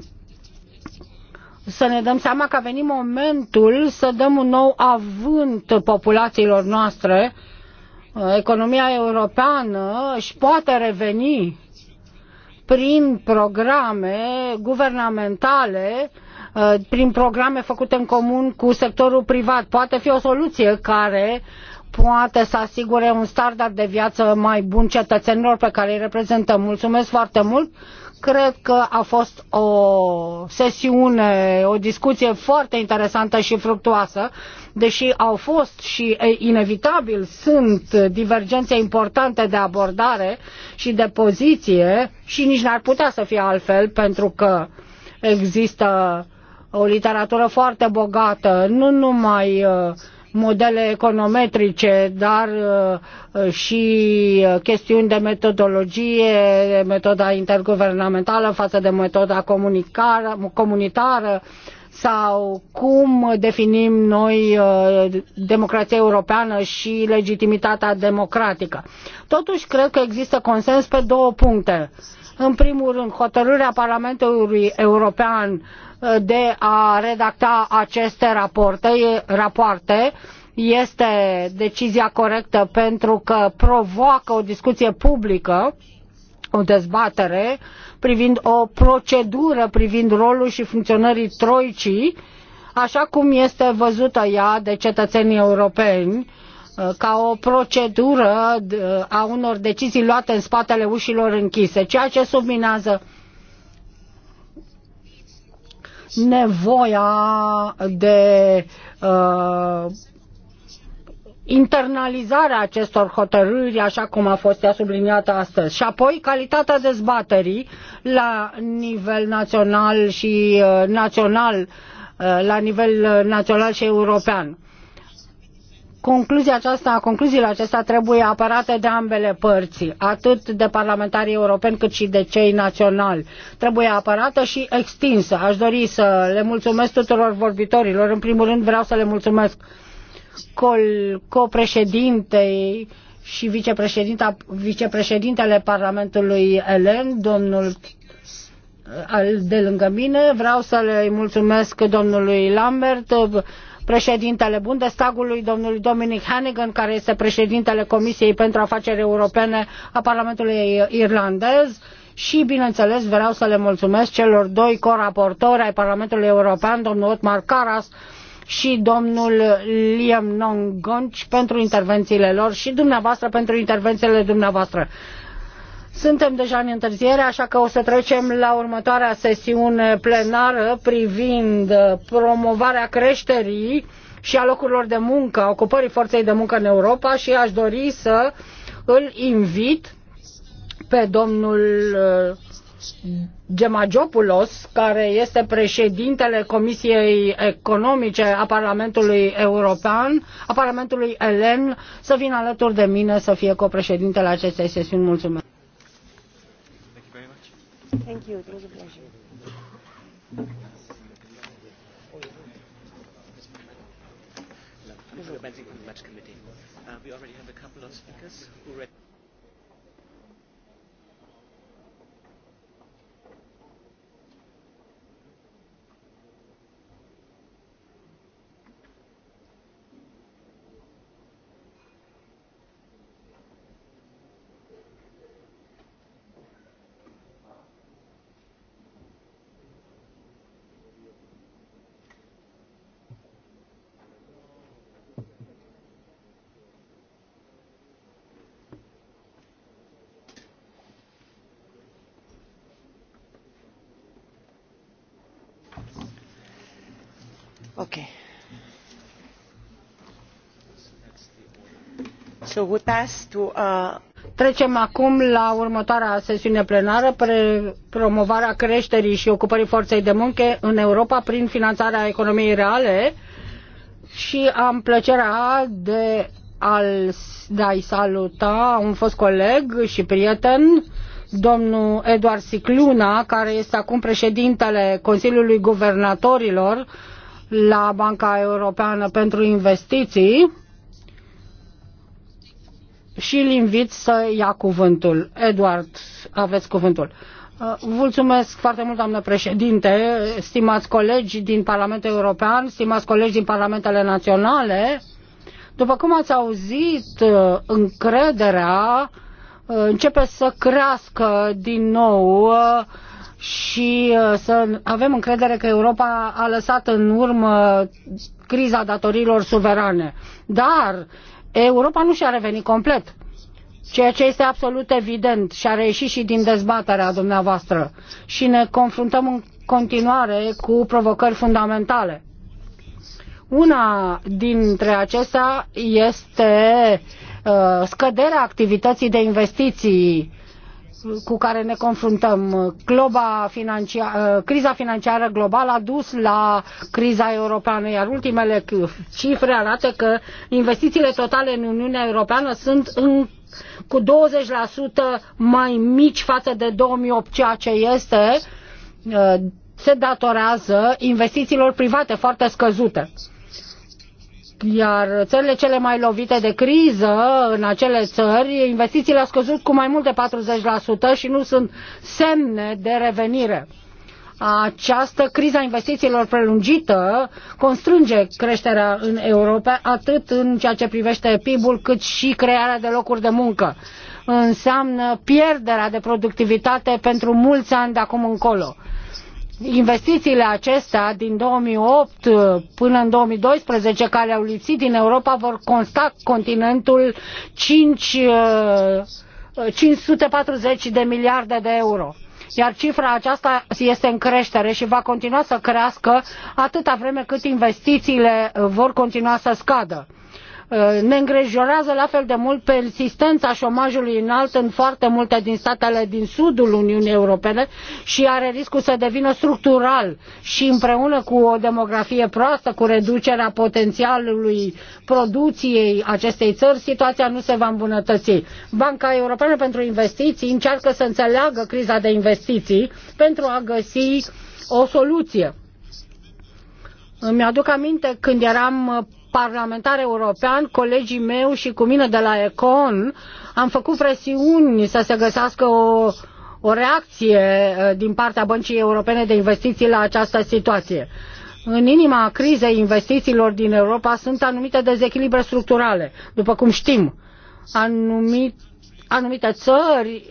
să ne dăm seama că a venit momentul să dăm un nou avânt populațiilor noastre. Economia europeană își poate reveni prin programe guvernamentale, prin programe făcute în comun cu sectorul privat. Poate fi o soluție care poate să asigure un standard de viață mai bun cetățenilor pe care îi reprezentăm. Mulțumesc foarte mult! Cred că a fost o sesiune, o discuție foarte interesantă și fructuoasă, deși au fost și inevitabil sunt divergențe importante de abordare și de poziție și nici n-ar putea să fie altfel pentru că există o literatură foarte bogată, nu numai uh, modele econometrice, dar uh, și uh, chestiuni de metodologie, metoda interguvernamentală față de metoda comunitară sau cum definim noi uh, democrația europeană și legitimitatea democratică. Totuși, cred că există consens pe două puncte. În primul rând, hotărârea Parlamentului European de a redacta aceste rapoarte este decizia corectă pentru că provoacă o discuție publică, o dezbatere privind o procedură privind rolul și funcționării troicii, așa cum este văzută ea de cetățenii europeni ca o procedură a unor decizii luate în spatele ușilor închise, ceea ce subminează nevoia de uh, internalizarea acestor hotărâri, așa cum a fost ea subliniată astăzi. Și apoi calitatea dezbaterii la nivel național și uh, național, uh, la nivel uh, național și european concluzia aceasta, concluziile acestea trebuie apărate de ambele părți, atât de parlamentarii europeni cât și de cei naționali. Trebuie apărată și extinsă. Aș dori să le mulțumesc tuturor vorbitorilor. În primul rând vreau să le mulțumesc copreședintei și vicepreședinta, vicepreședintele Parlamentului Elen, domnul de lângă mine. Vreau să le mulțumesc domnului Lambert, președintele Bundestagului, domnului Dominic Hannigan, care este președintele Comisiei pentru Afaceri Europene a Parlamentului Irlandez și, bineînțeles, vreau să le mulțumesc celor doi coraportori ai Parlamentului European, domnul Otmar Caras și domnul Liam Nongonci pentru intervențiile lor și dumneavoastră pentru intervențiile dumneavoastră. Suntem deja în întârziere, așa că o să trecem la următoarea sesiune plenară privind uh, promovarea creșterii și a locurilor de muncă, a ocupării forței de muncă în Europa și aș dori să îl invit pe domnul uh, Gemagiopoulos, care este președintele Comisiei Economice a Parlamentului European, a Parlamentului Elen, să vină alături de mine să fie copreședintele acestei sesiuni. Mulțumesc! Thank you. It was a pleasure. Okay. So to, uh... Trecem acum la următoarea sesiune plenară, pre- promovarea creșterii și ocupării forței de muncă în Europa prin finanțarea economiei reale și am plăcerea de, al, de a-i saluta un fost coleg și prieten, domnul Eduard Sicluna, care este acum președintele Consiliului Guvernatorilor la Banca Europeană pentru Investiții și îl invit să ia cuvântul. Eduard, aveți cuvântul. Uh, mulțumesc foarte mult, doamnă președinte, stimați colegi din Parlamentul European, stimați colegi din Parlamentele Naționale. După cum ați auzit, uh, încrederea uh, începe să crească din nou și uh, să avem încredere că Europa a lăsat în urmă criza datorilor suverane. Dar Europa nu și-a revenit complet, ceea ce este absolut evident și a reieșit și din dezbaterea dumneavoastră. Și ne confruntăm în continuare cu provocări fundamentale. Una dintre acestea este uh, scăderea activității de investiții uh, cu care ne confruntăm. Globa financiar, criza financiară globală a dus la criza europeană, iar ultimele cifre arată că investițiile totale în Uniunea Europeană sunt în cu 20% mai mici față de 2008, ceea ce este uh, se datorează investițiilor private foarte scăzute. Iar țările cele mai lovite de criză în acele țări, investițiile au scăzut cu mai mult de 40% și nu sunt semne de revenire. Această criza investițiilor prelungită constrânge creșterea în Europa, atât în ceea ce privește PIB-ul, cât și crearea de locuri de muncă. Înseamnă pierderea de productivitate pentru mulți ani de acum încolo investițiile acestea din 2008 până în 2012 care au lipsit din Europa vor consta continentul 5, 540 uh, de miliarde de euro iar cifra aceasta este în creștere și va continua să crească atâta vreme cât investițiile vor continua să scadă. Uh, ne îngrijorează la fel de mult persistența șomajului înalt în foarte multe din statele din sudul Uniunii Europene și are riscul să devină structural și împreună cu o demografie proastă, cu reducerea potențialului producției acestei țări, situația nu se va îmbunătăți. Banca Europeană pentru Investiții încearcă să înțeleagă criza de investiții pentru a găsi o soluție. Îmi aduc aminte când eram parlamentar european, colegii mei și cu mine de la Econ, am făcut presiuni să se găsească o, o reacție uh, din partea Băncii Europene de Investiții la această situație. În inima crizei investițiilor din Europa sunt anumite dezechilibre structurale, după cum știm. Anumit, anumite țări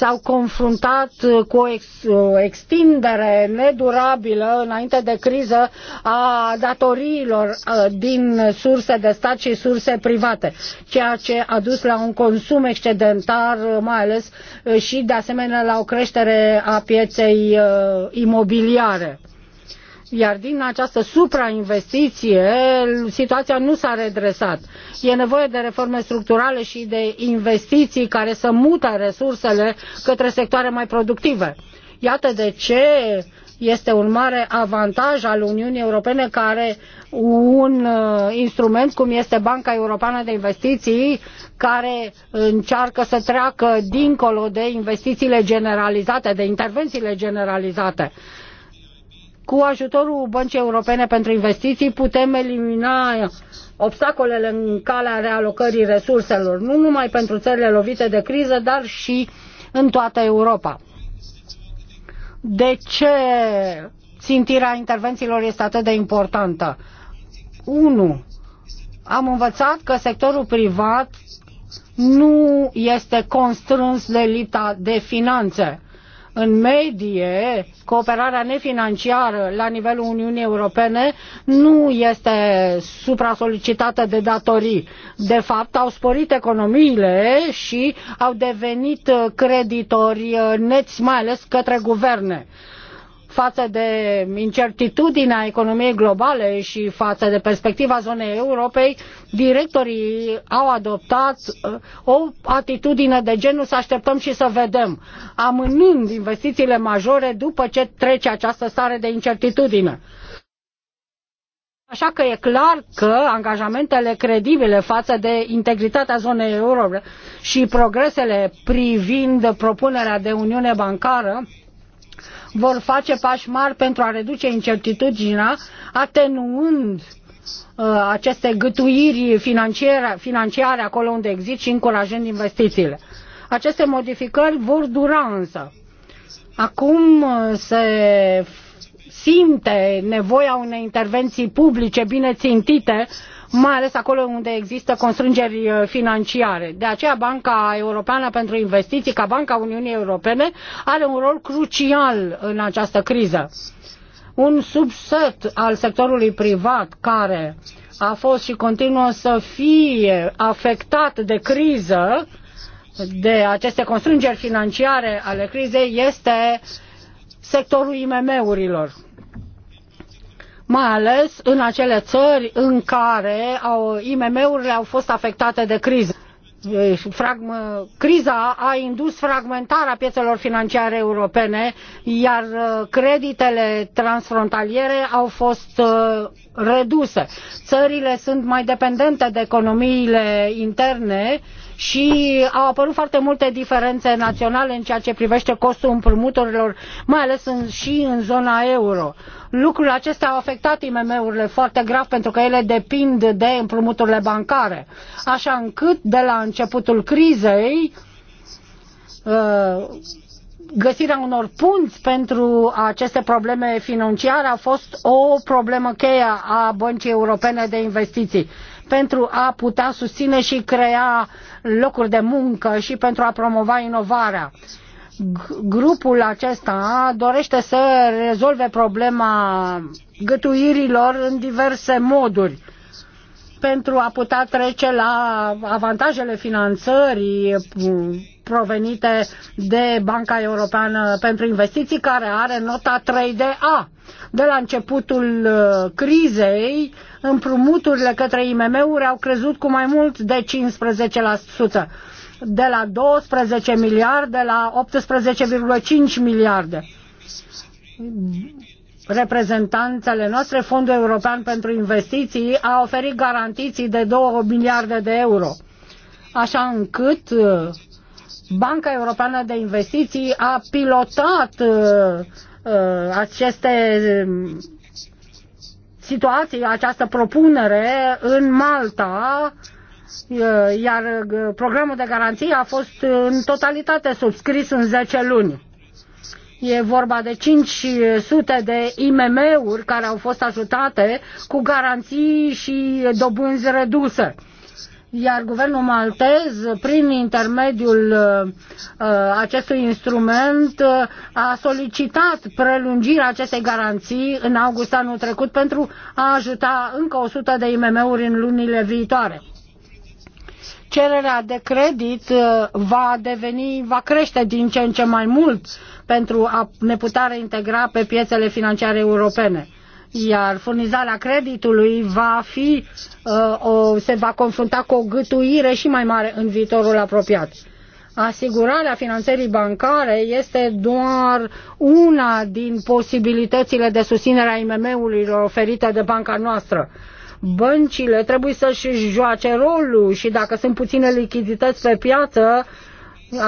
s-au confruntat uh, cu o, ex, o uh, extindere nedurabilă înainte de criză a datoriilor uh, din surse de stat și surse private, ceea ce a dus la un consum excedentar, mai ales și de asemenea la o creștere a pieței imobiliare iar din această suprainvestiție, situația nu s-a redresat. E nevoie de reforme structurale și de investiții care să mută resursele către sectoare mai productive. Iată de ce este un mare avantaj al Uniunii Europene care un uh, instrument cum este Banca Europeană de Investiții care încearcă să treacă dincolo de investițiile generalizate, de intervențiile generalizate. Cu ajutorul Băncii Europene pentru Investiții putem elimina obstacolele în calea realocării resurselor, nu numai pentru țările lovite de criză, dar și în toată Europa. De ce țintirea intervențiilor este atât de importantă? 1. Am învățat că sectorul privat nu este constrâns de lipta de finanțe în medie, cooperarea nefinanciară la nivelul Uniunii Europene nu este supra-solicitată de datorii. De fapt, au sporit economiile și au devenit creditori uh, neți, mai ales către guverne față de incertitudinea economiei globale și față de perspectiva zonei Europei, directorii au adoptat uh, o atitudine de genul să așteptăm și să vedem, amânând investițiile majore după ce trece această stare de incertitudine. Așa că e clar că angajamentele credibile față de integritatea zonei euro și progresele privind propunerea de uniune bancară vor face pași mari pentru a reduce incertitudinea, atenuând uh, aceste gătuiri financiare, financiare acolo unde există și încurajând investițiile. Aceste modificări vor dura însă. Acum uh, se simte nevoia unei intervenții publice bine țintite mai ales acolo unde există constrângeri uh, financiare. De aceea Banca Europeană pentru Investiții, ca Banca Uniunii Europene, are un rol crucial în această criză. Un subset al sectorului privat care a fost și continuă să fie afectat de criză, de aceste constrângeri financiare ale crizei, este sectorul IMM-urilor mai ales în acele țări în care IMM-urile au fost afectate de criză. Deci, Fragm, criza a indus fragmentarea piețelor financiare europene, iar uh, creditele transfrontaliere au fost uh, reduse. Țările sunt mai dependente de economiile interne uh, și au apărut foarte multe diferențe naționale în ceea ce privește costul împrumuturilor, mai ales în, și în zona euro. Lucrul acesta a afectat IMM-urile foarte grav pentru că ele depind de împrumuturile bancare, așa încât de la începutul crizei uh, găsirea unor punți pentru aceste probleme financiare a fost o problemă cheie a Băncii Europene de Investiții pentru a putea susține și crea locuri de muncă și pentru a promova inovarea grupul acesta dorește să rezolve problema gătuirilor în diverse moduri pentru a putea trece la avantajele finanțării provenite de Banca Europeană pentru Investiții, care are nota 3A. De la începutul uh, crizei, împrumuturile către IMM-uri au crezut cu mai mult de 15%, de la 12 miliarde la 18,5 miliarde reprezentanțele noastre, Fondul European pentru Investiții, a oferit garantiții de 2 miliarde de euro, așa încât uh, Banca Europeană de Investiții a pilotat uh, uh, aceste um, situații, această propunere în Malta, uh, iar uh, programul de garanție a fost în totalitate subscris în 10 luni. E vorba de 500 de IMM-uri care au fost ajutate cu garanții și dobânzi reduse iar guvernul maltez, prin intermediul uh, uh, acestui instrument, uh, a solicitat prelungirea acestei garanții în august anul trecut pentru a ajuta încă 100 de IMM-uri în lunile viitoare. Cererea de credit uh, va deveni, va crește din ce în ce mai mult pentru a ne putea reintegra pe piețele financiare europene iar furnizarea creditului va fi, uh, o, se va confrunta cu o gâtuire și mai mare în viitorul apropiat. Asigurarea finanțării bancare este doar una din posibilitățile de susținere a IMM-urilor oferite de banca noastră băncile trebuie să-și joace rolul și dacă sunt puține lichidități pe piață,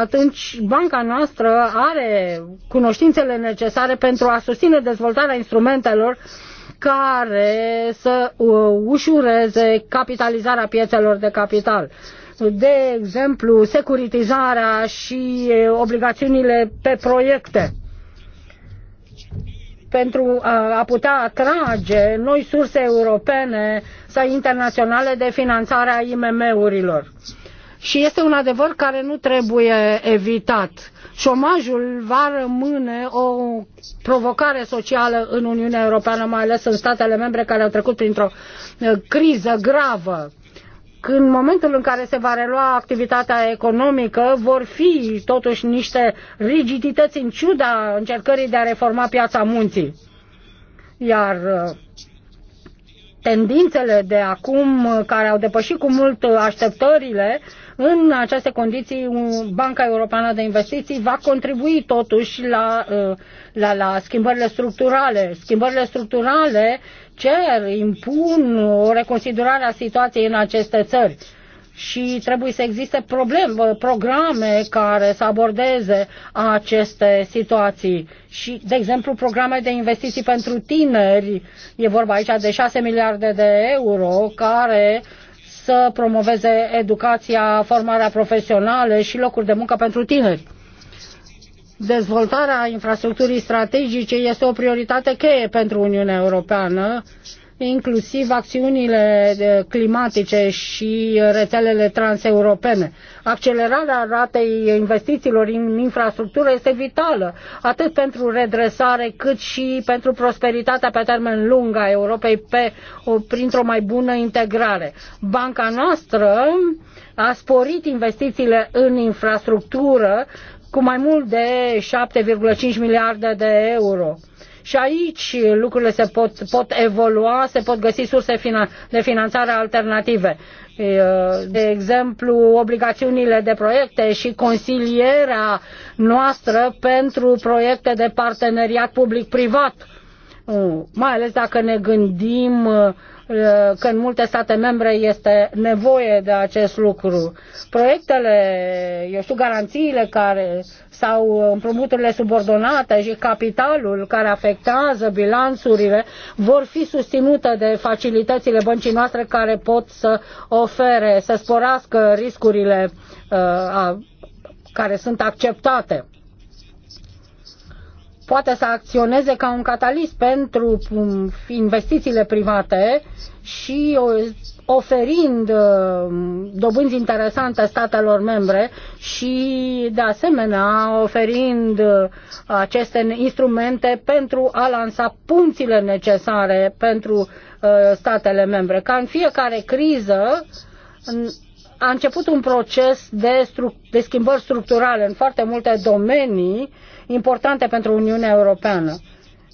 atunci banca noastră are cunoștințele necesare pentru a susține dezvoltarea instrumentelor care să uh, ușureze capitalizarea piețelor de capital. De exemplu, securitizarea și uh, obligațiunile pe proiecte pentru a putea atrage noi surse europene sau internaționale de finanțare a IMM-urilor. Și este un adevăr care nu trebuie evitat Șomajul va rămâne o provocare socială în Uniunea Europeană, mai ales în statele membre care au trecut printr-o uh, criză gravă în momentul în care se va relua activitatea economică, vor fi totuși niște rigidități în ciuda încercării de a reforma piața munții. Iar uh, tendințele de acum, uh, care au depășit cu mult așteptările, în aceste condiții, Banca Europeană de Investiții va contribui totuși la, uh, la, la schimbările structurale. Schimbările structurale cer, impun o reconsiderare a situației în aceste țări și trebuie să existe probleme, uh, programe care să abordeze aceste situații. Și, de exemplu, programe de investiții pentru tineri, e vorba aici de 6 miliarde de euro, care să promoveze educația, formarea profesională și locuri de muncă pentru tineri. Dezvoltarea infrastructurii strategice este o prioritate cheie pentru Uniunea Europeană inclusiv acțiunile eh, climatice și eh, rețelele transeuropene. Accelerarea ratei investițiilor în infrastructură este vitală, atât pentru redresare cât și pentru prosperitatea pe termen lung a Europei pe, o, printr-o mai bună integrare. Banca noastră a sporit investițiile în infrastructură cu mai mult de 7,5 miliarde de euro și aici lucrurile se pot, pot evolua, se pot găsi surse de finanțare alternative. De exemplu, obligațiunile de proiecte și consilierea noastră pentru proiecte de parteneriat public-privat uh, mai ales dacă ne gândim uh, că în multe state membre este nevoie de acest lucru. Proiectele, eu știu, garanțiile care sau împrumuturile subordonate și capitalul care afectează bilanțurile vor fi susținute de facilitățile băncii noastre care pot să ofere, să sporească riscurile uh, a, care sunt acceptate poate să acționeze ca un catalist pentru um, investițiile private și uh, oferind uh, dobânzi interesante statelor membre și, de asemenea, oferind uh, aceste instrumente pentru a lansa punțile necesare pentru statele membre. Ca în fiecare criză, a început un proces de, de schimbări structurale în foarte multe domenii importante pentru Uniunea Europeană.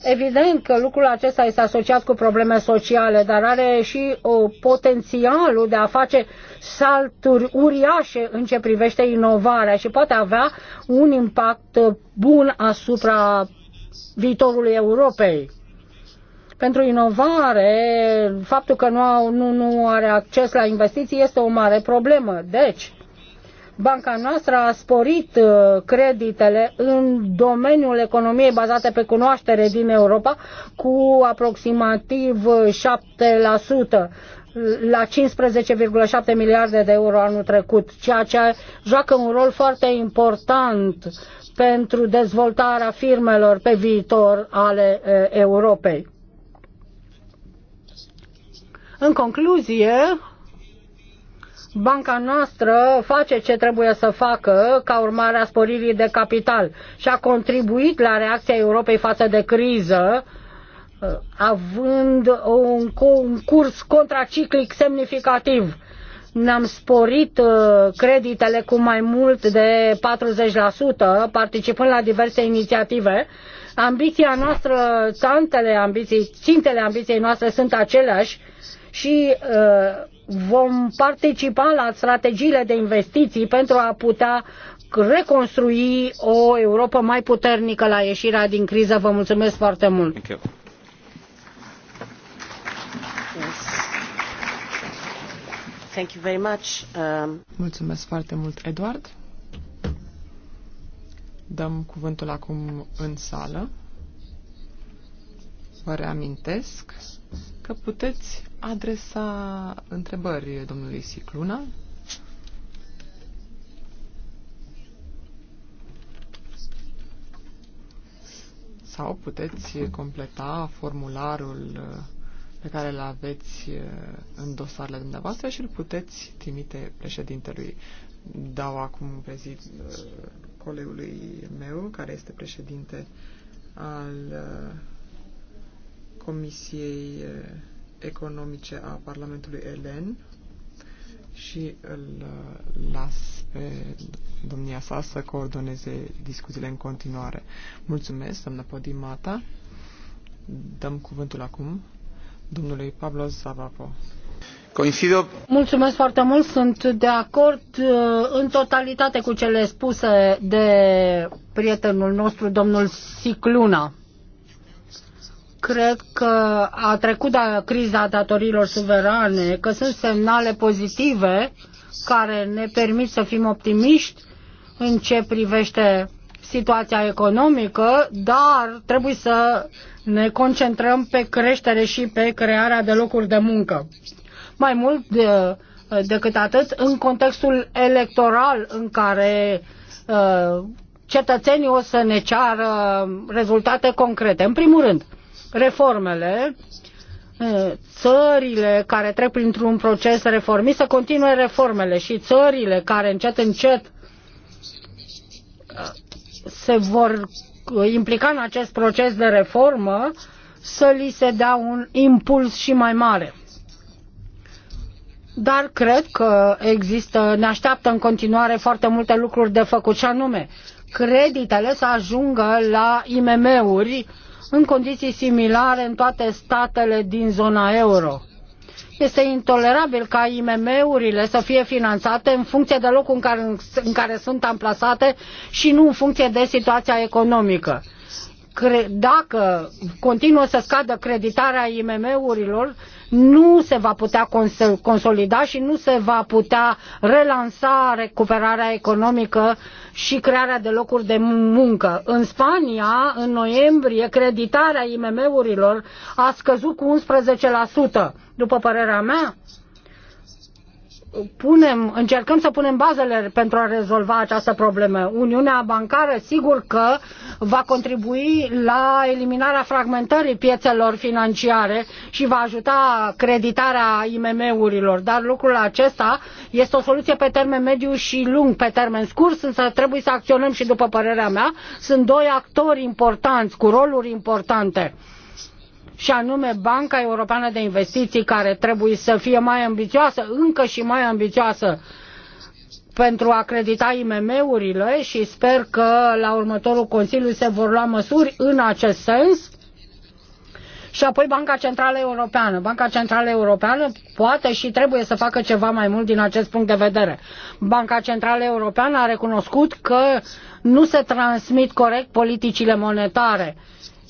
Evident că lucrul acesta este asociat cu probleme sociale, dar are și o potențialul de a face salturi uriașe în ce privește inovarea și poate avea un impact bun asupra viitorului Europei. Pentru inovare, faptul că nu, au, nu, nu are acces la investiții este o mare problemă. Deci, Banca noastră a sporit uh, creditele în domeniul economiei bazate pe cunoaștere din Europa cu aproximativ 7% uh, la 15,7 miliarde de euro anul trecut, ceea ce joacă un rol foarte important pentru dezvoltarea firmelor pe viitor ale uh, Europei. În concluzie, banca noastră face ce trebuie să facă ca urmare a sporirii de capital și a contribuit la reacția Europei față de criză, uh, având un, un curs contraciclic semnificativ. Ne-am sporit uh, creditele cu mai mult de 40%, participând la diverse inițiative. Ambiția noastră, tantele ambiției, țintele ambiției noastre sunt aceleași și uh, vom participa la strategiile de investiții pentru a putea reconstrui o Europa mai puternică la ieșirea din criză. Vă mulțumesc foarte mult! Thank you very much. Um... Mulțumesc foarte mult, Eduard. Dăm cuvântul acum în sală. Vă reamintesc că puteți adresa întrebări domnului Sicluna. Sau puteți completa formularul uh, pe care îl aveți uh, în dosarele dumneavoastră și îl puteți trimite președintelui. Dau acum prezid uh, colegului meu, care este președinte al Comisiei economice a Parlamentului Elen și îl uh, las pe domnia sa să coordoneze discuțiile în continuare. Mulțumesc, doamna Podimata. Dăm cuvântul acum domnului Pablo Zavapo. Coincido. Mulțumesc foarte mult, sunt de acord uh, în totalitate cu cele spuse de prietenul nostru, domnul Sicluna. Cred că a trecut de da, criza datorilor suverane, că sunt semnale pozitive care ne permit să fim optimiști în ce privește situația economică, dar trebuie să ne concentrăm pe creștere și pe crearea de locuri de muncă. Mai mult de, decât atât, în contextul electoral în care uh, cetățenii o să ne ceară rezultate concrete. În primul rând, reformele, eh, țările care trec printr-un proces reformist să continue reformele și țările care încet, încet eh, se vor eh, implica în acest proces de reformă să li se dea un impuls și mai mare. Dar cred că există, ne așteaptă în continuare foarte multe lucruri de făcut și anume creditele să ajungă la IMM-uri uh, în condiții similare în toate statele din zona euro. Este intolerabil ca IMM-urile să fie finanțate în funcție de locul în care, în care sunt amplasate și nu în funcție de situația economică. Cre- dacă continuă să scadă creditarea IMM-urilor, nu se va putea consolida și nu se va putea relansa recuperarea economică și crearea de locuri de muncă. În Spania, în noiembrie, creditarea IMM-urilor a scăzut cu 11%. După părerea mea, punem, încercăm să punem bazele pentru a rezolva această problemă. Uniunea bancară sigur că va contribui la eliminarea fragmentării piețelor financiare și va ajuta creditarea IMM-urilor, dar lucrul acesta este o soluție pe termen mediu și lung, pe termen scurt, însă trebuie să acționăm și după părerea mea. Sunt doi actori importanți, cu roluri importante și anume Banca Europeană de Investiții care trebuie să fie mai ambițioasă, încă și mai ambițioasă pentru a credita IMM-urile și sper că la următorul Consiliu se vor lua măsuri în acest sens. Și apoi Banca Centrală Europeană. Banca Centrală Europeană poate și trebuie să facă ceva mai mult din acest punct de vedere. Banca Centrală Europeană a recunoscut că nu se transmit corect politicile monetare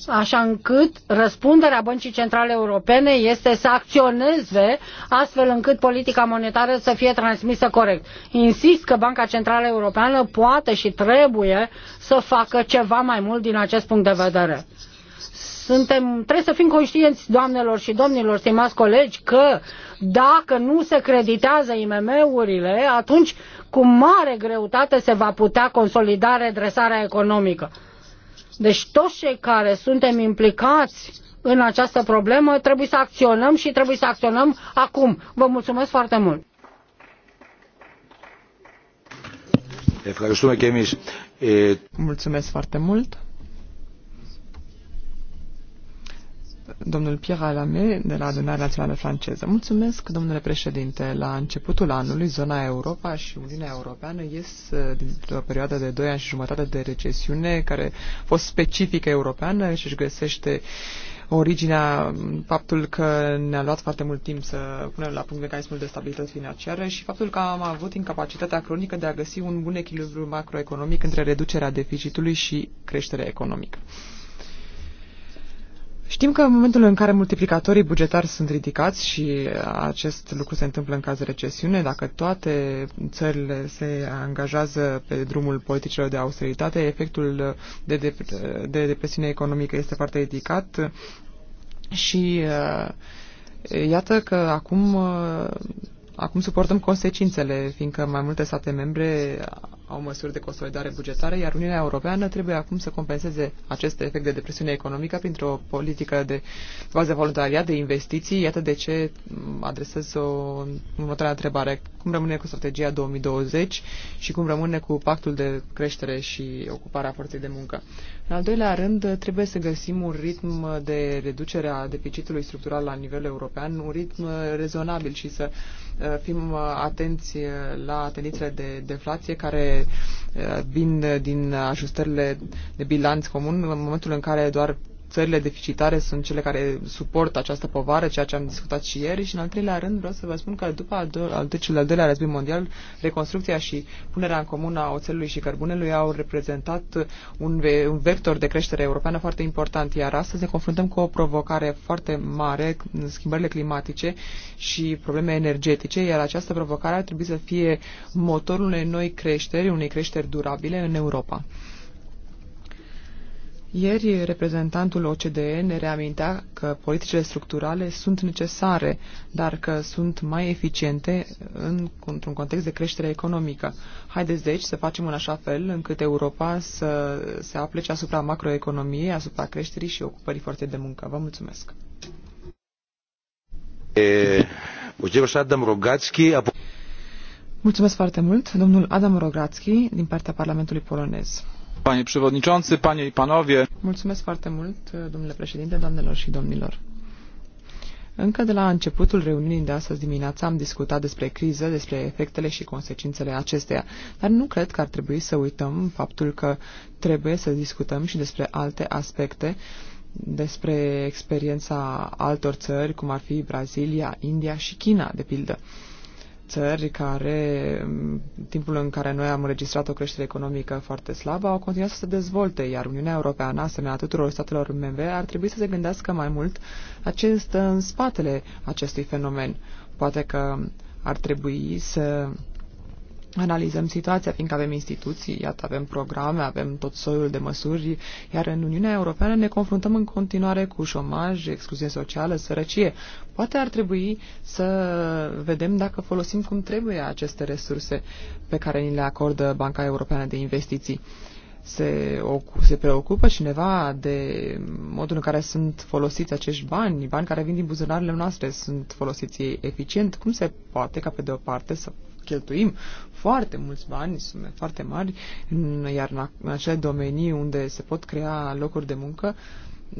așa încât răspunderea Băncii Centrale Europene este să acționeze astfel încât politica monetară să fie transmisă corect. Insist că Banca Centrală Europeană poate și trebuie să facă ceva mai mult din acest punct de vedere. Suntem, trebuie să fim conștienți, doamnelor și domnilor, stimați colegi, că dacă nu se creditează IMM-urile, atunci cu mare greutate se va putea consolida redresarea economică deci toți cei care suntem implicați în această problemă trebuie să acționăm și trebuie să acționăm acum. Vă mulțumesc foarte mult! Mulțumesc foarte mult! domnul Pierre Alame de la Adunarea Națională Franceză. Mulțumesc, domnule președinte. La începutul anului, zona Europa și Uniunea Europeană ies uh, dintr-o perioadă de 2 ani și jumătate de recesiune care a fost specifică europeană și își găsește originea faptul că ne-a luat foarte mult timp să punem la punct mecanismul de stabilitate financiară și faptul că am avut incapacitatea cronică de a găsi un bun echilibru macroeconomic între reducerea deficitului și creșterea economică. Știm că în momentul în care multiplicatorii bugetari sunt ridicați și acest lucru se întâmplă în caz de recesiune, dacă toate țările se angajează pe drumul politicilor de austeritate, efectul de, dep- de depresiune economică este foarte ridicat și uh, iată că acum, uh, acum suportăm consecințele, fiindcă mai multe state membre au măsuri de consolidare bugetară, iar Uniunea Europeană trebuie acum să compenseze acest efect de depresiune economică printr-o politică de bază voluntariat, de investiții. Iată de ce adresez o următoare întrebare. Cum rămâne cu strategia 2020 și cum rămâne cu pactul de creștere și ocuparea forței de muncă? În al doilea rând, trebuie să găsim un ritm de reducere a deficitului structural la nivel european, un ritm rezonabil și să uh, fim uh, atenți la tendințele de deflație care vin uh, uh, din uh, ajustările de bilanț comun în momentul în care doar țările deficitare sunt cele care suportă această povară, ceea ce am discutat și ieri. Și în al treilea rând vreau să vă spun că după al, do- al, al doilea război mondial, reconstrucția și punerea în comun a oțelului și cărbunelui au reprezentat un, ve- un vector de creștere europeană foarte important, iar astăzi ne confruntăm cu o provocare foarte mare, schimbările climatice și probleme energetice, iar această provocare ar trebui să fie motorul unei noi creșteri, unei creșteri durabile în Europa. Ieri, reprezentantul OCDE ne reamintea că politicile structurale sunt necesare, dar că sunt mai eficiente în, într-un context de creștere economică. Haideți, deci, să facem în așa fel încât Europa să se aplece asupra macroeconomiei, asupra creșterii și ocupării forței de muncă. Vă mulțumesc! Mulțumesc foarte mult, domnul Adam Rogatski, din partea Parlamentului polonez. Panie Przewodniczący, panie și panowie. Mulțumesc foarte mult, domnule președinte, doamnelor și domnilor. Încă de la începutul reuniunii de astăzi dimineața am discutat despre criză, despre efectele și consecințele acesteia, dar nu cred că ar trebui să uităm faptul că trebuie să discutăm și despre alte aspecte, despre experiența altor țări, cum ar fi Brazilia, India și China, de pildă țări care, timpul în care noi am înregistrat o creștere economică foarte slabă, au continuat să se dezvolte, iar Uniunea Europeană, asemenea tuturor statelor membre, ar trebui să se gândească mai mult la ce stă în spatele acestui fenomen. Poate că ar trebui să analizăm situația, fiindcă avem instituții, iată, avem programe, avem tot soiul de măsuri, iar în Uniunea Europeană ne confruntăm în continuare cu șomaj, excluzie socială, sărăcie. Poate ar trebui să vedem dacă folosim cum trebuie aceste resurse pe care ni le acordă Banca Europeană de Investiții se, se preocupă cineva de modul în care sunt folosiți acești bani, bani care vin din buzunarele noastre, sunt folosiți eficient, cum se poate ca pe de o parte să cheltuim foarte mulți bani, sume foarte mari, iar în acele domenii unde se pot crea locuri de muncă,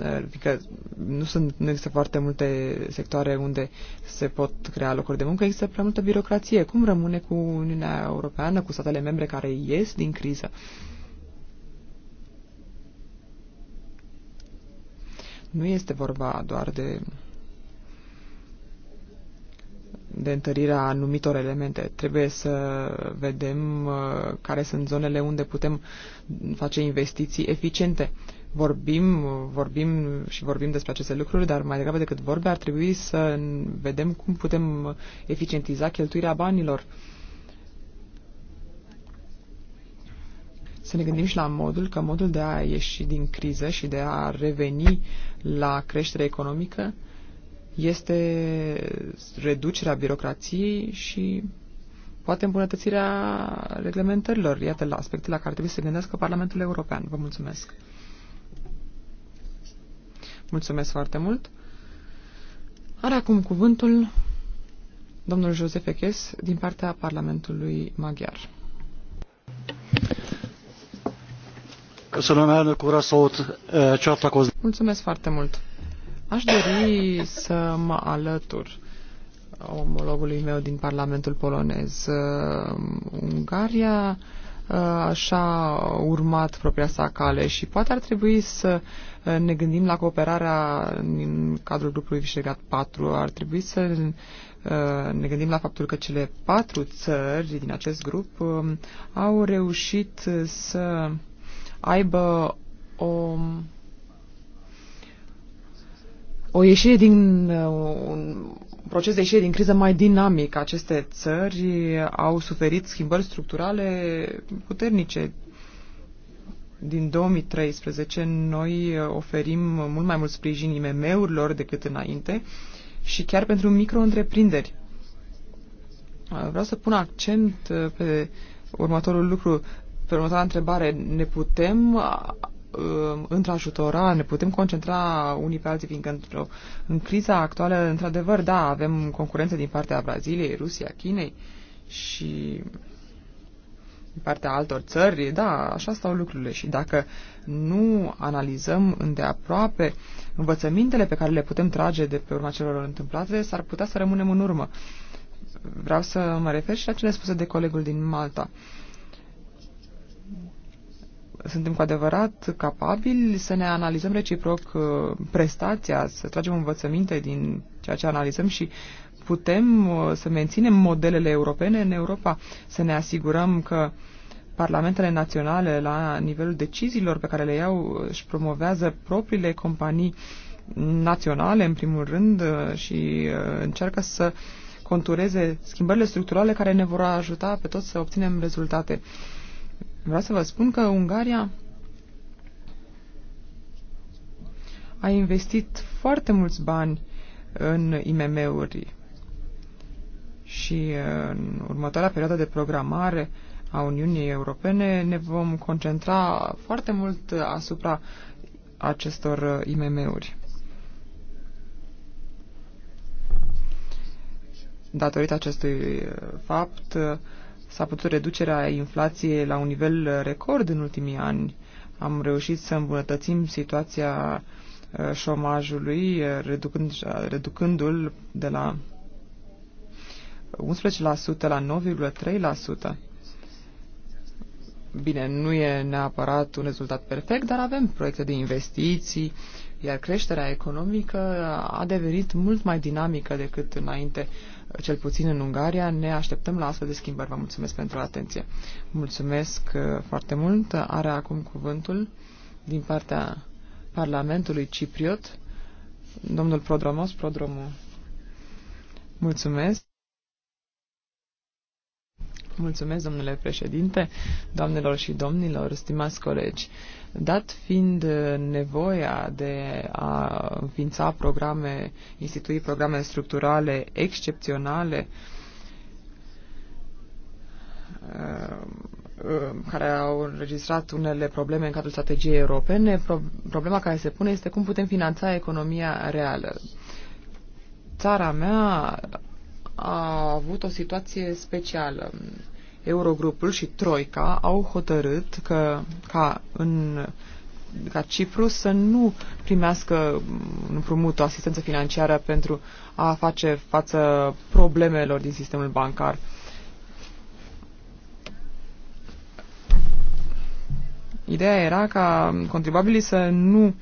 adică nu, sunt, nu există foarte multe sectoare unde se pot crea locuri de muncă, există prea multă birocrație. Cum rămâne cu Uniunea Europeană, cu statele membre care ies din criză? Nu este vorba doar de de întărirea anumitor elemente. Trebuie să vedem uh, care sunt zonele unde putem face investiții eficiente. Vorbim, vorbim și vorbim despre aceste lucruri, dar mai degrabă decât vorbe ar trebui să vedem cum putem eficientiza cheltuirea banilor. Să ne gândim și la modul că modul de a ieși din criză și de a reveni la creștere economică este reducerea birocrației și poate îmbunătățirea reglementărilor. Iată, la aspecte la care trebuie să se gândească Parlamentul European. Vă mulțumesc. Mulțumesc foarte mult. Are acum cuvântul domnul Josef Eches din partea Parlamentului Maghiar. Eh, mulțumesc foarte mult. Aș dori să mă alătur omologului meu din Parlamentul polonez. Uh, Ungaria uh, așa urmat propria sa cale și poate ar trebui să uh, ne gândim la cooperarea în cadrul grupului Visegrad 4. Ar trebui să ne gândim la faptul că cele patru țări din acest grup um, au reușit să aibă o o ieșire din uh, un proces de ieșire din criză mai dinamic. Aceste țări au suferit schimbări structurale puternice. Din 2013 noi oferim mult mai mult sprijin IMM-urilor decât înainte și chiar pentru micro-întreprinderi. Uh, vreau să pun accent uh, pe următorul lucru, pe următoarea întrebare. Ne putem într-o uh, într-ajutora, ne putem concentra unii pe alții, fiindcă într-o, în criza actuală, într-adevăr, da, avem concurență din partea Braziliei, Rusia, Chinei și din partea altor țări, da, așa stau lucrurile și dacă nu analizăm îndeaproape învățămintele pe care le putem trage de pe urma celor întâmplate, s-ar putea să rămânem în urmă. Vreau să mă refer și la cele spuse de colegul din Malta. Uh, suntem cu adevărat capabili să ne analizăm reciproc uh, prestația, să tragem învățăminte din ceea ce analizăm și putem uh, să menținem modelele europene în Europa, să ne asigurăm că parlamentele naționale, la nivelul deciziilor pe care le iau, își promovează propriile companii naționale, în primul rând, uh, și încearcă să contureze schimbările structurale care ne vor ajuta pe toți să obținem rezultate. Vreau să vă spun că Ungaria a investit foarte mulți bani în IMM-uri și în următoarea perioadă de programare a Uniunii Europene ne vom concentra foarte mult asupra acestor IMM-uri. Datorită acestui fapt, s-a putut reducerea inflației la un nivel record în ultimii ani. Am reușit să îmbunătățim situația uh, șomajului, uh, reducând, uh, reducându-l de la 11% la 9,3%. Bine, nu e neapărat un rezultat perfect, dar avem proiecte de investiții, iar creșterea economică a devenit mult mai dinamică decât înainte cel puțin în Ungaria, ne așteptăm la astfel de schimbări. Vă mulțumesc pentru atenție. Mulțumesc uh, foarte mult. Are acum cuvântul din partea Parlamentului Cipriot, domnul Prodromos Prodromu. Mulțumesc. Mulțumesc, domnule președinte, doamnelor și domnilor, stimați colegi. Dat fiind uh, nevoia de a înființa programe, institui programe structurale excepționale, uh, uh, care au înregistrat unele probleme în cadrul strategiei europene, problema care se pune este cum putem finanța economia reală. Țara mea a avut o situație specială. Eurogrupul și Troica au hotărât că ca în ca Cipru să nu primească împrumut o asistență financiară pentru a face față problemelor din sistemul bancar. Ideea era ca contribuabilii să nu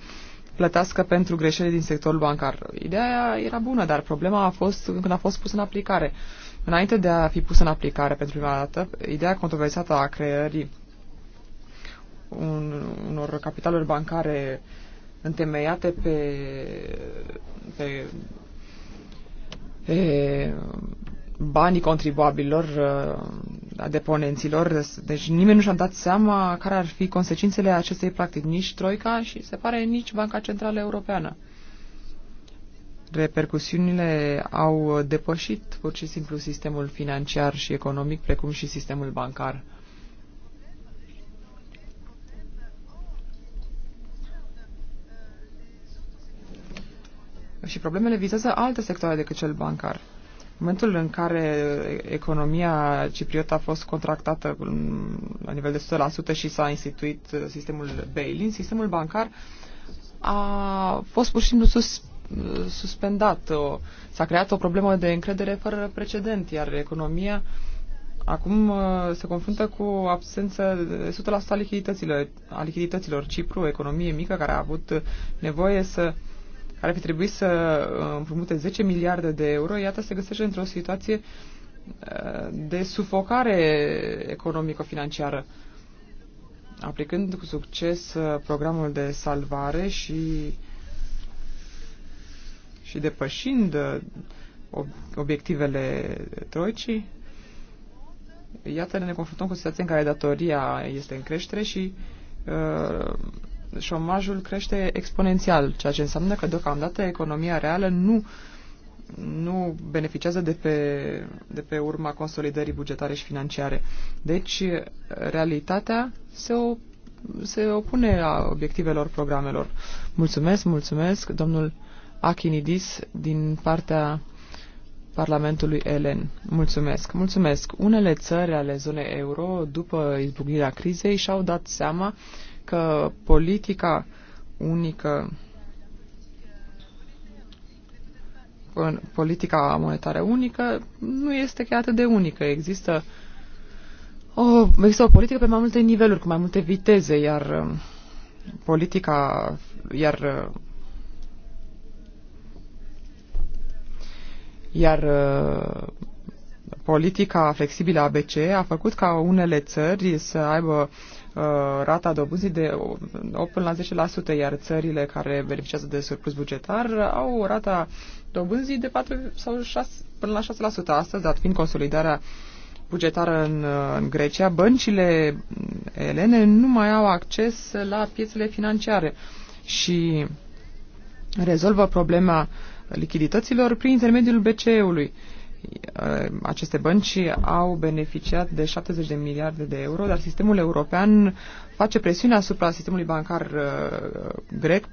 plătească pentru greșelile din sectorul bancar. Ideea era bună, dar problema a fost când a fost pusă în aplicare. Uh, Înainte de a fi pusă în aplicare pentru prima dată, ideea controversată a creării un, unor capitaluri bancare întemeiate pe, pe, pe banii contribuabililor, uh, a deponenților. Deci nimeni nu și-a dat seama care ar fi consecințele acestei practici, nici Troica și se pare nici Banca Centrală Europeană repercusiunile au depășit pur și simplu sistemul financiar și economic, precum și sistemul bancar. Și problemele vizează alte sectoare decât cel bancar. În momentul în care economia cipriotă a fost contractată la nivel de 100% și s-a instituit sistemul bail-in, sistemul bancar a fost pur și simplu sus Uh, suspendat. S-a creat o problemă de încredere fără precedent, iar economia acum uh, se confruntă cu absență de 100% a lichidităților. A lichidităților. Cipru, economie mică, care a avut nevoie să care ar fi trebuit să uh, împrumute 10 miliarde de euro, iată se găsește într-o situație de sufocare economico-financiară aplicând cu succes programul de salvare și și depășind uh, obiectivele troicii, iată ne confruntăm cu situația în care datoria este în creștere și uh, șomajul crește exponențial, ceea ce înseamnă că deocamdată economia reală nu nu beneficiază de pe, de pe urma consolidării bugetare și financiare. Deci, realitatea se, o, se opune a obiectivelor programelor. Mulțumesc, mulțumesc, domnul Achinidis din partea Parlamentului Elen. Mulțumesc. Mulțumesc. Unele țări ale zonei euro, după izbucnirea crizei, și-au dat seama că politica unică politica monetară unică nu este chiar atât de unică. Există o, există o politică pe mai multe niveluri, cu mai multe viteze, iar um, politica, iar um, Iar uh, politica flexibilă a BCE a făcut ca unele țări să aibă uh, rata dobânzii de 8 până la 10%, iar țările care beneficiază de surplus bugetar au rata dobânzii de 4 sau 6, până la 6%. Astăzi, dat fiind consolidarea bugetară în, în Grecia, băncile elene nu mai au acces la piețele financiare și rezolvă problema uh, lichidităților prin intermediul BCE-ului. Uh, aceste bănci au beneficiat de 70 de miliarde de euro, dar sistemul european face presiune asupra sistemului bancar uh, grec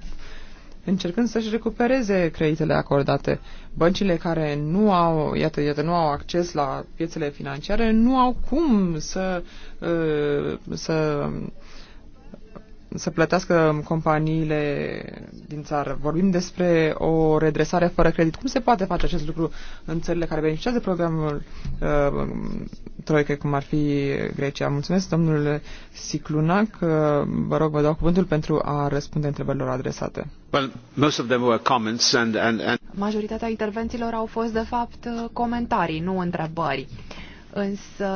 încercând să-și recupereze creditele acordate. Băncile care nu au, iată, iată, nu au acces la piețele financiare nu au cum să, uh, să să plătească companiile din țară. Vorbim despre o redresare fără credit. Cum se poate face acest lucru în țările care beneficiază de programul uh, Troică, cum ar fi Grecia? Mulțumesc, domnule Siclunac. Uh, vă rog, vă dau cuvântul pentru a răspunde întrebărilor adresate. Well, most of them were comments and, and, and... Majoritatea intervențiilor au fost, de fapt, comentarii, nu întrebări. Uh, Însă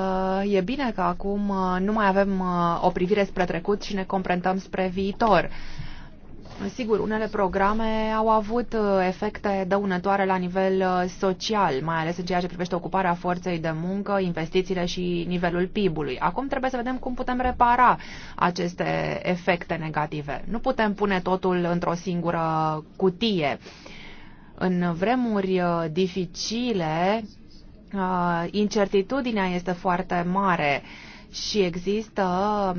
e bine că acum uh, nu mai avem uh, o privire spre trecut și ne comprentăm spre viitor. Sigur, unele programe au avut uh, efecte dăunătoare la nivel social, mai ales în ceea ce privește ocuparea forței de muncă, investițiile și nivelul PIB-ului. Acum trebuie să vedem cum putem repara aceste efecte negative. Nu putem pune totul într-o singură cutie. În vremuri dificile, uh, incertitudinea este foarte mare și există um,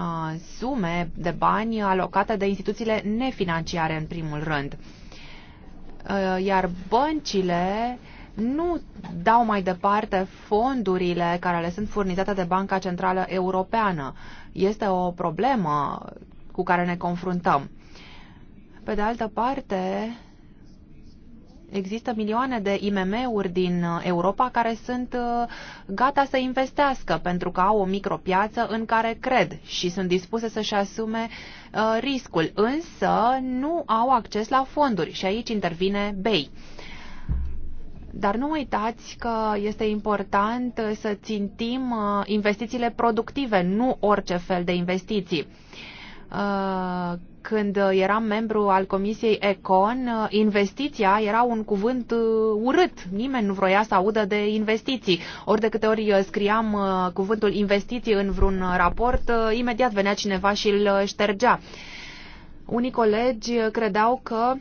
uh, sume de bani alocate de instituțiile nefinanciare în primul rând. Uh, iar băncile nu dau mai departe fondurile care le sunt furnizate de Banca Centrală Europeană. Este o problemă cu care ne confruntăm. Pe de altă parte, Există milioane de IMM-uri din uh, Europa care sunt uh, gata să investească pentru că au o micropiață în care cred și sunt dispuse să-și asume uh, riscul, însă nu au acces la fonduri și aici intervine BEI. Dar nu uitați că este important să țintim investițiile productive, nu orice fel de investiții. Uh, când eram membru al Comisiei Econ, uh, investiția era un cuvânt uh, urât. Nimeni nu vroia să audă de investiții. Ori de câte ori scriam cuvântul investiții în vreun raport, imediat venea cineva și îl ștergea. Unii colegi credeau că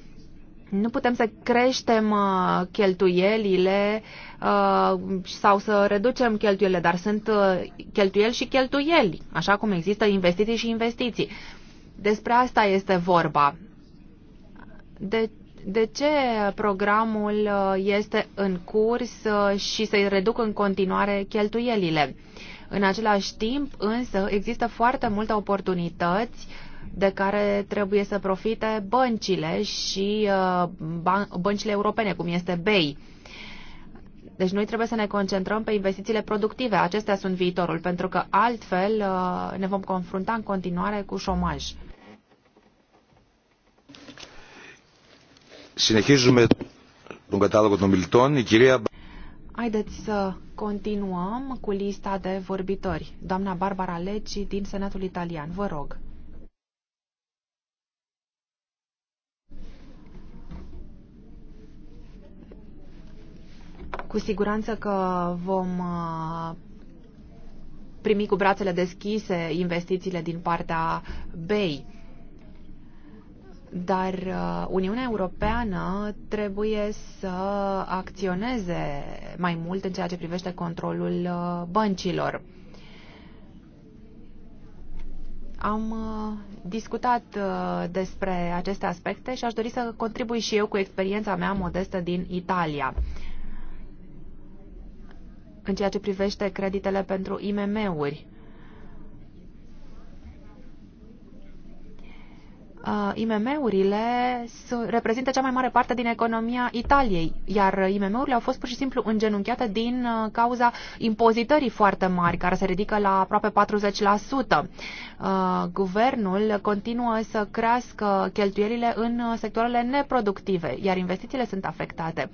nu putem să creștem cheltuielile sau să reducem cheltuielile, dar sunt cheltuieli și cheltuieli, așa cum există investiții și investiții. Despre asta este vorba. De, de ce programul uh, este în curs uh, și să-i reduc în continuare cheltuielile? În același timp, însă, există foarte multe oportunități de care trebuie să profite băncile și uh, băncile europene, cum este BEI. Deci noi trebuie să ne concentrăm pe investițiile productive. Acestea sunt viitorul, pentru că altfel ne vom confrunta în continuare cu șomaj. Συνεχίζουμε τον κατάλογο των μιλητών. Η κυρία... Haideți să continuăm cu lista de vorbitori. Doamna Barbara Lecci din Senatul Italian, vă rog. Cu siguranță că vom uh, primi cu brațele deschise investițiile din partea BEI dar uh, Uniunea Europeană trebuie să acționeze mai mult în ceea ce privește controlul uh, băncilor. Am uh, discutat despre aceste aspecte și aș dori să contribui și eu cu experiența mea modestă din Italia în ceea ce privește creditele pentru IMM-uri. Uh, IMM-urile reprezintă cea mai mare parte din economia Italiei, iar IMM-urile au fost pur și simplu îngenunchiate din uh, cauza impozitării foarte mari, care se ridică la aproape 40%. Uh, guvernul continuă să crească cheltuielile în sectoarele neproductive, iar investițiile sunt afectate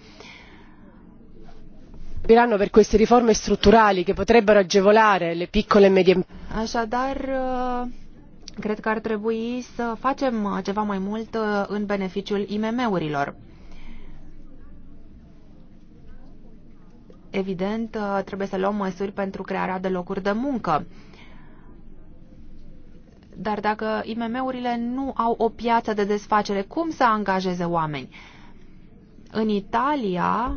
serviranno per queste riforme strutturali che potrebbero agevolare le piccole e medie Cred că ar trebui să facem uh, ceva mai mult uh, în beneficiul IMM-urilor. Evident, uh, trebuie să luăm măsuri pentru crearea de locuri de muncă. Dar dacă IMM-urile nu au o piață de desfacere, cum să angajeze oameni? În Italia,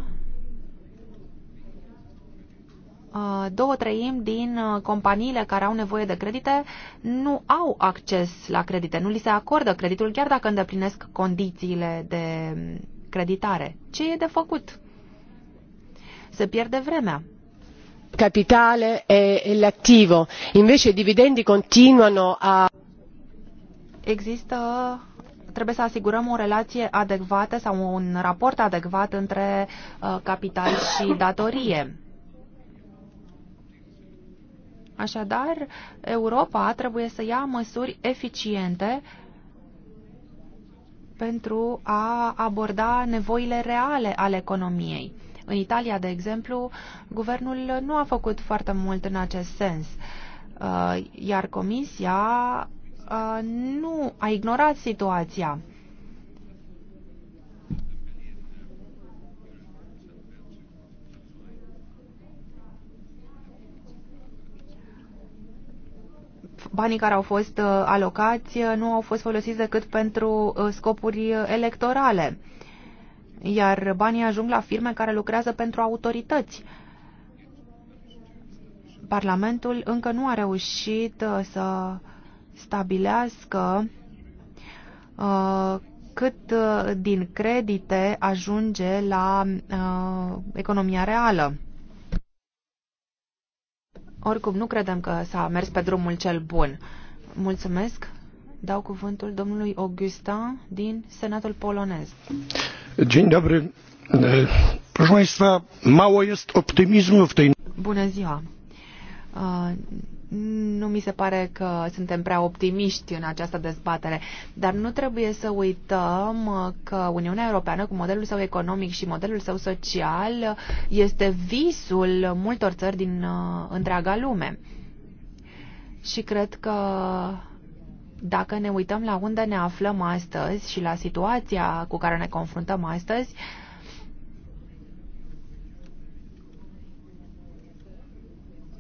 Uh, două treimi din uh, companiile care au nevoie de credite nu au acces la credite, nu li se acordă creditul chiar dacă îndeplinesc condițiile de um, creditare. Ce e de făcut? Se pierde vremea capitale e l'attivo invece i dividendi continuano a există trebuie să asigurăm o relație adecvată sau un raport adecvat între uh, capital și datorie Așadar, Europa trebuie să ia măsuri eficiente pentru a aborda nevoile reale ale economiei. În Italia, de exemplu, guvernul nu a făcut foarte mult în acest sens, uh, iar Comisia uh, nu a ignorat situația. banii care au fost uh, alocați uh, nu au fost folosiți decât pentru uh, scopuri electorale, iar banii ajung la firme care lucrează pentru autorități. Parlamentul încă nu a reușit să stabilească cât din credite ajunge la economia reală. Oricum, nu credem că s-a mers pe drumul cel bun. Mulțumesc. Dau cuvântul domnului Augustin din Senatul polonez. Dzień dobry. Proszę Państwa, mało jest optymizmu w tej... Bună ziua nu mi se pare că suntem prea optimiști în această dezbatere, dar nu trebuie să uităm că Uniunea Europeană, cu modelul său economic și modelul său social, este visul multor țări din uh, întreaga lume. Și cred că dacă ne uităm la unde ne aflăm astăzi și la situația cu care ne confruntăm astăzi, uh,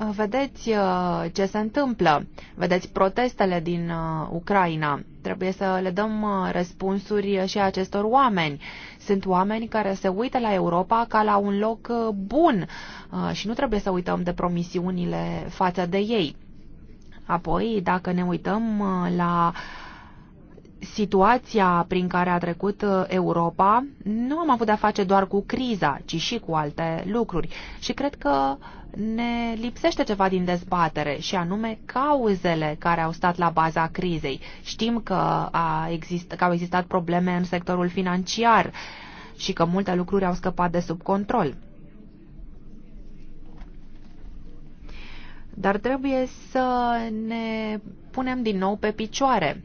vedeți uh, ce se întâmplă, vedeți protestele din uh, Ucraina. Trebuie să le dăm uh, răspunsuri și acestor oameni. Sunt oameni care se uită la Europa ca la un loc bun și nu trebuie să uităm de promisiunile față de ei. Apoi, dacă ne uităm la uh, situația prin care a trecut uh, Europa, nu am avut de-a face doar cu criza, ci și cu alte lucruri. Și cred că ne lipsește ceva din dezbatere, și anume cauzele care au stat la baza crizei. Știm că, a exist, că au existat probleme în sectorul financiar și că multe lucruri au scăpat de sub control. Dar trebuie să ne punem din nou pe picioare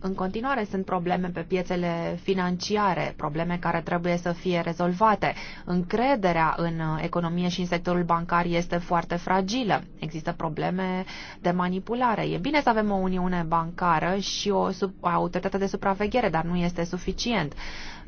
în continuare sunt probleme pe piețele financiare, probleme care trebuie să fie rezolvate. Încrederea în uh, economie și în sectorul bancar este foarte fragilă. Există probleme de manipulare. E bine să avem o uniune bancară și o autoritate de supraveghere, dar nu este suficient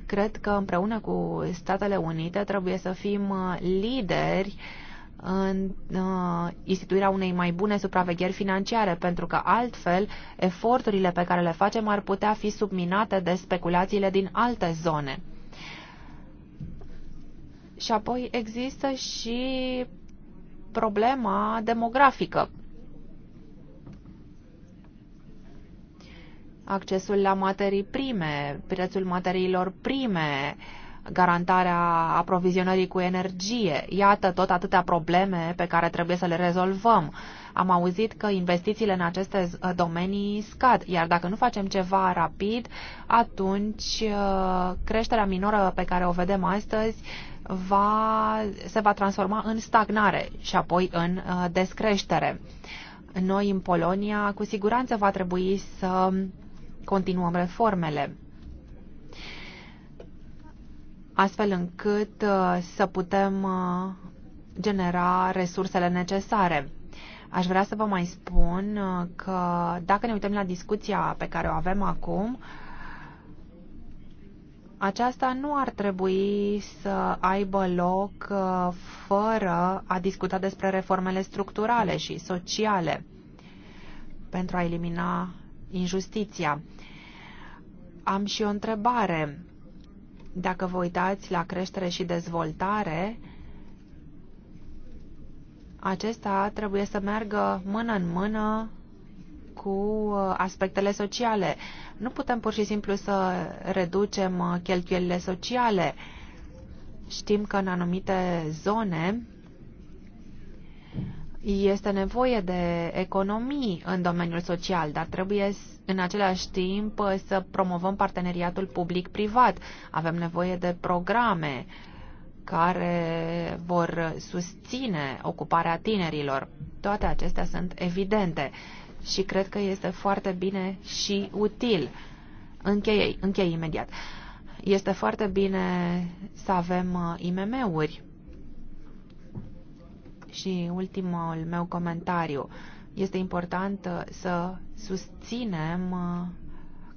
cred că împreună cu Statele Unite trebuie să fim uh, lideri uh, în uh, instituirea unei mai bune supravegheri financiare, pentru că altfel eforturile pe care le facem ar putea fi subminate de speculațiile din alte zone. Și apoi există și problema demografică. Accesul la materii prime, prețul materiilor prime, uh, garantarea aprovizionării cu energie. Iată tot atâtea probleme pe care trebuie să le rezolvăm. Am auzit că investițiile în aceste domenii scad, iar dacă nu facem ceva rapid, atunci uh, creșterea minoră pe care o vedem astăzi va, se va transforma în stagnare și apoi în uh, descreștere. Noi, în Polonia, cu siguranță va trebui să continuăm reformele astfel încât uh, să putem uh, genera resursele necesare. Aș vrea să vă mai spun uh, că dacă ne uităm la discuția pe care o avem acum, aceasta nu ar trebui să aibă loc fără a discuta despre reformele structurale și sociale pentru a elimina injustiția. Am și o întrebare. Dacă vă uitați la creștere și dezvoltare, acesta trebuie să meargă mână în mână cu uh, aspectele sociale. Nu putem pur și simplu să reducem uh, cheltuielile sociale. Știm că în anumite zone este nevoie de economii în domeniul social, dar trebuie în același timp să promovăm parteneriatul public-privat. Avem nevoie de programe care vor susține ocuparea tinerilor. Toate acestea sunt evidente și cred că este foarte bine și util. Închei, închei imediat. Este foarte bine să avem uh, IMM-uri și ultimul meu comentariu. Este important uh, să susținem uh,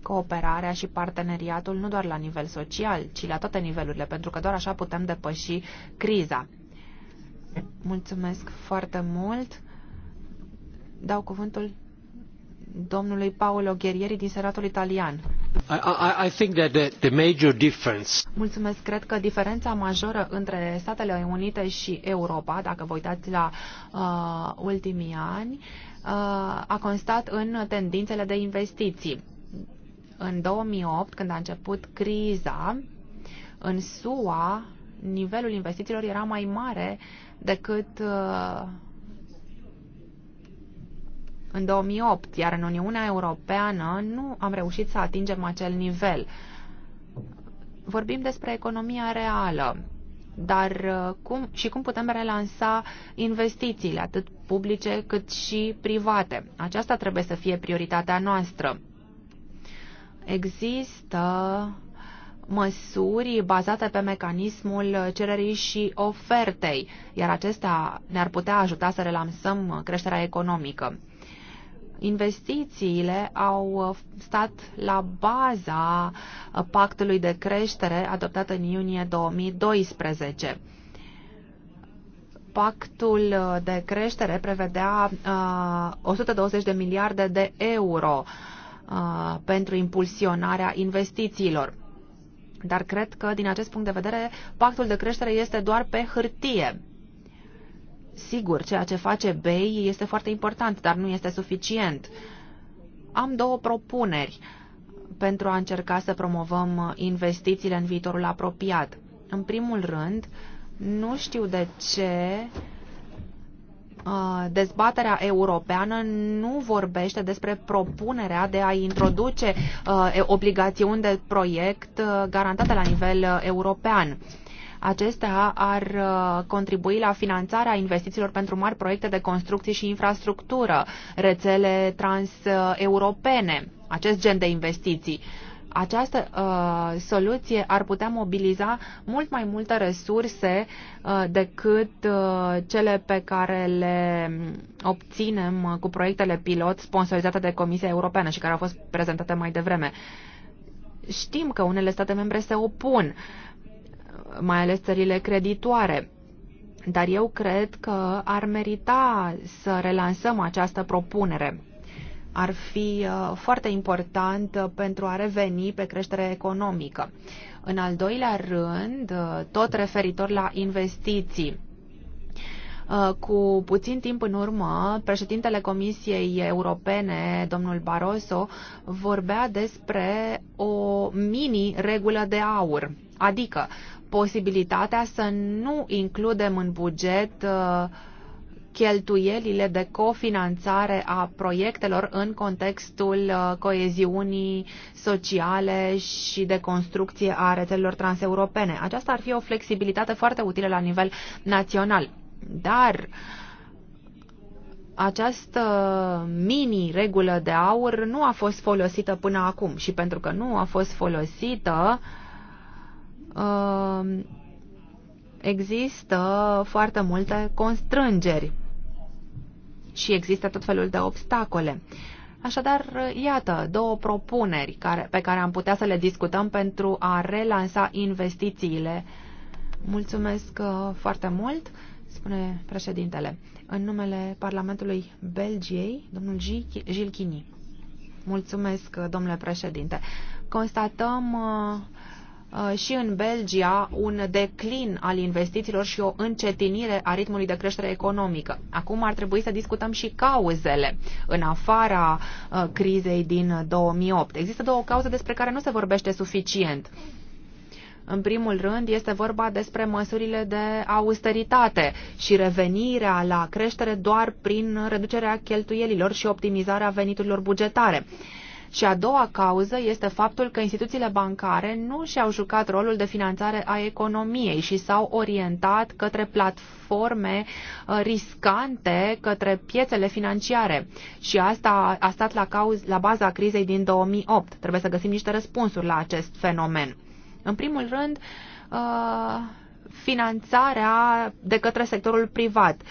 cooperarea și parteneriatul nu doar la nivel social, ci la toate nivelurile, pentru că doar așa putem depăși criza. Mulțumesc foarte mult. Dau cuvântul domnului Paolo Gherieri din Seratul Italian. I, I think that the, the major difference... Mulțumesc. Cred că diferența majoră între Statele Unite și Europa, dacă vă uitați la uh, ultimii ani, uh, a constat în tendințele de investiții. În 2008, când a început criza, în SUA, nivelul investițiilor era mai mare decât uh, în 2008, iar în Uniunea Europeană nu am reușit să atingem acel nivel. Vorbim despre economia reală, dar uh, cum și cum putem relansa investițiile, atât publice cât și private. Aceasta trebuie să fie prioritatea noastră. Există măsuri bazate pe mecanismul cererii și ofertei, iar acestea ne-ar putea ajuta să relansăm creșterea economică. Investițiile au stat la baza pactului de creștere adoptat în iunie 2012 pactul de creștere prevedea 120 uh, de miliarde de euro uh, pentru impulsionarea investițiilor. Dar cred că, din acest punct de vedere, pactul de creștere este doar pe hârtie. Sigur, ceea ce face BEI este foarte important, dar nu este suficient. Am două propuneri pentru a încerca să promovăm investițiile în viitorul apropiat. În primul rând, nu știu de ce uh, dezbaterea europeană nu vorbește despre propunerea de a introduce uh, obligațiuni de proiect uh, garantate la nivel european. Acestea ar uh, contribui la finanțarea investițiilor pentru mari proiecte de construcții și infrastructură, rețele transeuropene, acest gen de investiții. Această uh, soluție ar putea mobiliza mult mai multe resurse uh, decât uh, cele pe care le obținem uh, cu proiectele pilot sponsorizate de Comisia Europeană și care au fost prezentate mai devreme. Știm că unele state membre se opun uh, mai ales țările creditoare. Dar eu cred că ar merita să relansăm această propunere. Ar fi uh, foarte important uh, pentru a reveni pe creștere economică. În al doilea rând, uh, tot referitor la investiții. Cu puțin timp în urmă, președintele Comisiei Europene, domnul Barroso, vorbea despre o mini-regulă de aur, adică posibilitatea să nu includem în buget uh, cheltuielile de cofinanțare a proiectelor în contextul uh, coeziunii sociale și de construcție a rețelelor transeuropene. Aceasta ar fi o flexibilitate foarte utilă la nivel național. Dar această mini-regulă de aur nu a fost folosită până acum și pentru că nu a fost folosită, uh, Ehm, există foarte multe constrângeri și există tot felul de obstacole. Așadar, iată două propuneri care, pe care am putea să le discutăm pentru a relansa investițiile. Mulțumesc uh, foarte mult, spune președintele. În numele Parlamentului Belgiei, domnul Gilchini. Mulțumesc, domnule președinte. Constatăm uh, Uh, și în Belgia un declin al investițiilor și o încetinire a ritmului de creștere economică. Acum ar trebui să discutăm și cauzele în afara uh, crizei din 2008. Există două cauze despre care nu se vorbește suficient. În primul rând, este vorba despre măsurile de austeritate și revenirea la creștere doar prin reducerea cheltuielilor și optimizarea veniturilor bugetare. Și a doua cauză este faptul că instituțiile bancare nu și-au jucat rolul de finanțare a economiei și s-au orientat către platforme uh, riscante, către piețele financiare. Și asta a stat la, cauz, la baza crizei din 2008. Trebuie să găsim niște răspunsuri la acest fenomen. În primul rând, uh, finanțarea de către sectorul privat.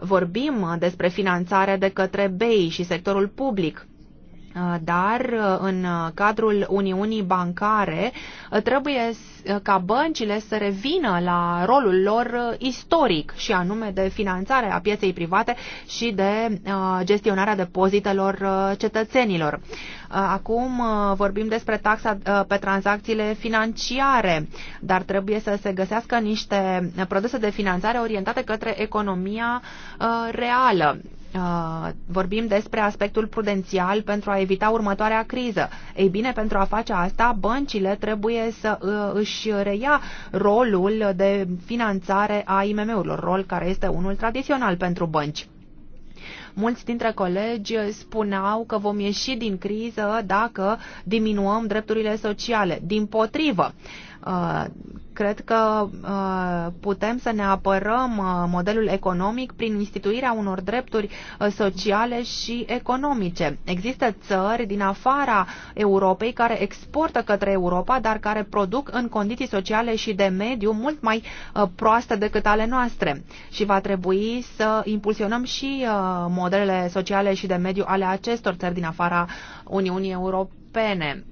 Vorbim despre finanțarea de către BEI și sectorul public dar uh, în uh, cadrul Uniunii Bancare uh, trebuie ca băncile să revină la rolul lor istoric și anume de finanțare a pieței private și de gestionarea depozitelor cetățenilor. Acum vorbim despre taxa pe tranzacțiile financiare, dar trebuie să se găsească niște produse de finanțare orientate către economia reală Uh, vorbim despre aspectul prudențial pentru a evita următoarea criză. Ei bine, pentru a face asta, băncile trebuie să uh, își reia rolul de finanțare a IMM-urilor, rol care este unul tradițional pentru bănci. Mulți dintre colegi spuneau că vom ieși din criză dacă diminuăm drepturile sociale. Din potrivă, uh, Cred că uh, putem să ne apărăm uh, modelul economic prin instituirea unor drepturi uh, sociale și economice. Există țări din afara Europei care exportă către Europa, dar care produc în condiții sociale și de mediu mult mai proaste decât ale noastre. Și va trebui să impulsionăm și modelele sociale și de mediu ale acestor țări din afara Uniunii Europene.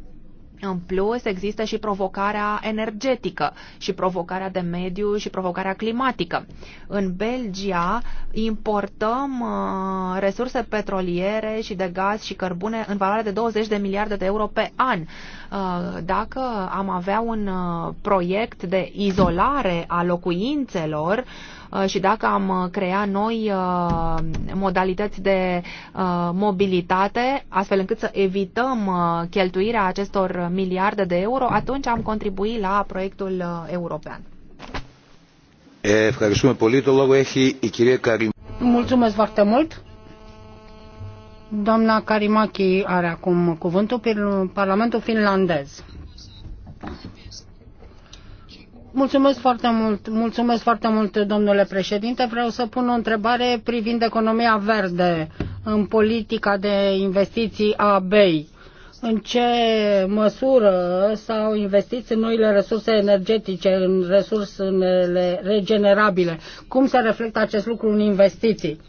În plus, există și provocarea energetică și provocarea de mediu și provocarea climatică. În Belgia importăm uh, resurse petroliere și de gaz și cărbune în valoare de 20 de miliarde de euro pe an. Uh, dacă am avea un uh, proiect de izolare a locuințelor, Uh, și dacă am uh, crea noi uh, modalități de mobilitate, astfel încât să evităm cheltuirea acestor miliarde de euro, atunci am contribuit la proiectul european. Eh, Mulțumesc foarte mult. Doamna Karimaki are acum cuvântul prin Parlamentul finlandez. Mulțumesc foarte mult, mulțumesc foarte mult, domnule președinte. Vreau să pun o întrebare privind economia verde în politica de investiții a BEI. În ce măsură s-au investit în noile resurse energetice, în resursele regenerabile? Cum se reflectă acest lucru în investiții?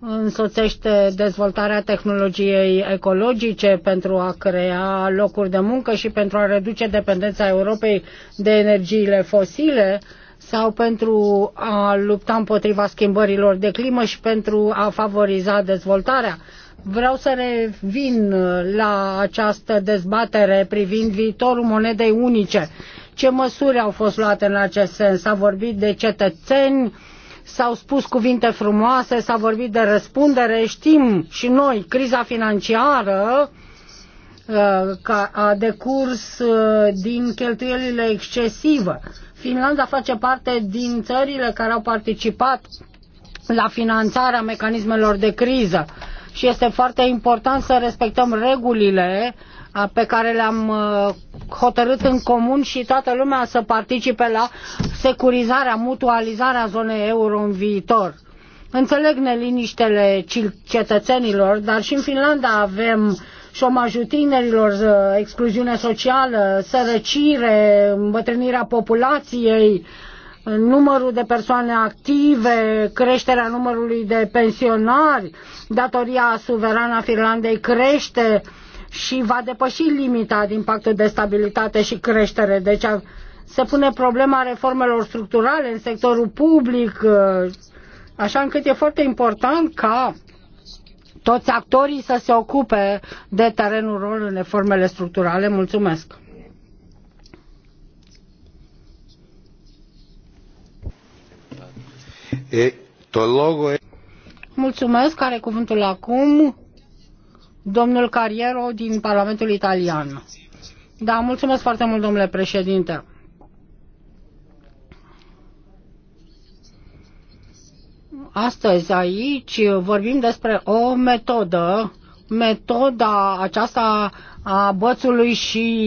însoțește dezvoltarea tehnologiei ecologice pentru a crea locuri de muncă și pentru a reduce dependența Europei de energiile fosile sau pentru a lupta împotriva schimbărilor de climă și pentru a favoriza dezvoltarea. Vreau să revin la această dezbatere privind viitorul monedei unice. Ce măsuri au fost luate în acest sens? S-a vorbit de cetățeni, s-au spus cuvinte frumoase, s-a vorbit de răspundere, știm și noi, criza financiară uh, ca a decurs uh, din cheltuielile excesive. Finlanda face parte din țările care au participat la finanțarea mecanismelor de criză și este foarte important să respectăm regulile pe care le-am hotărât în comun și toată lumea să participe la securizarea, mutualizarea zonei euro în viitor. Înțeleg neliniștele cetățenilor, dar și în Finlanda avem șomajul tinerilor, excluziune socială, sărăcire, îmbătrânirea populației, numărul de persoane active, creșterea numărului de pensionari, datoria suverană a Finlandei crește, uh, și va depăși limita din pactul de stabilitate și creștere. Deci se pune problema reformelor structurale în sectorul public, ă, așa încât e foarte important ca toți actorii să se ocupe de terenul rol în reformele structurale. Mulțumesc! Mulțumesc, are cuvântul acum domnul Cariero din Parlamentul Italian. Da, mulțumesc foarte mult, domnule președinte. Astăzi aici vorbim despre o metodă, metoda aceasta a bățului și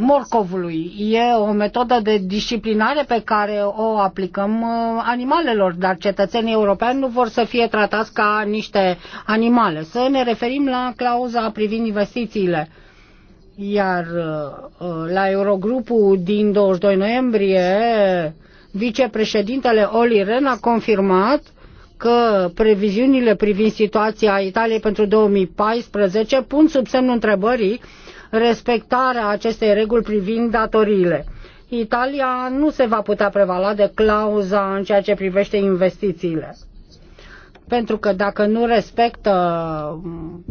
morcovului. E o metodă de disciplinare pe care o aplicăm uh, animalelor, dar cetățenii europeni nu vor să fie tratați ca niște animale. Să ne referim la clauza privind investițiile. Iar uh, uh, la Eurogrupul din 22 noiembrie, vicepreședintele Oli Ren a confirmat că previziunile privind situația Italiei pentru 2014 pun sub semnul întrebării respectarea acestei reguli privind datoriile. Italia nu se va putea prevala de clauza în ceea ce privește investițiile. Pentru că dacă nu respectă mm,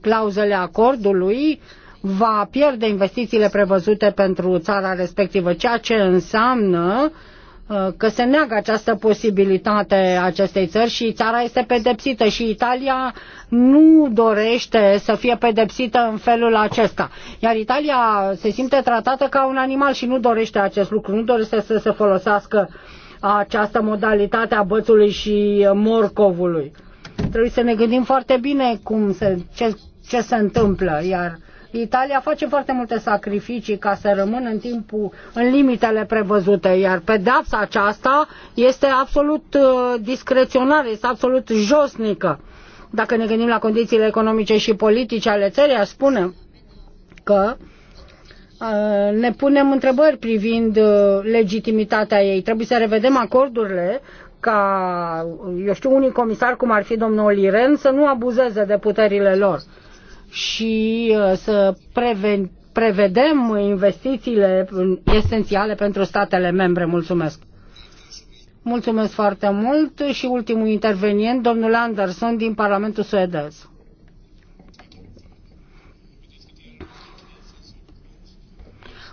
clauzele acordului, va pierde investițiile prevăzute pentru țara respectivă, ceea ce înseamnă Uh, că se neagă această posibilitate acestei țări și țara este pedepsită și Italia nu dorește să fie pedepsită în felul acesta. Iar Italia se simte tratată ca un animal și nu dorește acest lucru, nu dorește să se folosească această modalitate a bățului și morcovului. Trebuie să ne gândim foarte bine cum se, ce, ce se întâmplă, iar Italia face foarte multe sacrificii ca să rămână în timpul, în limitele prevăzute, iar pedeapsa aceasta este absolut uh, discreționară, este absolut josnică. Dacă ne gândim la condițiile economice și politice ale țării, aș spune că uh, ne punem întrebări privind uh, legitimitatea ei. Trebuie să revedem acordurile ca, eu știu, unii comisari, cum ar fi domnul Liren, să nu abuzeze de puterile lor și uh, să preven, prevedem investițiile esențiale pentru statele membre. Mulțumesc! Mulțumesc foarte mult și ultimul intervenient, domnul Anderson din Parlamentul Suedez.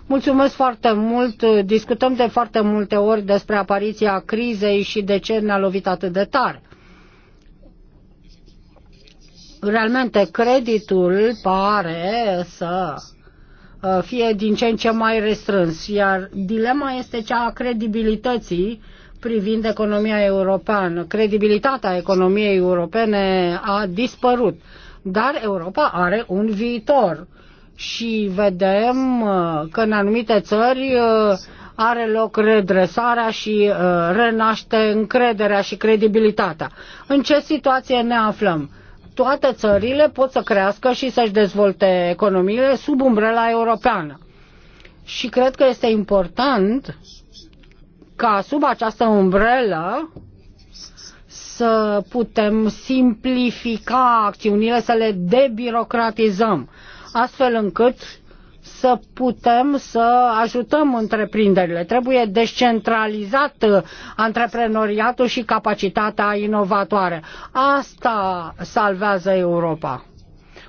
Mulțumesc foarte mult. Discutăm de foarte multe ori despre apariția crizei și de ce ne-a lovit atât de tare realmente creditul pare să uh, fie din ce în ce mai restrâns, iar dilema este cea a credibilității privind economia europeană. Credibilitatea economiei europene a dispărut, dar Europa are un viitor și vedem uh, că în anumite țări uh, are loc redresarea și renaște încrederea și credibilitatea. În ce situație ne aflăm? toate țările pot să crească și să-și dezvolte economiile sub umbrela europeană. Și cred că este important ca sub această umbrelă să putem simplifica acțiunile, să le debirocratizăm, astfel încât să putem să ajutăm întreprinderile. Trebuie descentralizat antreprenoriatul și capacitatea inovatoare. Asta salvează Europa.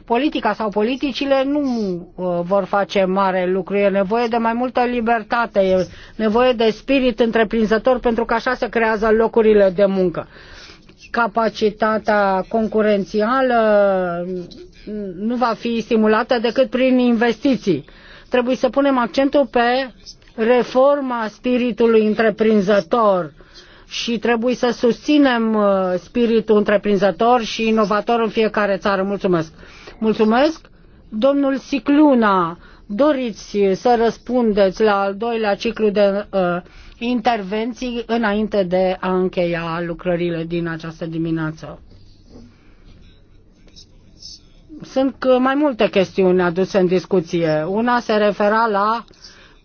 Politica sau politicile nu uh, vor face mare lucru. E nevoie de mai multă libertate, e nevoie de spirit întreprinzător pentru că așa se creează locurile de muncă capacitatea concurențială nu va fi stimulată decât prin investiții. Trebuie să punem accentul pe reforma spiritului întreprinzător și trebuie să susținem uh, spiritul întreprinzător și inovator în fiecare țară. Mulțumesc! Mulțumesc! Domnul Sicluna, doriți să răspundeți la al doilea ciclu de uh, intervenții înainte de a încheia lucrările din această dimineață. Sunt mai multe chestiuni aduse în discuție. Una se refera la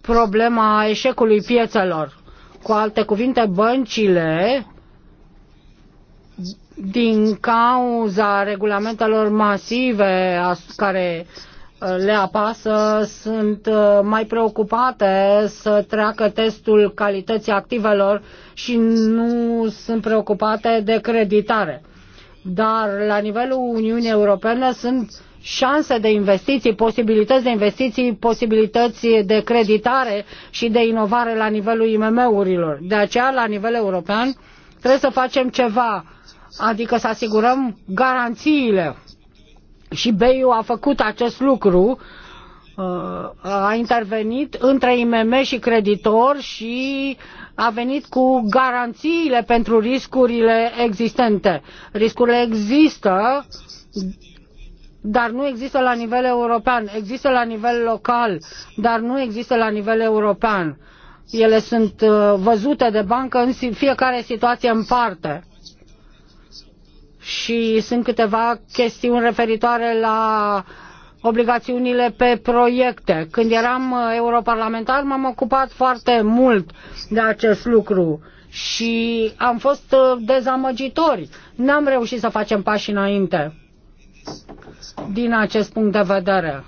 problema eșecului piețelor. Cu alte cuvinte, băncile din cauza regulamentelor masive care uh, le apasă, sunt uh, mai preocupate să treacă testul calității activelor și nu sunt preocupate de creditare dar la nivelul Uniunii Europene sunt șanse de investiții, posibilități de investiții, posibilități de creditare și de inovare la nivelul IMM-urilor. De aceea, la nivel european, trebuie să facem ceva, adică să asigurăm garanțiile. Și BEI-ul a făcut acest lucru, uh, a intervenit între IMM și creditor și uh, a venit cu garanțiile pentru riscurile existente. Riscurile există, dar nu există la nivel european. Există la nivel local, dar nu există la nivel european. Ele sunt uh, văzute de bancă în fiecare situație în parte și sunt câteva chestiuni referitoare la obligațiunile pe proiecte. Când eram uh, europarlamentar m-am ocupat foarte mult de acest lucru și am fost uh, dezamăgitori. N-am reușit să facem pași înainte din acest punct de vedere.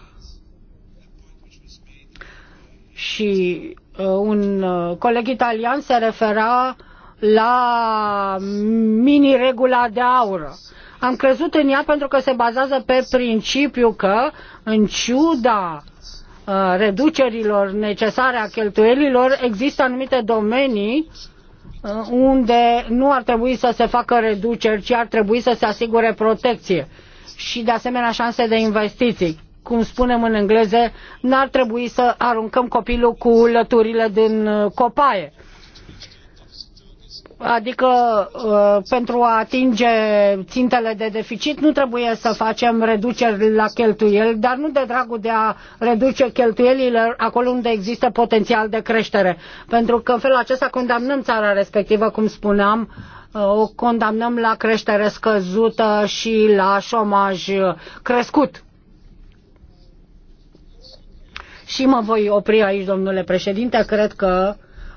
Și uh, un coleg italian se refera la mini-regula de aur am crezut în ea pentru că se bazează pe principiul că, în ciuda uh, reducerilor necesare a cheltuielilor, există anumite domenii uh, unde nu ar trebui să se facă reduceri, ci ar trebui să se asigure protecție și, de asemenea, șanse de investiții. Cum spunem în engleză, n-ar trebui să aruncăm copilul cu lăturile din uh, copaie Adică uh, pentru a atinge țintele de deficit nu trebuie să facem reduceri la cheltuieli, dar nu de dragul de a reduce cheltuielile acolo unde există potențial de creștere. Pentru că în felul acesta condamnăm țara respectivă, cum spuneam, uh, o condamnăm la creștere scăzută și la șomaj uh, crescut. Și mă voi opri aici, domnule președinte, cred că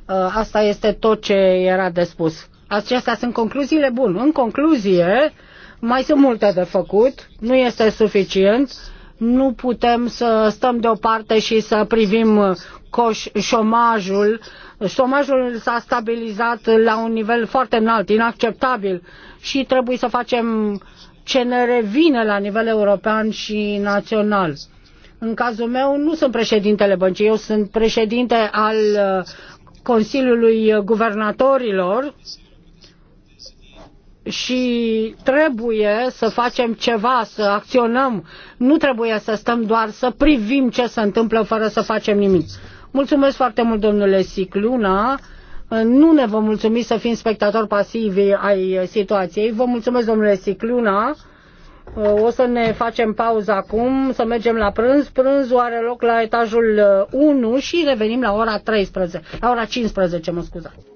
Uh, asta este tot ce era de spus. Acestea sunt concluziile bune. În concluzie, mai sunt multe de făcut, nu este suficient, nu putem să stăm deoparte și să privim uh, coș, șomajul. Șomajul s-a stabilizat la un nivel foarte înalt, inacceptabil și trebuie să facem ce ne revine la nivel european și național. În cazul meu nu sunt președintele băncii, eu sunt președinte al uh, Consiliului Guvernatorilor și trebuie să facem ceva, să acționăm. Nu trebuie să stăm doar să privim ce se întâmplă fără să facem nimic. Mulțumesc foarte mult, domnule Sicluna. Nu ne vom mulțumi să fim spectatori pasivi ai situației. Vă mulțumesc, domnule Sicluna. Uh, o să ne facem pauză acum, să mergem la prânz. Prânzul are loc la etajul 1 uh, și revenim la ora 13, la ora 15, mă scuzați.